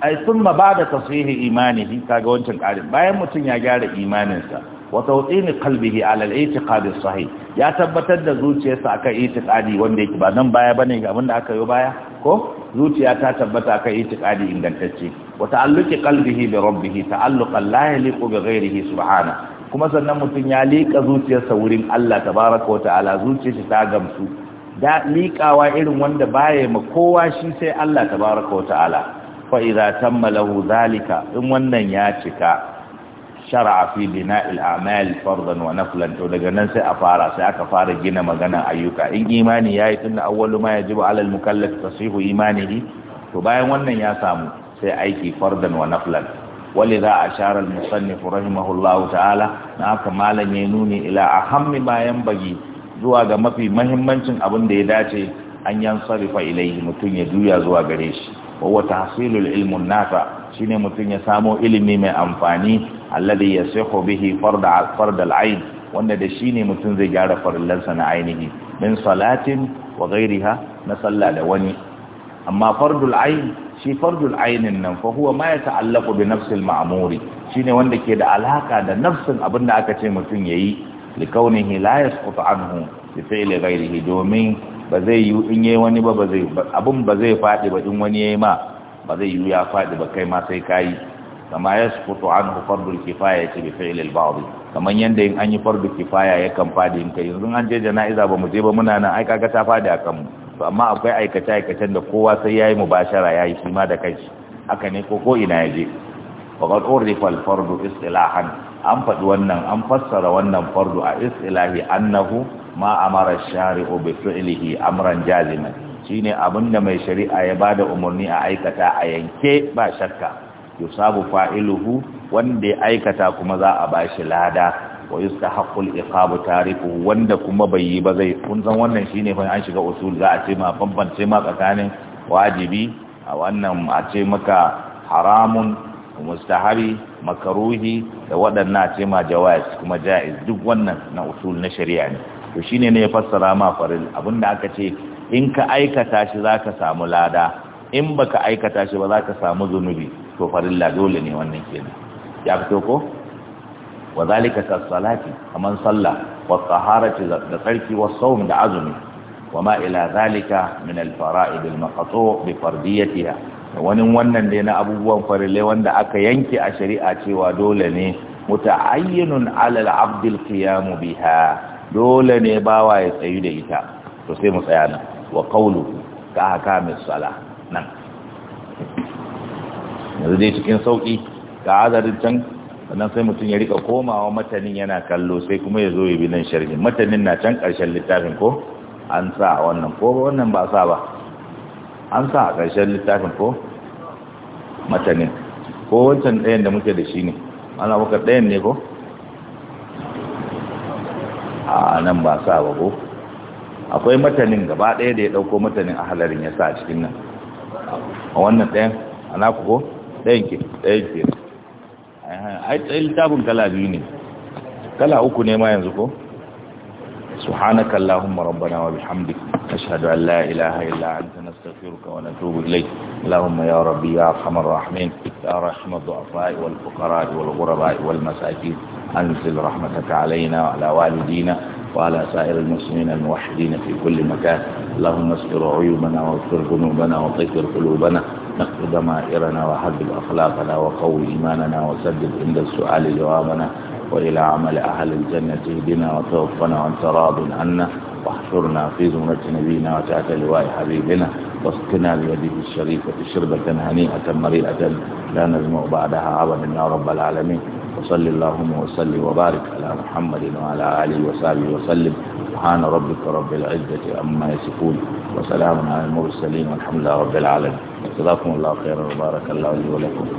[SPEAKER 1] ai thumma ba'da tasihi imanihi kaga wancan karin bayan mutun ya gyara imaninsa wa tawqini qalbihi ala al-i'tiqad as-sahih ya tabbatar da zuciyarsa akan i'tiqadi wanda yake ba nan baya bane ga abinda aka yi baya ko zuciya ta tabbata akan i'tiqadi ingantacce wa ta'alluqi qalbihi bi rabbih ta'alluqan la yaliqu bi ghayrihi subhana kuma sannan mutum ya liƙa zuciyarsa wurin Allah tabaraka wa ta'ala zuciyarsa ta gamsu da liƙawa irin wanda baya ma kowa shi sai Allah tabaraka wa ta'ala fa idza tamma lahu zalika in wannan ya cika shara'a fi bina'il a'mal fardan wa naflan to daga nan sai a fara sai aka fara gina magana ayyuka in imani yayi tunda Auwalu ma ya ji 'ala al-mukallaf tasihu imanihi to bayan wannan ya samu sai aiki fardan wa naflan ولذا أشار المصنف رحمه malam ya ناك مالا ينوني إلى أهم ما ينبغي zuwa ga mafi mahimmancin abin da ya dace an yan sarrafa ilai mutum ya juya zuwa gare shi wa tahsilul ilmun nasa. shine mutum ya samo ilimi mai amfani alladhi yasihu bihi farda ain wanda da shine mutum zai gyara farillansa na ainihi min salatin wa ghayriha na sallah da wani amma fardul ain shi fardul ainin nan fa huwa ma yata'allaqu bi nafsil ma'muri shine wanda ke da alaka da nafsin abin da aka ce mutum yayi likaunihi la yasqutu anhu bi fi'li gairihi domin ba zai yi in yayi wani ba ba zai faɗi ba zai fadi ba in wani yi ma ba zai yiwu ya faɗi ba kai ma sai ka yi kama ya sukutu an fardu kifaya ce bi fi'lil ba'd kamar yanda in an yi fardu kifaya ya kan faɗi in kai yanzu an je jana'iza ba mu je ba muna nan ai kaga ta faɗi a kanmu to amma akwai aikace aikacen da kowa sai yayi bashara yayi shi ma da kanshi haka ne ko ko ina ya je faqad urifa al-fardu istilahan an faɗi wannan an fassara wannan fardu a istilahi annahu ma amara shari'u bi fi'lihi amran jaziman shine abinda mai shari'a ya ba da umarni a aikata a yanke ba shakka sabu fa'iluhu wanda ya aikata kuma za a ba shi lada wa haƙul ikabu iqabu tariku wanda kuma bai yi ba zai kun san wannan ne fa an shiga usul za a ce ma bambance ma tsakanin wajibi a wannan a ce maka haramun mustahari makaruhi da waɗannan ce ma jawaz kuma jaiz duk wannan na usul na shari'a ne to shine ne ya fassara ma faril da aka ce in ka aikata shi za ka samu lada in baka aikata shi ba za ka samu zunubi to farilla dole ne wannan kenan ya fito ko wa zalika salati kamar sallah wa taharati da tsarki wa sawm da azumi wa ma ila zalika min al fara'id al bi wani wannan dai na abubuwan farille wanda aka yanke a shari'a cewa dole ne muta'ayyinun alal al qiyam biha dole ne bawa ya tsayu da ita to sai mu tsaya nan wa kaulu ka mai sala nan yanzu dai cikin sauki ga azarin can sannan sai mutum ya rika komawa matanin yana kallo sai kuma ya zo ya bi nan sharhi matanin na can ƙarshen littafin ko an sa wannan ko wannan ba sa ba an sa a ƙarshen littafin ko matanin ko wancan ɗayan da muke da shi ne ana muka ɗayan ne ko a nan ba sa ba ko akwai matanin gaba ɗaya da ya ɗauko matanin a halarin ya sa a cikin nan a wannan ɗayan a na kuko ɗayan ke ɗayan ke eh, ai tsaye littafin kala biyu ne kala uku ne ma yanzu ko Subhana hana kallahun marabbana wa bihamdi a allah ilaha illa an ta nastafiru ka wani tubu lai lahun mai yawon rabbi ya kamar rahmin ya rahima zuwa fa'i wal fukara wal gura ba'i wal masaki an zil rahmataka alaina wa ala walidina وعلى سائر المسلمين الموحدين في كل مكان اللهم اسكر عيوبنا واغفر ذنوبنا وطهر قلوبنا نقض ضمائرنا وحبب أخلاقنا وقوي إيماننا وسدد عند السؤال جوابنا وإلى عمل أهل الجنة اهدنا وتوفنا وانت راض عنا واحشرنا في زمرة نبينا وتحت لواء حبيبنا واسقنا بيده الشريفة شربة هنيئة مريئة لا نزمع بعدها عبد يا رب العالمين وصل اللهم وسلم وبارك على محمد وعلى آله وصحبه وسلم سبحان ربك رب العزة أما يصفون وسلام على المرسلين والحمد لله رب العالمين
[SPEAKER 2] جزاكم الله خيرا وبارك الله لي ولكم